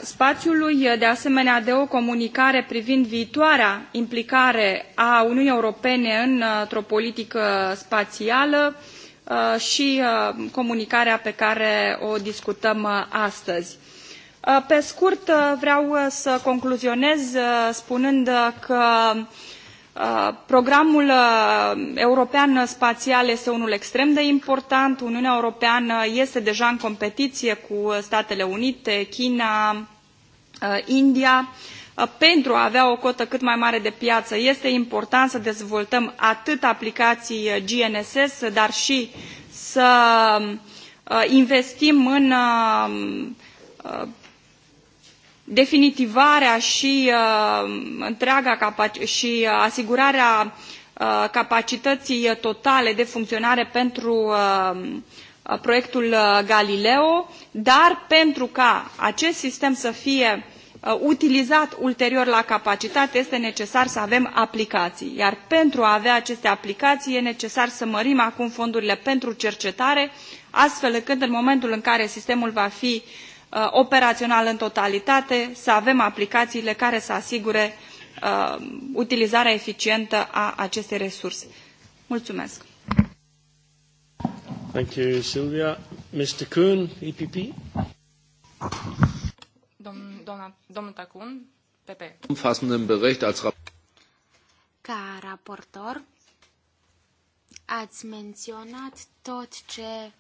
spațiului, de asemenea de o comunicare privind viitoarea implicare a Uniunii Europene uh, într-o politică spațială și comunicarea pe care o discutăm astăzi. Pe scurt, vreau să concluzionez spunând că Uh, programul uh, european spațial este unul extrem de important. Uniunea Europeană este deja în competiție cu Statele Unite, China, uh, India. Pentru a avea o cotă cât mai mare de piață, este important să dezvoltăm atât aplicații GNSS, dar și să investim în definitivarea și, uh, întreaga și uh, asigurarea uh, capacității totale de funcționare pentru uh, proiectul uh, Galileo, dar pentru ca acest sistem să fie utilizat ulterior la capacitate este necesar să avem aplicații iar pentru a avea aceste aplicații e necesar să mărim acum fondurile pentru cercetare astfel încât în momentul în care sistemul va fi Uh, operațional în totalitate, să avem aplicațiile care să asigure uh, utilizarea eficientă a acestei resurse. Mulțumesc! Thank you, Silvia. Mr. Kuhn, EPP. Domn, doamna, domnul Tacun, PP. Umfassenden Bericht als Ca raportor, ați menționat tot ce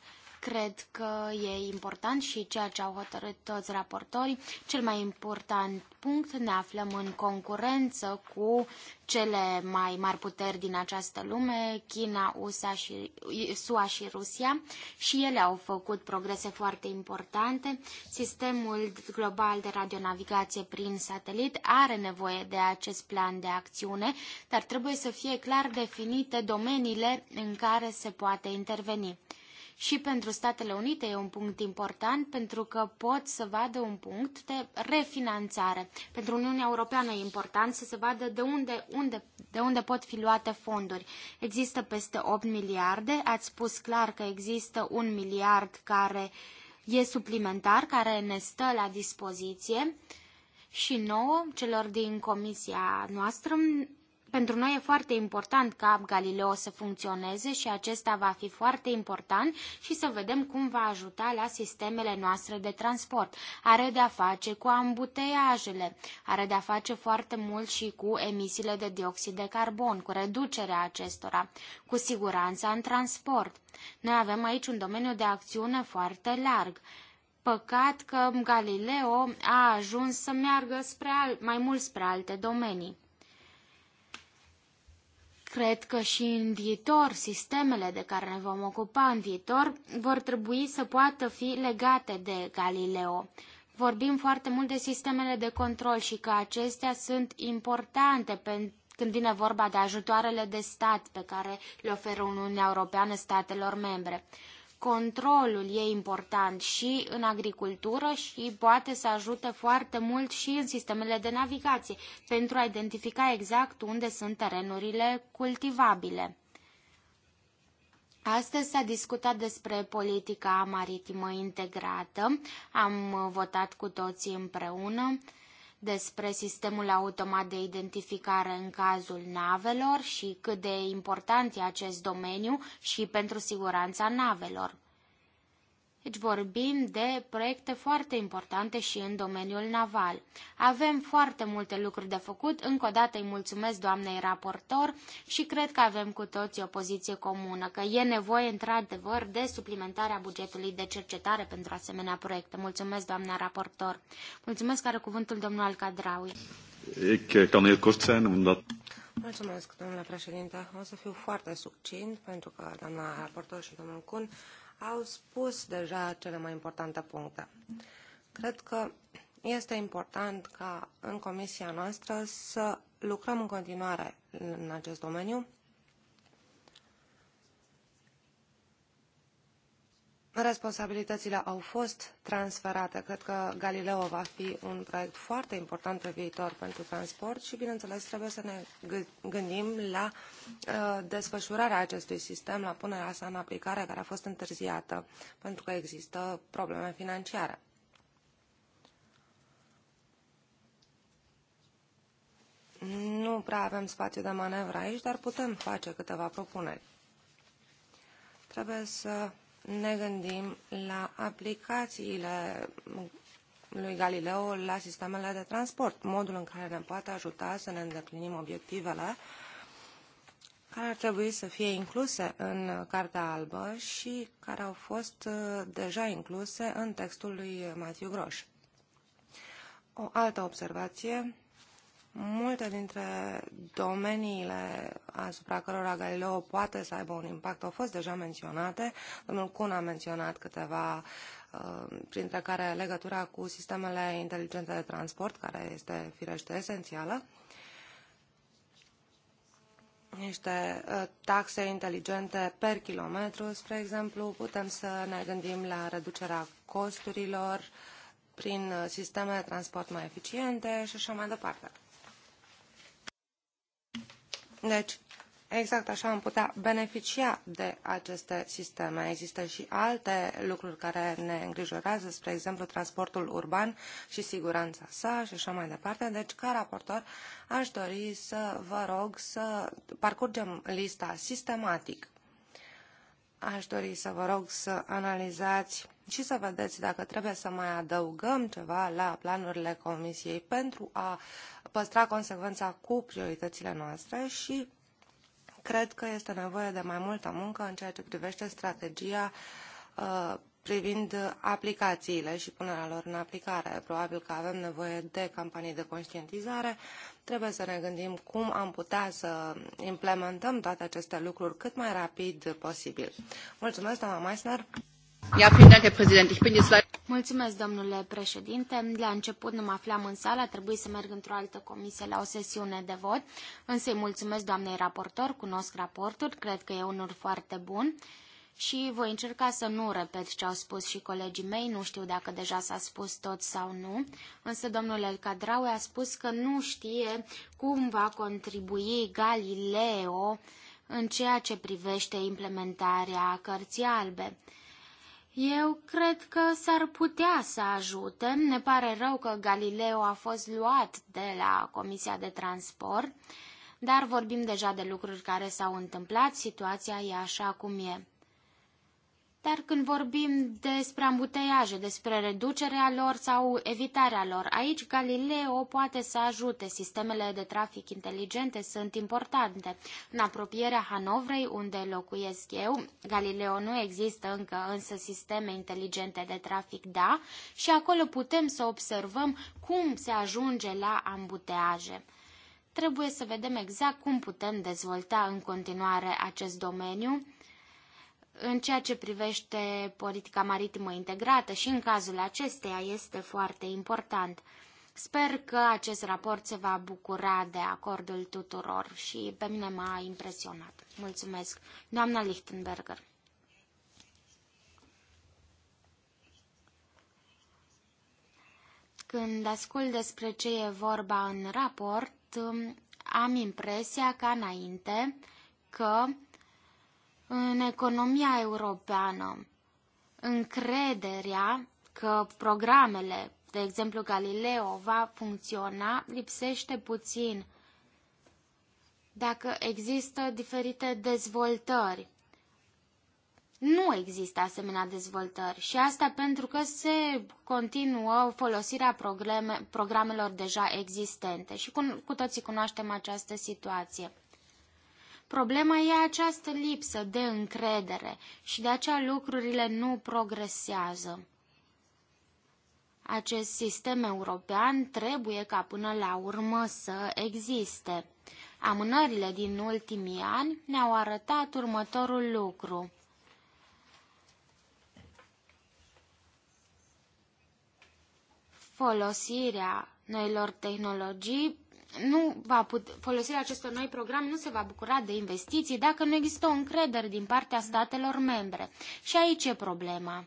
Cred că e important și ceea ce au hotărât toți raportorii. Cel mai important punct, ne aflăm în concurență cu cele mai mari puteri din această lume, China, USA și, SUA și Rusia, și ele au făcut progrese foarte importante. Sistemul global de radionavigație prin satelit are nevoie de acest plan de acțiune, dar trebuie să fie clar definite domeniile în care se poate interveni. Și pentru Statele Unite e un punct important pentru că pot să vadă un punct de refinanțare. Pentru Uniunea Europeană e important să se vadă de unde, unde, de unde pot fi luate fonduri. Există peste 8 miliarde, ați spus clar că există un miliard care e suplimentar, care ne stă la dispoziție și nouă, celor din comisia noastră, pentru noi e foarte important ca App Galileo să funcționeze și acesta va fi foarte important și să vedem cum va ajuta la sistemele noastre de transport. Are de-a face cu ambuteiajele, are de-a face foarte mult și cu emisiile de dioxid de carbon, cu reducerea acestora, cu siguranța în transport. Noi avem aici un domeniu de acțiune foarte larg. Păcat că Galileo a ajuns să meargă spre al, mai mult spre alte domenii. Cred că și în viitor, sistemele de care ne vom ocupa în viitor vor trebui să poată fi legate de Galileo. Vorbim foarte mult de sistemele de control și că acestea sunt importante pentru când vine vorba de ajutoarele de stat pe care le oferă Uniunea Europeană statelor membre controlul e important și în agricultură și poate să ajute foarte mult și în sistemele de navigație pentru a identifica exact unde sunt terenurile cultivabile. Astăzi s-a discutat despre politica maritimă integrată. Am votat cu toții împreună despre sistemul automat de identificare în cazul navelor și cât de important e acest domeniu și pentru siguranța navelor. Deci vorbim de proiecte foarte importante și în domeniul naval. Avem foarte multe lucruri de făcut. Încă o dată îi mulțumesc doamnei raportor și cred că avem cu toții o poziție comună, că e nevoie într-adevăr de suplimentarea bugetului de cercetare pentru asemenea proiecte. Mulțumesc, doamna raportor. Mulțumesc, are cuvântul domnul Alcadraui. Mulțumesc, domnule președinte. O să fiu foarte succint pentru că doamna raportor și domnul Cun au spus deja cele mai importante puncte. Cred că este important ca în comisia noastră să lucrăm în continuare în acest domeniu responsabilitățile au fost transferate. Cred că Galileo va fi un proiect foarte important pe viitor pentru transport și, bineînțeles, trebuie să ne gândim la uh, desfășurarea acestui sistem, la punerea sa în aplicare, care a fost întârziată, pentru că există probleme financiare. Nu prea avem spațiu de manevră aici, dar putem face câteva propuneri. Trebuie să ne gândim la aplicațiile lui Galileo la sistemele de transport, modul în care ne poate ajuta să ne îndeplinim obiectivele care ar trebui să fie incluse în Cartea Albă și care au fost uh, deja incluse în textul lui Matthew Groș. O altă observație Multe dintre domeniile asupra cărora Galileo poate să aibă un impact au fost deja menționate. Domnul Cun a menționat câteva, uh, printre care legătura cu sistemele inteligente de transport, care este firește esențială niște uh, taxe inteligente per kilometru, spre exemplu, putem să ne gândim la reducerea costurilor prin uh, sisteme de transport mai eficiente și așa mai departe. Deci, exact așa am putea beneficia de aceste sisteme. Există și alte lucruri care ne îngrijorează, spre exemplu transportul urban și siguranța sa și așa mai departe. Deci, ca raportor, aș dori să vă rog să parcurgem lista sistematic aș dori să vă rog să analizați și să vedeți dacă trebuie să mai adăugăm ceva la planurile Comisiei pentru a păstra consecvența cu prioritățile noastre și cred că este nevoie de mai multă muncă în ceea ce privește strategia uh, privind aplicațiile și punerea lor în aplicare. Probabil că avem nevoie de campanii de conștientizare Trebuie să ne gândim cum am putea să implementăm toate aceste lucruri cât mai rapid posibil. Mulțumesc, doamna Meissner. Mulțumesc, domnule președinte. La început nu mă aflam în sală, a trebuit să merg într-o altă comisie la o sesiune de vot, însă îi mulțumesc doamnei raportor, cunosc raportul, cred că e unul foarte bun și voi încerca să nu repet ce au spus și colegii mei, nu știu dacă deja s-a spus tot sau nu, însă domnul El Cadraue a spus că nu știe cum va contribui Galileo în ceea ce privește implementarea cărții albe. Eu cred că s-ar putea să ajute. Ne pare rău că Galileo a fost luat de la Comisia de Transport, dar vorbim deja de lucruri care s-au întâmplat, situația e așa cum e. Dar când vorbim despre ambuteiaje, despre reducerea lor sau evitarea lor, aici Galileo poate să ajute. Sistemele de trafic inteligente sunt importante. În apropierea Hanovrei, unde locuiesc eu, Galileo nu există încă, însă sisteme inteligente de trafic da, și acolo putem să observăm cum se ajunge la ambuteaje trebuie să vedem exact cum putem dezvolta în continuare acest domeniu în ceea ce privește politica maritimă integrată și în cazul acesteia este foarte important. Sper că acest raport se va bucura de acordul tuturor și pe mine m-a impresionat. Mulțumesc, doamna Lichtenberger. Când ascult despre ce e vorba în raport, am impresia ca înainte că în economia europeană. Încrederea că programele, de exemplu Galileo, va funcționa, lipsește puțin. Dacă există diferite dezvoltări, nu există asemenea dezvoltări și asta pentru că se continuă folosirea programelor deja existente și cu, cu toții cunoaștem această situație. Problema e această lipsă de încredere și de aceea lucrurile nu progresează. Acest sistem european trebuie ca până la urmă să existe. Amânările din ultimii ani ne-au arătat următorul lucru. Folosirea noilor tehnologii nu va put, folosirea acestor noi programe nu se va bucura de investiții dacă nu există o încredere din partea statelor membre. Și aici e problema.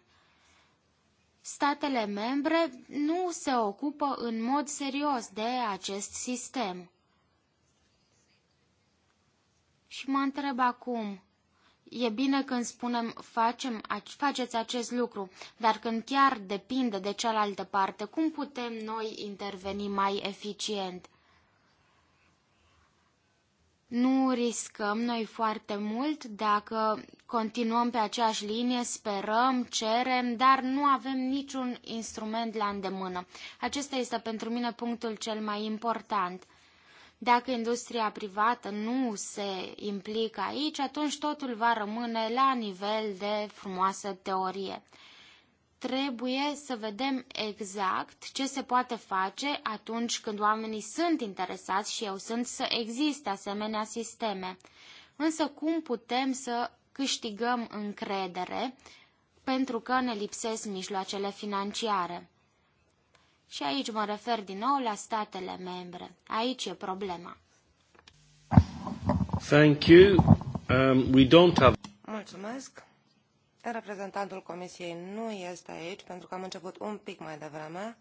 Statele membre nu se ocupă în mod serios de acest sistem. Și mă întreb acum, E bine când spunem facem, faceți acest lucru, dar când chiar depinde de cealaltă parte, cum putem noi interveni mai eficient? Nu riscăm noi foarte mult dacă continuăm pe aceeași linie, sperăm, cerem, dar nu avem niciun instrument la îndemână. Acesta este pentru mine punctul cel mai important. Dacă industria privată nu se implică aici, atunci totul va rămâne la nivel de frumoasă teorie trebuie să vedem exact ce se poate face atunci când oamenii sunt interesați și eu sunt să existe asemenea sisteme. Însă cum putem să câștigăm încredere pentru că ne lipsesc mijloacele financiare? Și aici mă refer din nou la statele membre. Aici e problema. Thank you. Um, we don't have... Mulțumesc. Reprezentantul Comisiei nu este aici, pentru că am început un pic mai devreme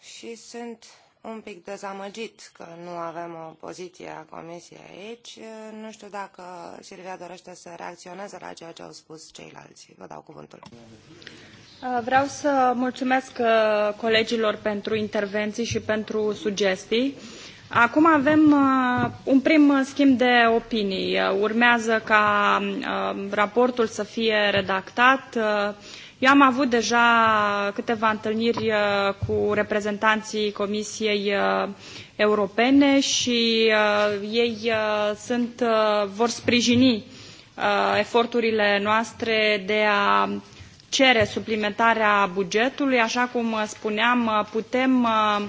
și sunt un pic dezamăgit că nu avem o poziție a Comisiei aici. Nu știu dacă Silvia dorește să reacționeze la ceea ce au spus ceilalți. Vă dau cuvântul. Uh, vreau să mulțumesc uh, colegilor pentru intervenții și pentru sugestii. Acum avem uh, un prim uh, schimb de opinii. Uh, urmează ca uh, raportul să fie redactat. Uh, eu am avut deja câteva întâlniri cu reprezentanții Comisiei Europene și ei sunt, vor sprijini eforturile noastre de a cere suplimentarea bugetului. Așa cum spuneam, putem uh,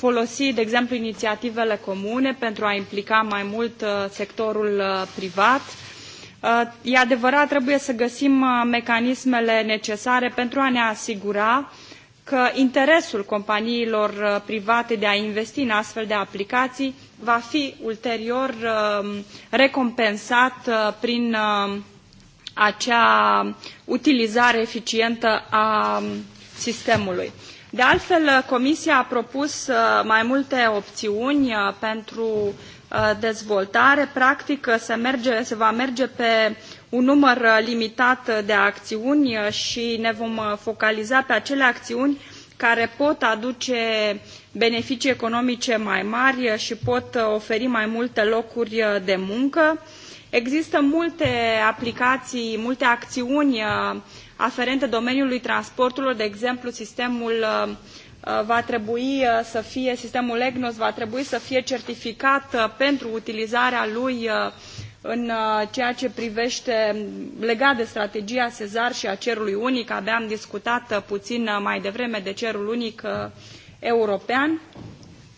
folosi, de exemplu, inițiativele comune pentru a implica mai mult uh, sectorul uh, privat. Uh, e adevărat, trebuie să găsim mecanismele necesare pentru a ne asigura că interesul companiilor private de a investi în astfel de aplicații va fi ulterior um, recompensat prin um, acea utilizare eficientă a um, sistemului. De altfel, Comisia a propus uh, mai multe opțiuni uh, pentru uh, dezvoltare. Practic, se, merge, se va merge pe un număr limitat de acțiuni și ne vom focaliza pe acele acțiuni care pot aduce beneficii economice mai mari și pot oferi mai multe locuri de muncă. Există multe aplicații, multe acțiuni aferente domeniului transporturilor, de exemplu, sistemul uh, uh, va trebui uh, să fie, sistemul EGNOS va trebui să fie certificat pentru utilizarea lui în ceea ce privește mm, legat de strategia Sezar și a cerului unic. Abia am discutat puțin mai devreme de cerul unic european.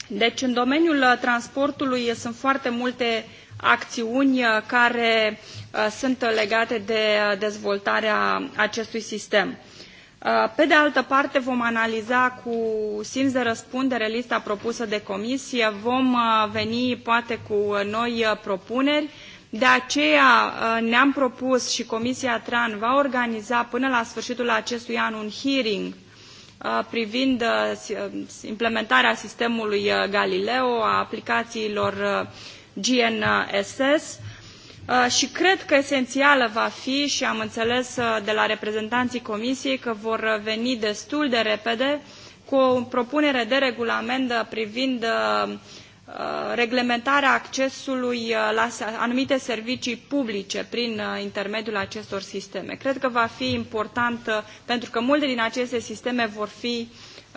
Deci, în domeniul transportului sunt foarte multe uh, acțiuni uh, care uh, sunt legate de uh, dezvoltarea acestui sistem. Pe de altă parte, vom analiza cu simț de răspundere lista propusă de comisie, vom veni poate cu noi propuneri, de aceea ne-am propus și Comisia TRAN va organiza până la sfârșitul acestui an un hearing privind implementarea sistemului Galileo, a aplicațiilor GNSS uh, și cred că esențială va fi și am înțeles uh, de la reprezentanții Comisiei că vor uh, veni destul de repede cu o propunere de regulament privind reglementarea accesului la anumite servicii publice prin intermediul acestor sisteme. Cred că va fi important pentru că multe din aceste sisteme vor fi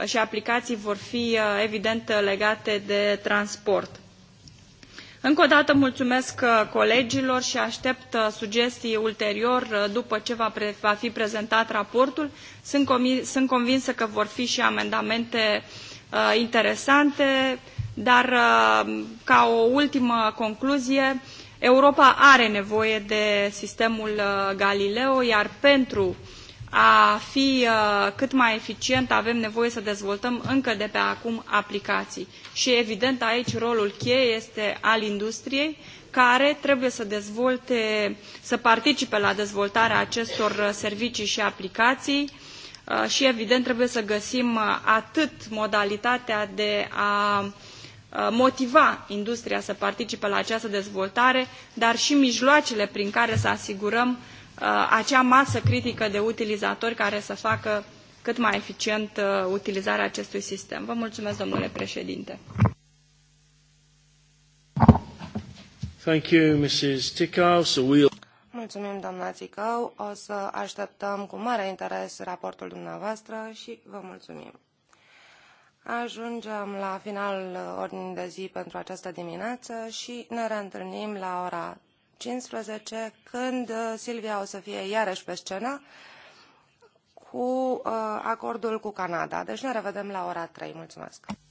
și aplicații vor fi evident legate de transport. Încă o dată mulțumesc uh, colegilor și aștept uh, sugestii ulterior uh, după ce va, pre, va fi prezentat raportul. Sunt, sunt convinsă că vor fi și amendamente uh, interesante, dar uh, ca o ultimă concluzie, Europa are nevoie de sistemul uh, Galileo, iar pentru a fi cât mai eficient avem nevoie să dezvoltăm încă de pe acum aplicații și evident aici rolul cheie este al industriei care trebuie să dezvolte, să participe la dezvoltarea acestor uh, servicii și aplicații uh, și evident trebuie să găsim uh, atât modalitatea de a motiva industria să participe la această dezvoltare, dar și mijloacele prin care să asigurăm acea masă critică de utilizatori care să facă cât mai eficient uh, utilizarea acestui sistem. Vă mulțumesc, domnule președinte. Thank you, Mrs. Tickau. So we'll... Mulțumim, doamna Țicău. O să așteptăm cu mare interes raportul dumneavoastră și vă mulțumim. Ajungem la finalul ordinii de zi pentru această dimineață și ne reîntâlnim la ora 15, când uh, Silvia o să fie iarăși pe scenă cu uh, acordul cu Canada. Deci ne revedem la ora 3. Mulțumesc!